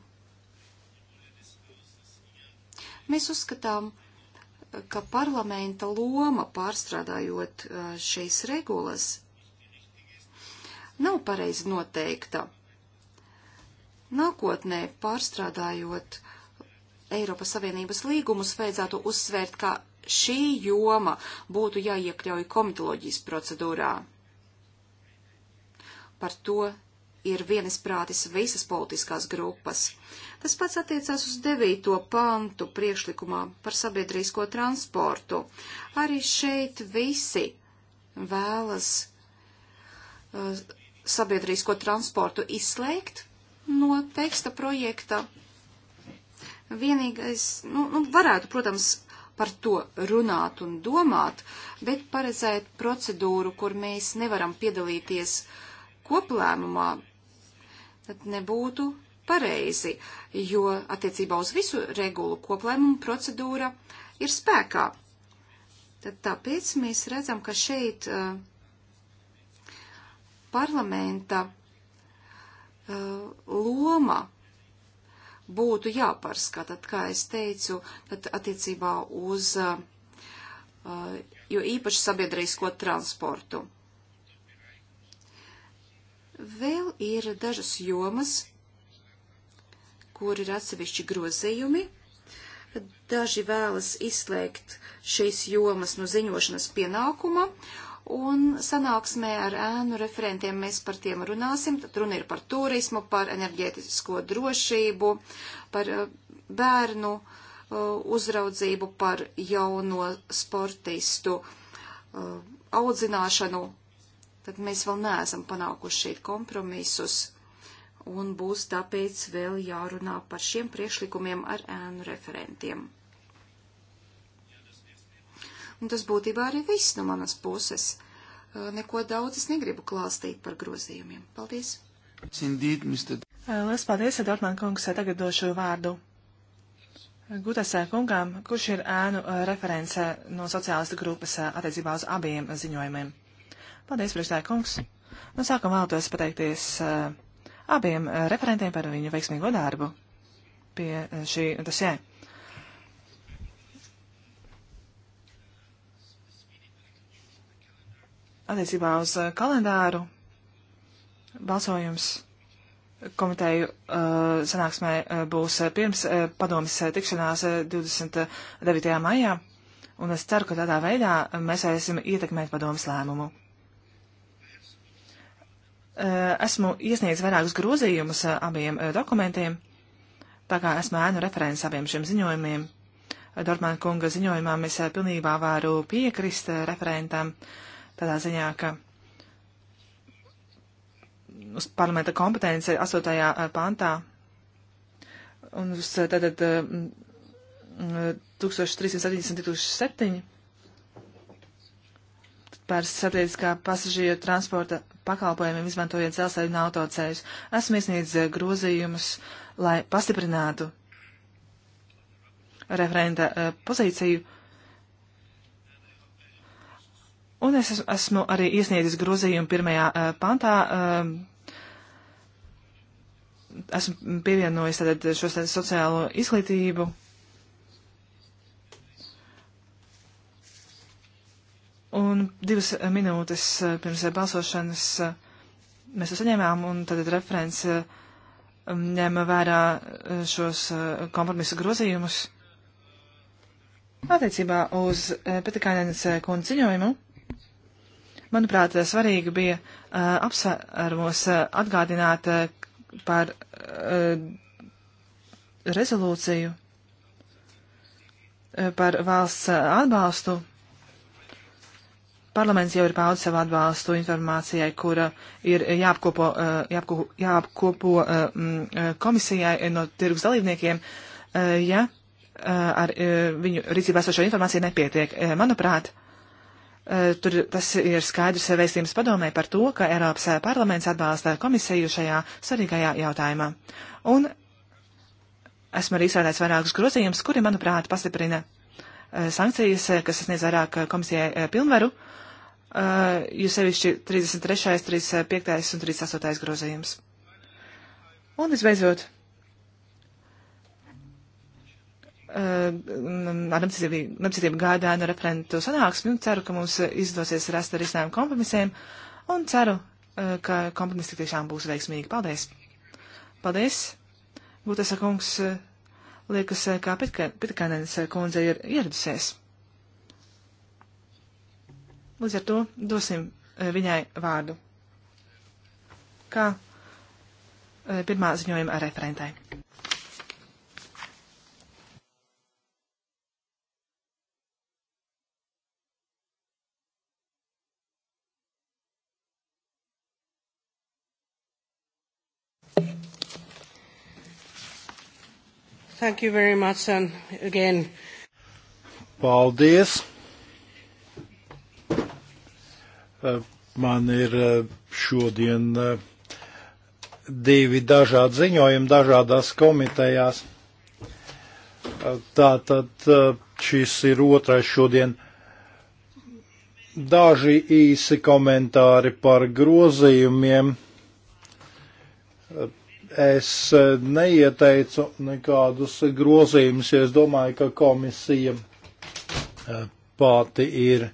Speaker 1: Mēs uzskatām, ka parlamenta loma pārstrādājot uh, šīs regulas nav pareizi noteikta. Nākotnē pārstrādājot Eiropas Savienības līgumus vajadzētu uzsvērt, ka šī joma būtu jāiekļauj komitoloģijas procedūrā. Par to ir vienisprātis visas politiskās grupas. Tas pats attiecās uz devīto pantu priekšlikumā par sabiedrisko transportu. Arī šeit visi vēlas uh, sabiedrisko transportu izslēgt no teksta projekta, Vienīgais, nu, nu varētu, protams, par to runāt un domāt, bet paredzēt procedūru, kur mēs nevaram piedalīties koplēmumā, tad nebūtu pareizi, jo attiecībā uz visu regulu koplēmumu procedūra ir spēkā. Tad tāpēc mēs redzam, ka šeit uh, parlamenta uh, loma būtu jāpārskata, kā es teicu, tad attiecībā uz, uh, uh, jo īpaši sabiedrisko transportu. Vēl ir dažas jomas, kur ir atsevišķi grozījumi. Daži vēlas izslēgt šīs jomas no ziņošanas pienākuma, Un sanāksmē ar ēnu referentiem mēs par tiem runāsim. Tad runa ir par turismu, par enerģētisko drošību, par eh, bērnu eh, uzraudzību, par jauno sportistu eh, audzināšanu. Tad mēs vēl neesam panākuši šeit kompromisus. Un būs tāpēc vēl jārunā par šiem priekšlikumiem ar ēnu referentiem. Un tas būtībā arī viss no manas puses. Neko daudz es negribu klāstīt par grozījumiem. Paldies!
Speaker 3: Cindīt, Mr.
Speaker 2: Lielas paldies, Dortmān kungs, tagad došu vārdu. Gutasē kungām, kurš ir ēnu reference no sociālistu grupas attiecībā uz abiem ziņojumiem. Paldies, priekšstāja kungs. No sākuma vēlētos pateikties abiem referentiem par viņu veiksmīgo darbu pie šī dosē. Ja. Attiecībā uz uh, kalendāru balsojums komiteju uh, sanāksmē uh, būs uh, pirms uh, padomas uh, tikšanās 29. maijā, un es ceru, ka tādā veidā mēs varēsim ietekmēt padomas lēmumu. Esmu iesniedzis vairākus grozījumus abiem dokumentiem, tā kā esmu ēnu referents abiem šiem ziņojumiem. Dortmana kunga ziņojumā es pilnībā varu piekrist referentam. Uh, tādā ziņā, ka uz parlamenta kompetence 8. pantā un uz tātad 1377 par sabiedriskā pasažieru transporta pakalpojumiem izmantojot dzelzceļu un autoceļus. Esmu iesniedzis grozījumus, lai pastiprinātu referenta pozīciju Un es esmu arī iesniedzis grozījumu pirmajā uh, pantā. Uh, esmu pievienojis tātad šo tātad sociālo izglītību. Un divas minūtes pirms balsošanas mēs to saņēmām, un tad referents ņem vērā šos kompromisu grozījumus attiecībā uz Petikānenes kundziņojumu. Manuprāt, svarīgi bija uh, apsvērumos uh, atgādināt uh, par uh, rezolūciju, uh, par valsts uh, atbalstu. Parlaments jau ir paudis savu atbalstu informācijai, kura ir jāapkopo, uh, jāapkopo, jāapkopo uh, m, komisijai no tirgus dalībniekiem, uh, ja uh, ar uh, viņu rīcībā esošo informāciju nepietiek. Uh, manuprāt, uh, Eh, tur tas ir skaidrs vēstījums padomē par to, ka Eiropas eh, parlaments atbalsta komisiju šajā svarīgajā jautājumā. Un esmu arī izstrādājis vairākus grozījumus, kuri, manuprāt, pastiprina eh, sankcijas, kas sniedz vairāk komisijai pilnvaru, jo sevišķi 33., 35. un 38. grozījums. Un visbeidzot, Uh, mm, ar nepacietību gādāju no referentu sanāksmi un ceru, ka mums izdosies rast ar izsnējumu kompromisiem un ceru, uh, ka kompromiss tik tiešām būs veiksmīgi. Paldies! Paldies! Būtas kungs uh, liekas, kā Pitkanens kundze ir ieradusies. Līdz ar to dosim viņai vārdu. Kā pirmā ziņojuma referentai. Thank you very much and again.
Speaker 3: Paldies. Eh, man ir eh, šodien eh, divi dažādi ziņojumi dažādās komitejās. Tātad šis ir otrais šodien. Daži īsi komentāri par grozījumiem es eh, neieteicu nekādus grozījumus, jo es domāju, ka komisija eh, pati ir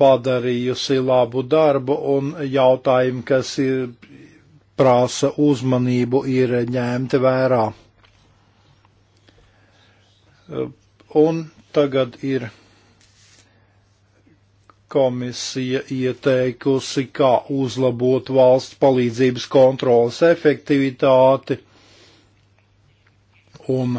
Speaker 3: padarījusi labu darbu un jautājumi, kas ir prasa uzmanību, ir ņemti vērā. Eh, un tagad ir komisija ieteikusi, kā uzlabot valsts palīdzības kontrolas efektivitāti un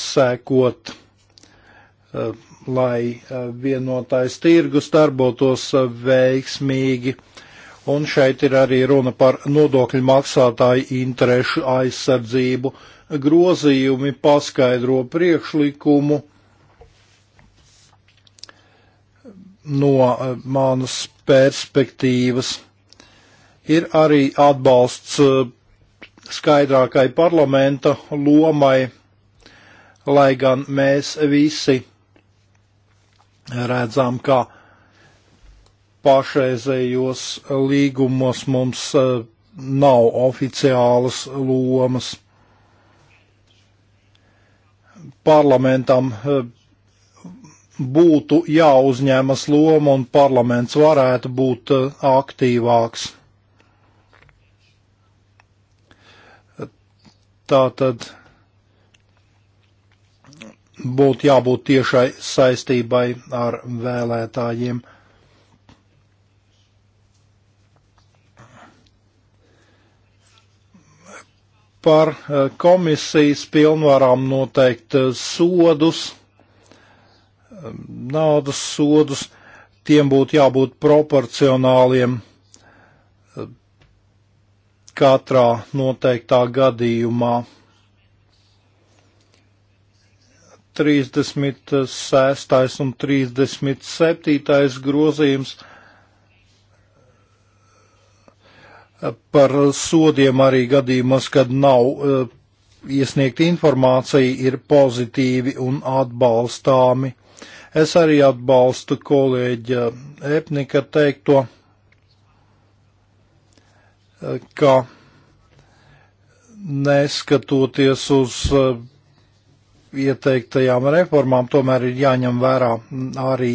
Speaker 3: sekot, eh, lai eh, vienotais tirgus darbotos eh, veiksmīgi. Un šeit ir arī runa par nodokļu maksātāju interešu aizsardzību. Grozījumi paskaidro priekšlikumu no eh, manas perspektīvas. Ir arī atbalsts eh, skaidrākai parlamenta lomai, lai gan mēs visi redzam, ka pašreizējos līgumos mums eh, nav oficiālas lomas. Parlamentam būtu jāuzņemas loma un parlaments varētu būt eh, aktīvāks. Tā tad būtu jābūt tiešai saistībai ar vēlētājiem. Par eh, komisijas pilnvarām noteikt eh, sodus naudas sodus, tiem būtu jābūt proporcionāliem eh, katrā noteiktā gadījumā. 36. un 37. grozījums eh, par sodiem arī gadījumos, kad nav eh, iesniegta informācija, ir pozitīvi un atbalstāmi. Es arī atbalstu kolēģa Epnika teikto, ka neskatoties uz uh, ieteiktajām reformām, tomēr ir jāņem vērā arī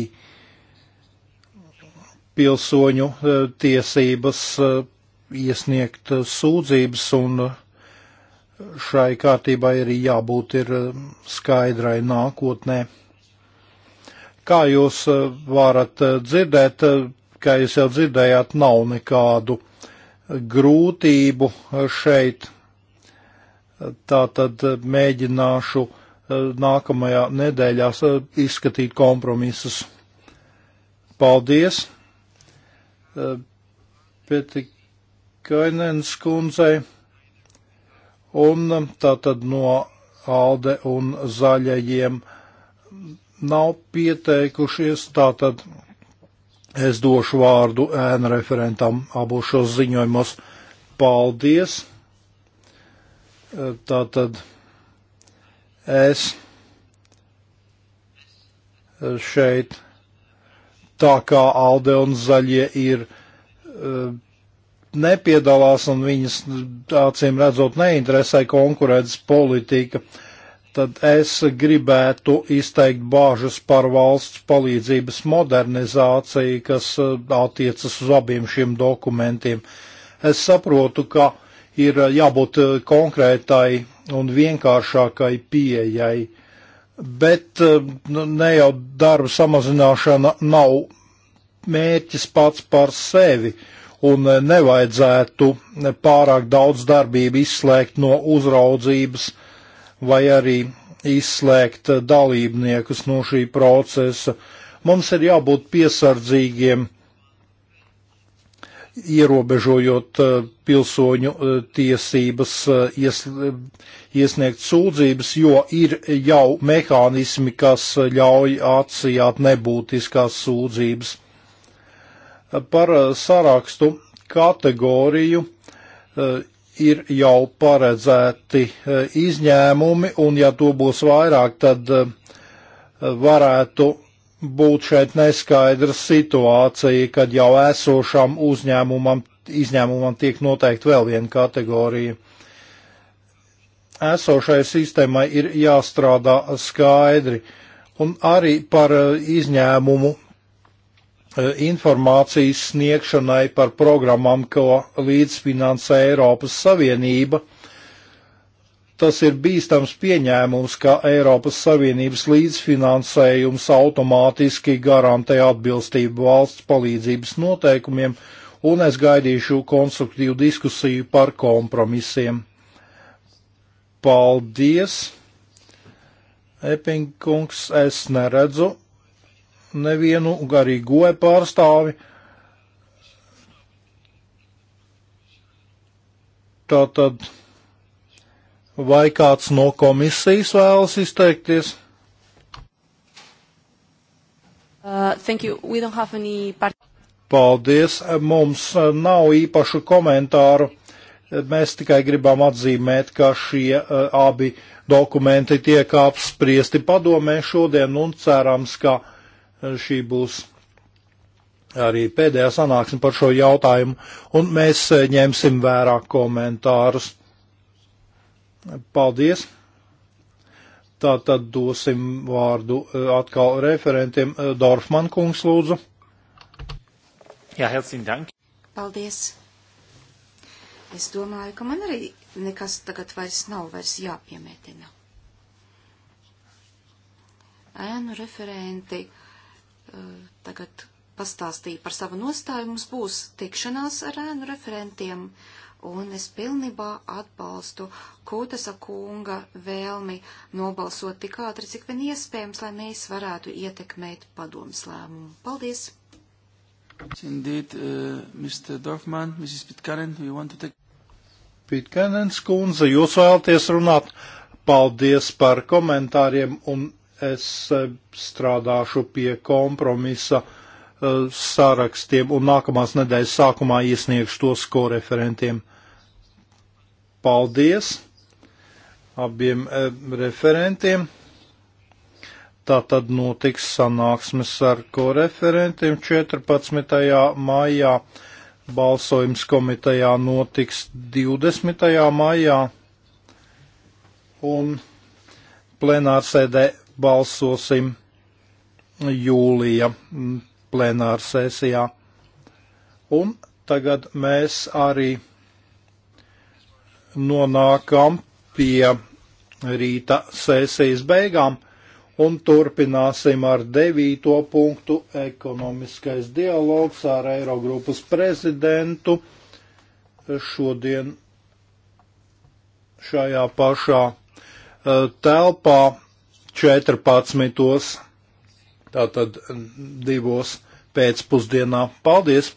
Speaker 3: pilsoņu uh, tiesības uh, iesniegt sūdzības, un šai kārtībai arī jābūt ir skaidrai nākotnē. Kā jūs eh, varat eh, dzirdēt, eh, kā jūs jau dzirdējāt, nav nekādu grūtību šeit. Tā tad mēģināšu nākamajā nedēļā izskatīt kompromisus. Paldies! Pietikainens kundzei. Un tā tad no Alde un Zaļajiem nav pieteikušies, tātad es došu vārdu ēnu referentam abos šos ziņojumos. Paldies! E, tātad es šeit, tā kā Alde un Zaļie ir e, nepiedalās un viņas acīm redzot neinteresē konkurētas politika Tātad es gribētu izteikt bāžas par valsts palīdzības modernizāciju, kas eh, attiecas uz abiem šiem dokumentiem. Es saprotu, ka ir eh, jābūt eh, konkrētai un vienkāršākai pieejai, bet nu, ne jau darba samazināšana nav mērķis pats par sevi un nevajadzētu pārāk daudz darbību izslēgt no uzraudzības vai arī izslēgt dalībniekus no šī procesa. Mums ir jābūt piesardzīgiem, ierobežojot eh, pilsoņu eh, tiesības eh, ies, iesniegt sūdzības, jo ir jau mehānismi, kas ļauj atsijāt nebūtiskās sūdzības. Par sarakstu kategoriju ir jau paredzēti e, izņēmumi, un ja to būs vairāk, tad e, varētu būt šeit neskaidra situācija, kad jau esošam uzņēmumam, izņēmumam tiek noteikti vēl viena kategorija. Esošai sistēmai ir jāstrādā skaidri, un arī par e, izņēmumu E, informācijas sniegšanai par programmām, ko līdzfinansē Eiropas Savienība. Tas ir bīstams pieņēmums, ka Eiropas Savienības līdzfinansējums automātiski garantē atbilstību valsts palīdzības noteikumiem, un es gaidīšu konstruktīvu diskusiju par kompromisiem. Paldies! Epinkungs, es neredzu nevienu garīgo pārstāvi. Tātad, vai kāds no komisijas vēlas izteikties?
Speaker 1: Uh, any...
Speaker 3: Paldies, mums uh, nav īpašu komentāru. Mēs tikai gribam atzīmēt, ka šie uh, abi dokumenti tiek apspriesti padomē šodien un cerams, ka uh, Eh, šī būs arī pēdējā sanāksme par šo jautājumu, un mēs eh, ņemsim vērā komentārus. Paldies! Tā tad dosim vārdu eh, atkal referentiem. Dorfman kungs lūdzu. Jā, herzīgi dank.
Speaker 1: Paldies. Es domāju, ka man arī nekas tagad vairs nav vairs jāpiemētina. Ēnu referenti Eh, tagad pastāstīja par savu nostāju. Mums būs tikšanās ar ēnu referentiem, un es pilnībā atbalstu Kūtesa kunga vēlmi nobalsot tik ātri, cik vien iespējams, lai mēs varētu ietekmēt padomas lēmumu. Paldies! Indeed, uh, Mr. Dorfman, Mrs. Pitkanen, you want to take...
Speaker 3: Pitkanens kundze, jūs vēlaties runāt? Paldies par komentāriem un es strādāšu pie kompromisa eh, sārakstiem un nākamās nedēļas sākumā iesniegšu tos koreferentiem. Paldies abiem eh, referentiem. Tā tad notiks sanāksmes ar koreferentiem 14. maijā. Balsojums komitejā notiks 20. maijā. Un plenārsēdē balsosim jūlija plenāra sesijā. Un tagad mēs arī nonākam pie rīta sesijas beigām un turpināsim ar devīto punktu ekonomiskais dialogs ar Eirogrupas prezidentu šodien šajā pašā eh, telpā 14. tātad divos pēcpusdienā. Paldies!